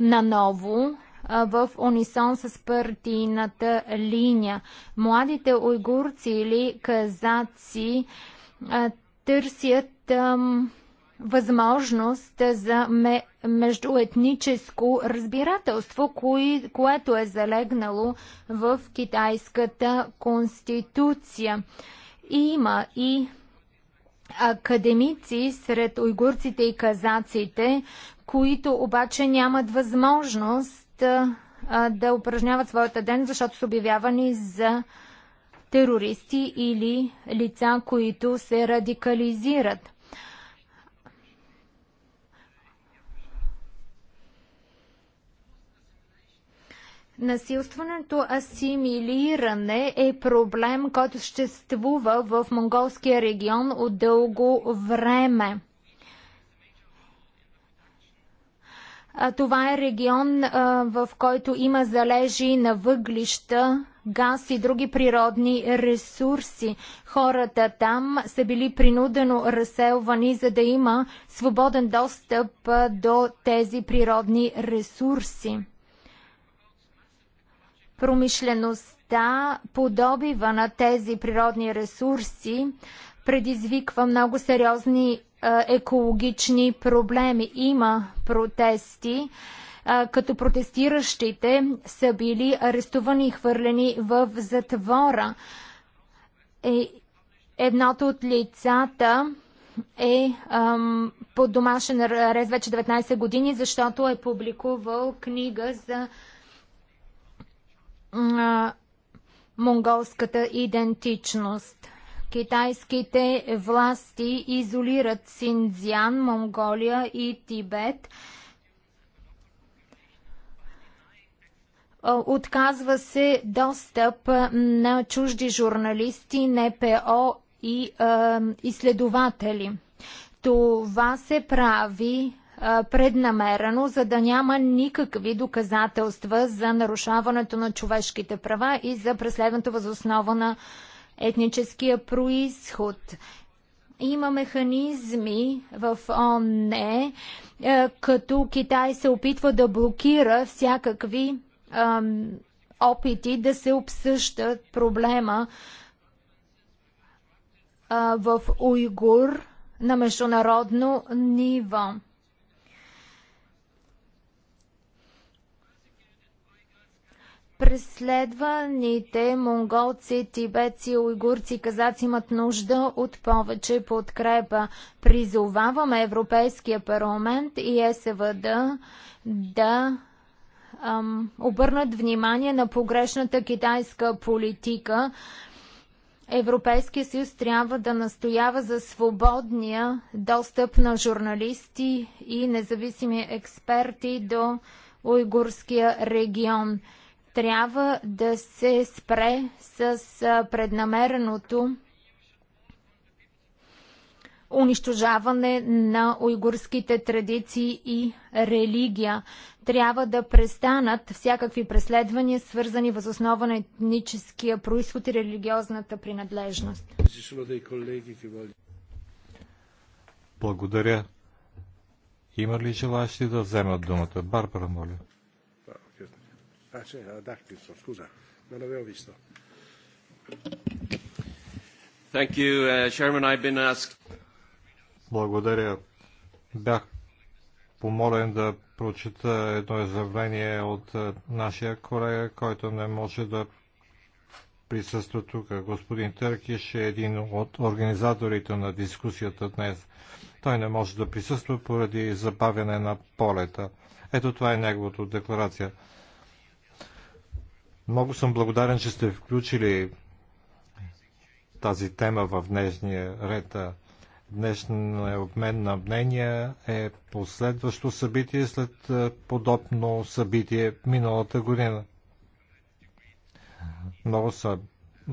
наново в унисон с партийната линия. Младите уйгурци или казаци а, търсят възможност за междуетническо разбирателство, което е залегнало в китайската конституция. Има и академици сред уйгурците и казаците, които обаче нямат възможност да упражняват своята ден, защото са обявявани за терористи или лица, които се радикализират. Насилственото асимилиране е проблем, който съществува в монголския регион от дълго време. Това е регион, в който има залежи на въглища, газ и други природни ресурси. Хората там са били принудено разселвани, за да има свободен достъп до тези природни ресурси. Промишлеността, подобива на тези природни ресурси, предизвиква много сериозни екологични проблеми. Има протести, като протестиращите са били арестувани и хвърлени в затвора. Е, едното от лицата е ам, под домашен арест вече 19 години, защото е публикувал книга за монголската идентичност. Китайските власти изолират Синдзян, Монголия и Тибет. Е, отказва се достъп на чужди журналисти, НПО и е, изследователи. Това се прави преднамерено, за да няма никакви доказателства за нарушаването на човешките права и за преследването възоснова на етническия происход. Има механизми в ОНЕ, като Китай се опитва да блокира всякакви ам, опити да се обсъщат проблема а, в Уйгур на международно ниво. Преследваните монголци, тибетци, уйгурци, казаци имат нужда от повече подкрепа. Призоваваме Европейския парламент и СВД да ам, обърнат внимание на погрешната китайска политика. Европейския съюз трябва да настоява за свободния достъп на журналисти и независими експерти до уйгурския регион трябва да се спре с преднамереното унищожаване на уйгурските традиции и религия. Трябва да престанат всякакви преследвания, свързани въз основа на етническия происход и религиозната принадлежност. Благодаря. Има ли желащи да вземат думата? Барбара, моля. Ah, scusa, non l'avevo visto. Thank you, uh, Chairman. I've been asked... Благодаря. Бях помолен да прочита едно изявление от е, нашия колега, който не може да присъства тук. Господин Търкиш е един от организаторите на дискусията днес. Той не може да присъства поради забавяне на полета. Ето това е неговото декларация. Много съм благодарен, че сте включили тази тема в днешния ред. Днешния обмен на мнения е последващо събитие след подобно събитие миналата година. Много съм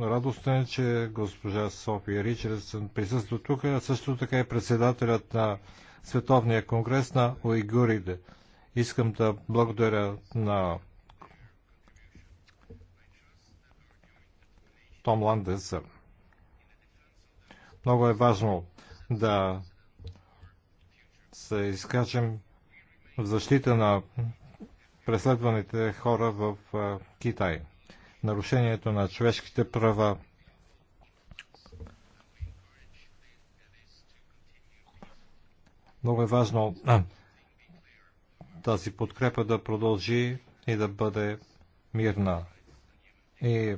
радостен, че госпожа София Ричардсън присъства тук, а също така и председателят на Световния конгрес на уйгурите. Искам да благодаря на Том Ландес. Много е важно да се изкажем в защита на преследваните хора в Китай. Нарушението на човешките права Много е важно тази подкрепа да продължи и да бъде мирна. И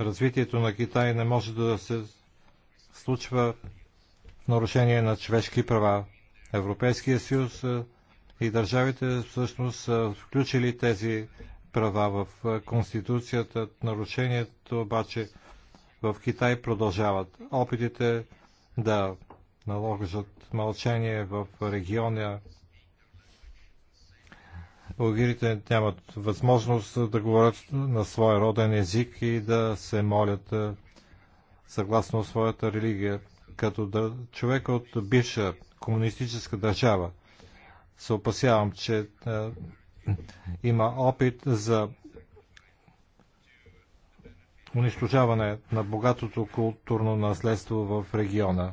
развитието на Китай не може да се случва в нарушение на човешки права. Европейския съюз и държавите всъщност са включили тези права в Конституцията. Нарушението обаче в Китай продължават. Опитите да наложат мълчание в региона българите нямат възможност да говорят на своя роден език и да се молят е, съгласно своята религия, като да, човек от бивша комунистическа държава. Се опасявам, че а, е, има опит за унищожаване на богатото културно наследство в региона.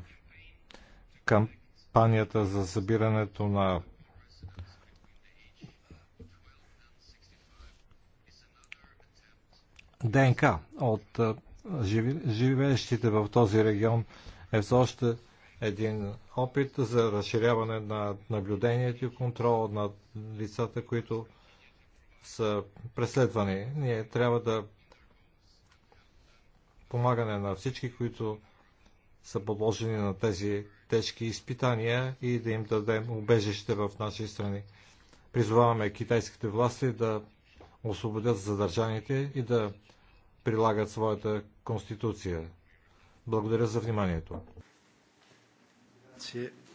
Кампанията за събирането на ДНК от живеещите в този регион е все още един опит за разширяване на наблюдението и контрол над лицата, които са преследвани. Ние трябва да помагане на всички, които са подложени на тези тежки изпитания и да им дадем убежище в наши страни. Призоваваме китайските власти да освободят задържаните и да прилагат своята конституция. Благодаря за вниманието.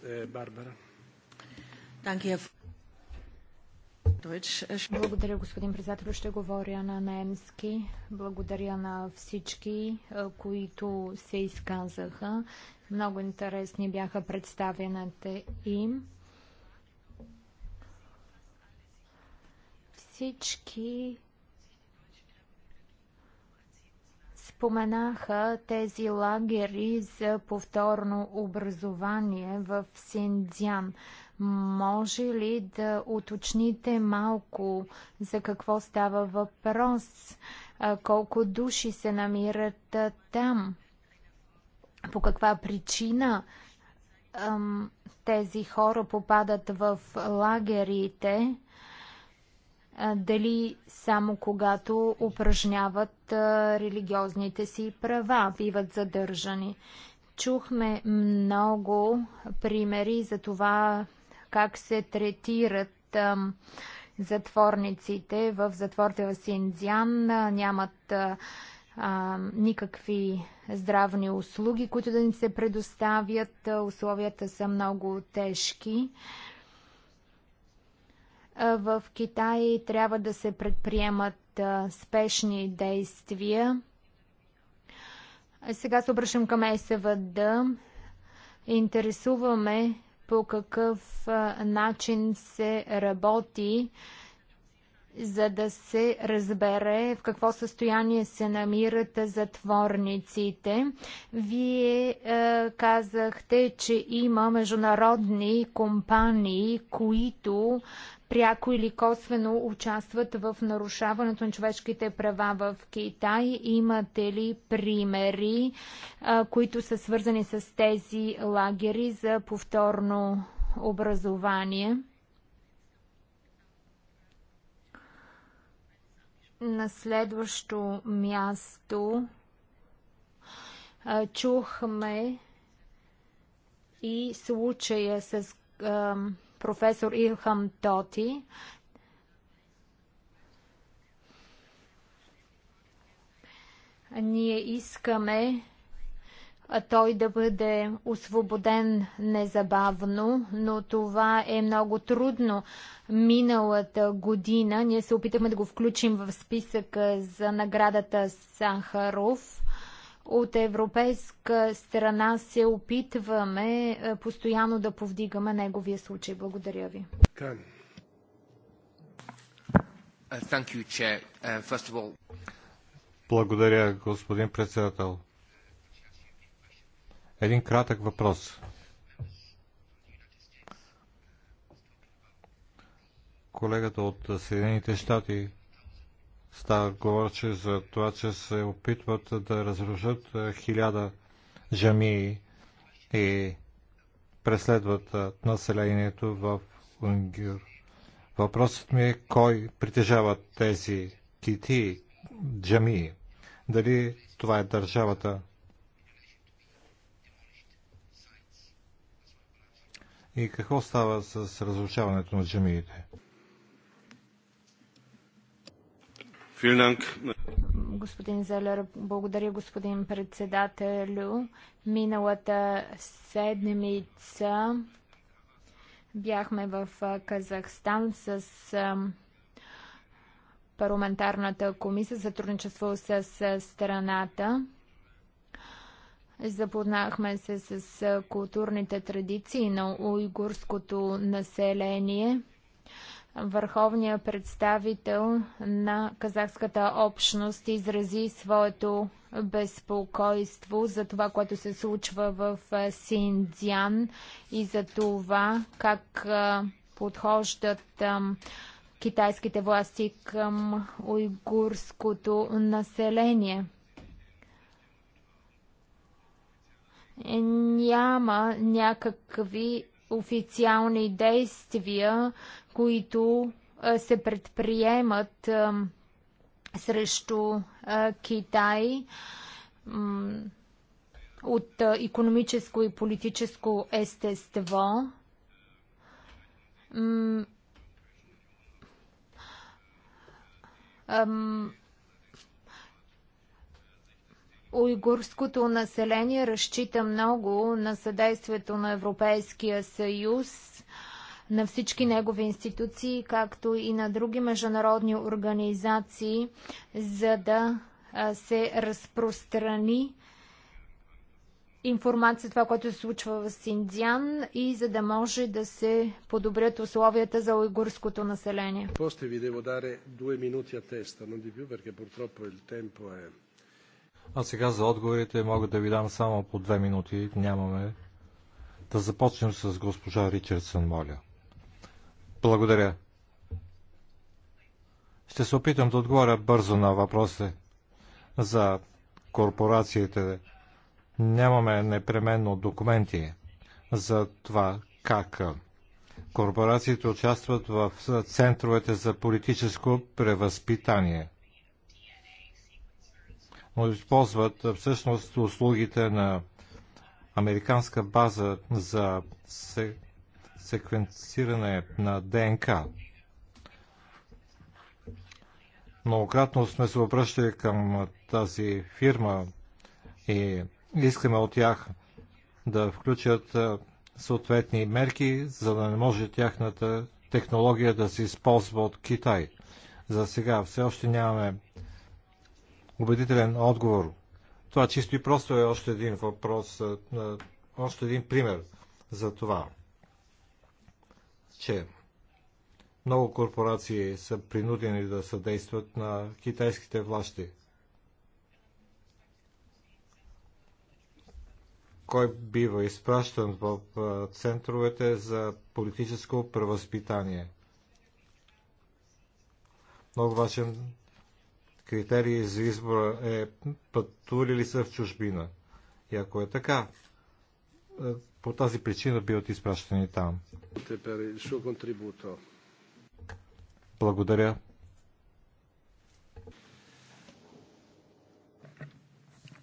Е, Барбара. Благодаря, господин председател. Ще говоря на немски. Благодаря на всички, е, които се изказаха. Много интересни бяха представените им. Всички Споменаха тези лагери за повторно образование в Синдзян. Може ли да уточните малко за какво става въпрос? Колко души се намират там? По каква причина тези хора попадат в лагерите? дали само когато упражняват религиозните си права биват задържани. Чухме много примери за това как се третират затворниците в затворите в Синдзян. Нямат никакви здравни услуги, които да ни се предоставят. Условията са много тежки. В Китай трябва да се предприемат спешни действия. Сега се обръщам към ЕСВД. Интересуваме по какъв начин се работи, за да се разбере в какво състояние се намират затворниците. Вие е, казахте, че има международни компании, които пряко или косвено участват в нарушаването на човешките права в Китай? Имате ли примери, а, които са свързани с тези лагери за повторно образование? На следващо място а, чухме и случая с а, професор Илхам Тоти. Ние искаме той да бъде освободен незабавно, но това е много трудно. Миналата година ние се опитахме да го включим в списъка за наградата Сахаров. От европейска страна се опитваме е, постоянно да повдигаме неговия случай. Благодаря ви. Uh, uh, Благодаря, господин председател. Един кратък въпрос. Колегата от Съединените щати Става говореше за това, че се опитват да разрушат е, хиляда жамии и преследват е, населението в Унгюр. Въпросът ми е кой притежава тези кити, джамии. Дали това е държавата? И какво става с разрушаването на джамиите? Господин Зелер, благодаря господин председателю. Миналата седмица бяхме в Казахстан с парламентарната комисия за сътрудничество с страната. Запознахме се с културните традиции на уйгурското население – върховния представител на казахската общност изрази своето безпокойство за това, което се случва в е, Синдзян и за това как е, подхождат е, китайските власти към уйгурското население. Няма някакви официални действия които се предприемат срещу Китай от економическо и политическо естество. Уйгурското население разчита много на съдействието на Европейския съюз на всички негови институции, както и на други международни организации, за да се разпространи информация, това, което се случва в Синдзян и за да може да се подобрят условията за уйгурското население. После ви devo dare due минути a testa, non di più perché purtroppo А сега за отговорите мога да ви дам само по две минути, нямаме. Да започнем с госпожа Ричардсън, моля. Благодаря. Ще се опитам да отговоря бързо на въпросите за корпорациите. Нямаме непременно документи за това как корпорациите участват в центровете за политическо превъзпитание. Но използват всъщност услугите на американска база за секвенциране на ДНК. Многократно сме се обръщали към тази фирма и искаме от тях да включат съответни мерки, за да не може тяхната технология да се използва от Китай. За сега все още нямаме убедителен отговор. Това чисто и просто е още един въпрос, още един пример за това че много корпорации са принудени да съдействат на китайските власти. Кой бива изпращан в центровете за политическо превъзпитание? Много важен критерий за избора е пътували ли са в чужбина. И ако е така, по тази причина биват изпращани там. Благодаря.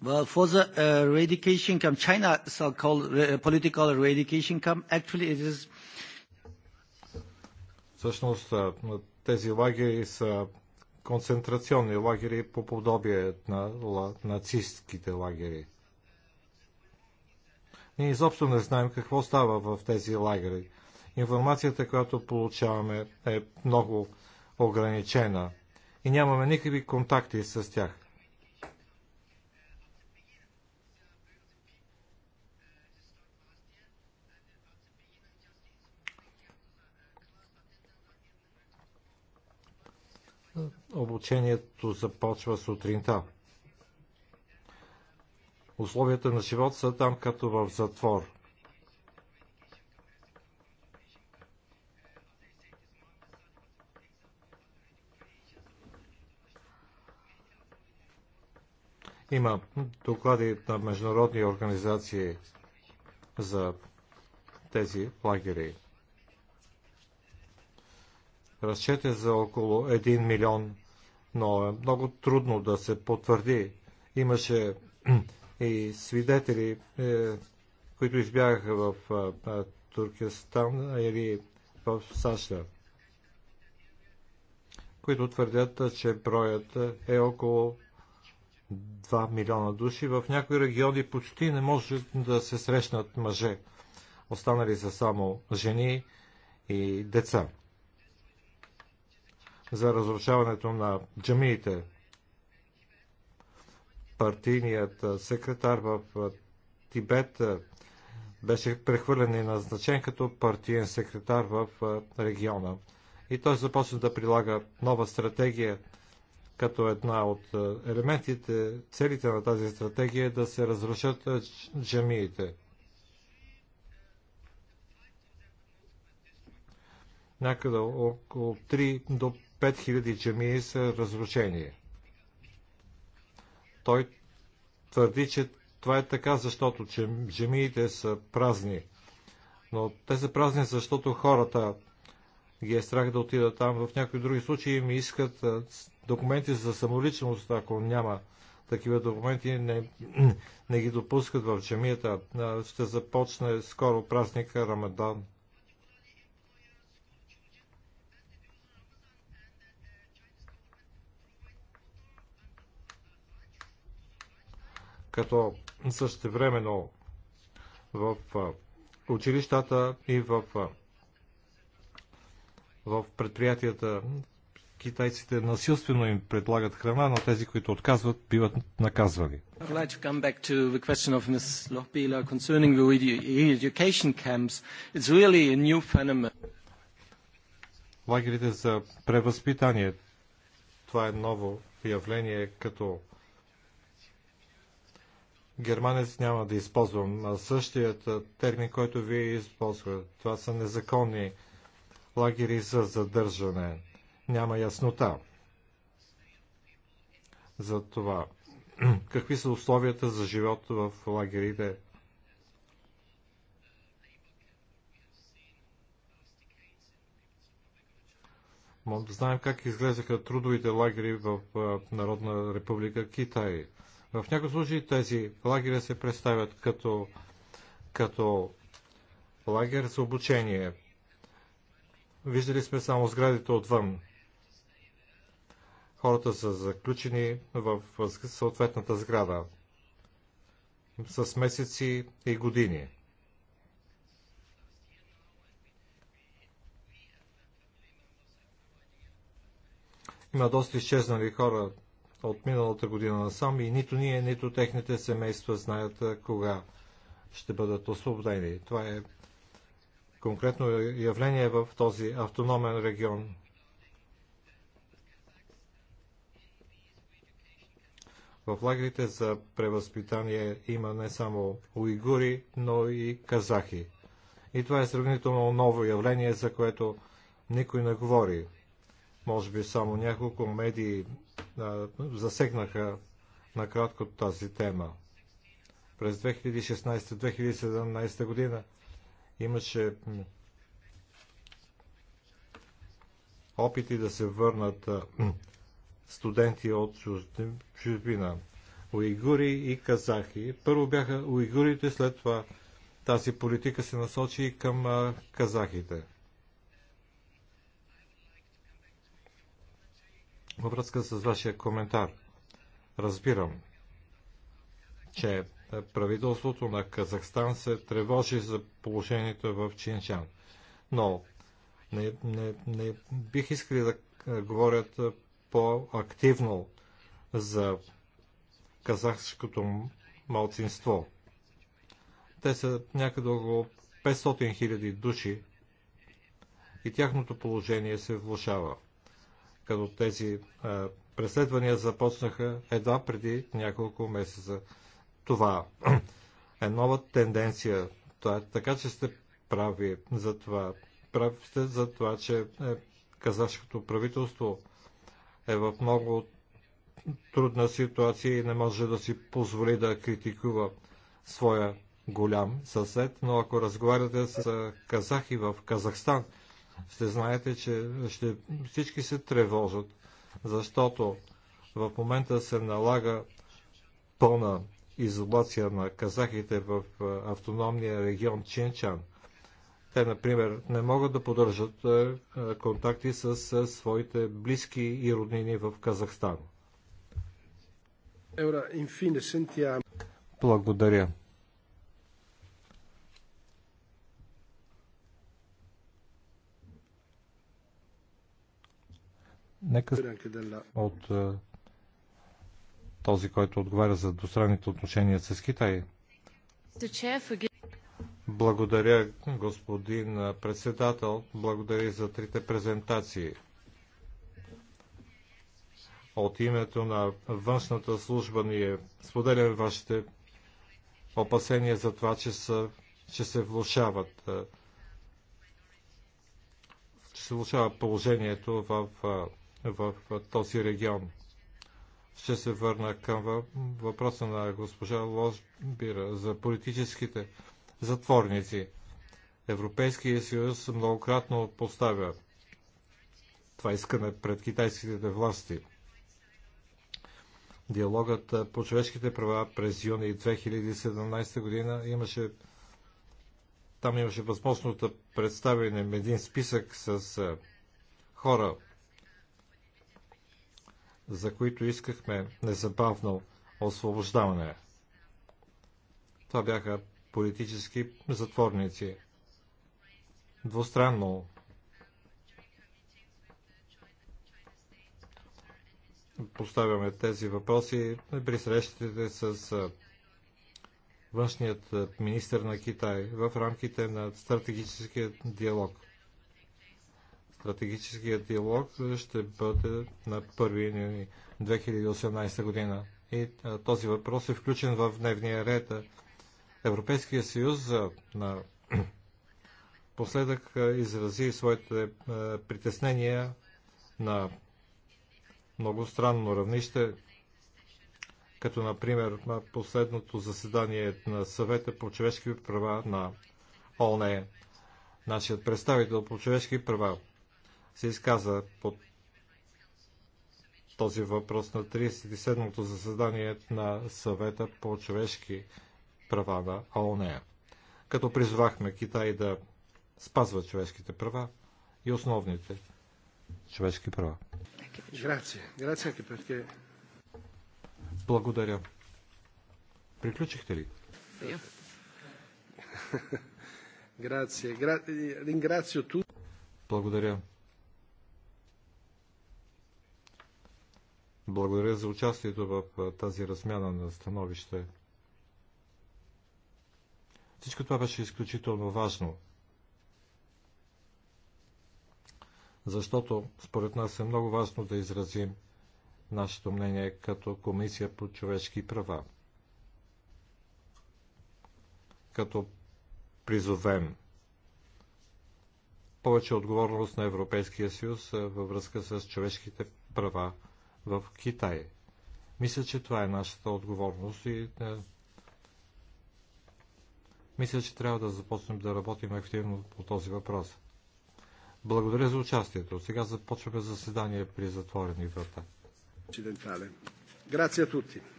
Well, for the uh, eradication camp, China so-called uh, political eradication camp, actually it is... Всъщност тези лагери са концентрационни лагери по подобие на нацистските лагери. Ние изобщо не знаем какво става в тези лагери. Информацията, която получаваме е много ограничена и нямаме никакви контакти с тях. Обучението започва сутринта условията на живот са там като в затвор. Има доклади на международни организации за тези лагери. Разчет е за около 1 милион, но е много трудно да се потвърди. Имаше и свидетели, е, които избягаха в е, е, Туркестан или в САЩ, които твърдят, че броят е около 2 милиона души. В някои региони почти не може да се срещнат мъже. Останали са само жени и деца. За разрушаването на джамиите партийният секретар в Тибет беше прехвърлен и назначен като партиен секретар в региона. И той започна да прилага нова стратегия, като една от елементите, целите на тази стратегия е да се разрушат джамиите. Някъде около 3 до 5 хиляди джамии са разрушени. Той твърди, че това е така, защото че джемиите са празни. Но те са празни, защото хората ги е страх да отидат там. В някои други случаи ми искат документи за самоличност, ако няма такива документи, не, не ги допускат в жемията. Ще започне скоро празника Рамадан. като същевременно в училищата и в, в предприятията китайците насилствено им предлагат храна, но тези, които отказват, биват наказвани. Лагерите за превъзпитание. Това е ново явление като германец няма да използвам. Същият термин, който вие използвате, това са незаконни лагери за задържане. Няма яснота за това. Какви са условията за живот в лагерите? Знаем как изглеждаха трудовите лагери в Народна република Китай. В някои случаи тези лагери се представят като, като лагер за обучение. Виждали сме само сградите отвън. Хората са заключени в съответната сграда с месеци и години. Има доста изчезнали хора от миналата година насам и нито ние, нито техните семейства знаят кога ще бъдат освободени. Това е конкретно явление в този автономен регион. В лагерите за превъзпитание има не само уйгури, но и казахи. И това е сравнително ново явление, за което никой не говори. Може би само няколко медии засегнаха накратко тази тема. През 2016-2017 година имаше опити да се върнат студенти от чужбина. Уигури и казахи. Първо бяха уигурите, след това тази политика се насочи и към казахите. Във връзка с вашия коментар, разбирам, че правителството на Казахстан се тревожи за положението в Чинчан. Но не, не, не бих искали да говорят по-активно за казахското малцинство. Те са някъде около 500 000 души и тяхното положение се влушава като тези а, преследвания започнаха едва преди няколко месеца. Това е нова тенденция. Това, е така че сте прави за това. Прави сте за това, че е, казашкото правителство е в много трудна ситуация и не може да си позволи да критикува своя голям съсед, но ако разговаряте с казахи в Казахстан, ще знаете, че ще, всички се тревожат, защото в момента се налага пълна изолация на казахите в автономния регион Чинчан. Те, например, не могат да поддържат контакти с своите близки и роднини в Казахстан. Благодаря. Нека от е, този, който отговаря за двустранните отношения с Китай. Благодаря, господин е, председател. Благодаря за трите презентации. От името на външната служба ние споделяме вашите опасения за това, че, са, че се влушават е, че се влушава положението в в този регион. Ще се върна към въпроса на госпожа Лосбира за политическите затворници. Европейския съюз многократно поставя това искане пред китайските власти. Диалогът по човешките права през юни 2017 година имаше там имаше възможност да представим един списък с хора, за които искахме незабавно освобождаване. Това бяха политически затворници. Двустранно поставяме тези въпроси при срещите с външният министр на Китай в рамките на стратегическия диалог. Стратегическият диалог ще бъде на 1 2018 година. И този въпрос е включен в дневния ред. Европейския съюз на последък изрази своите притеснения на многостранно равнище, като например на последното заседание на съвета по човешки права на ОНЕ. Нашият представител по човешки права се изказа по този въпрос на 37-то заседание на съвета по човешки права на ООН. Като призвахме Китай да спазва човешките права и основните човешки права. Благодаря. Приключихте ли? Благодаря. Благодаря за участието в тази размяна на становище. Всичко това беше изключително важно, защото според нас е много важно да изразим нашето мнение като Комисия по човешки права. Като призовем повече отговорност на Европейския съюз във връзка с човешките права в Китай. Мисля, че това е нашата отговорност и е, мисля, че трябва да започнем да работим активно по този въпрос. Благодаря за участието. Сега започваме заседание при затворени врата. Грация тути.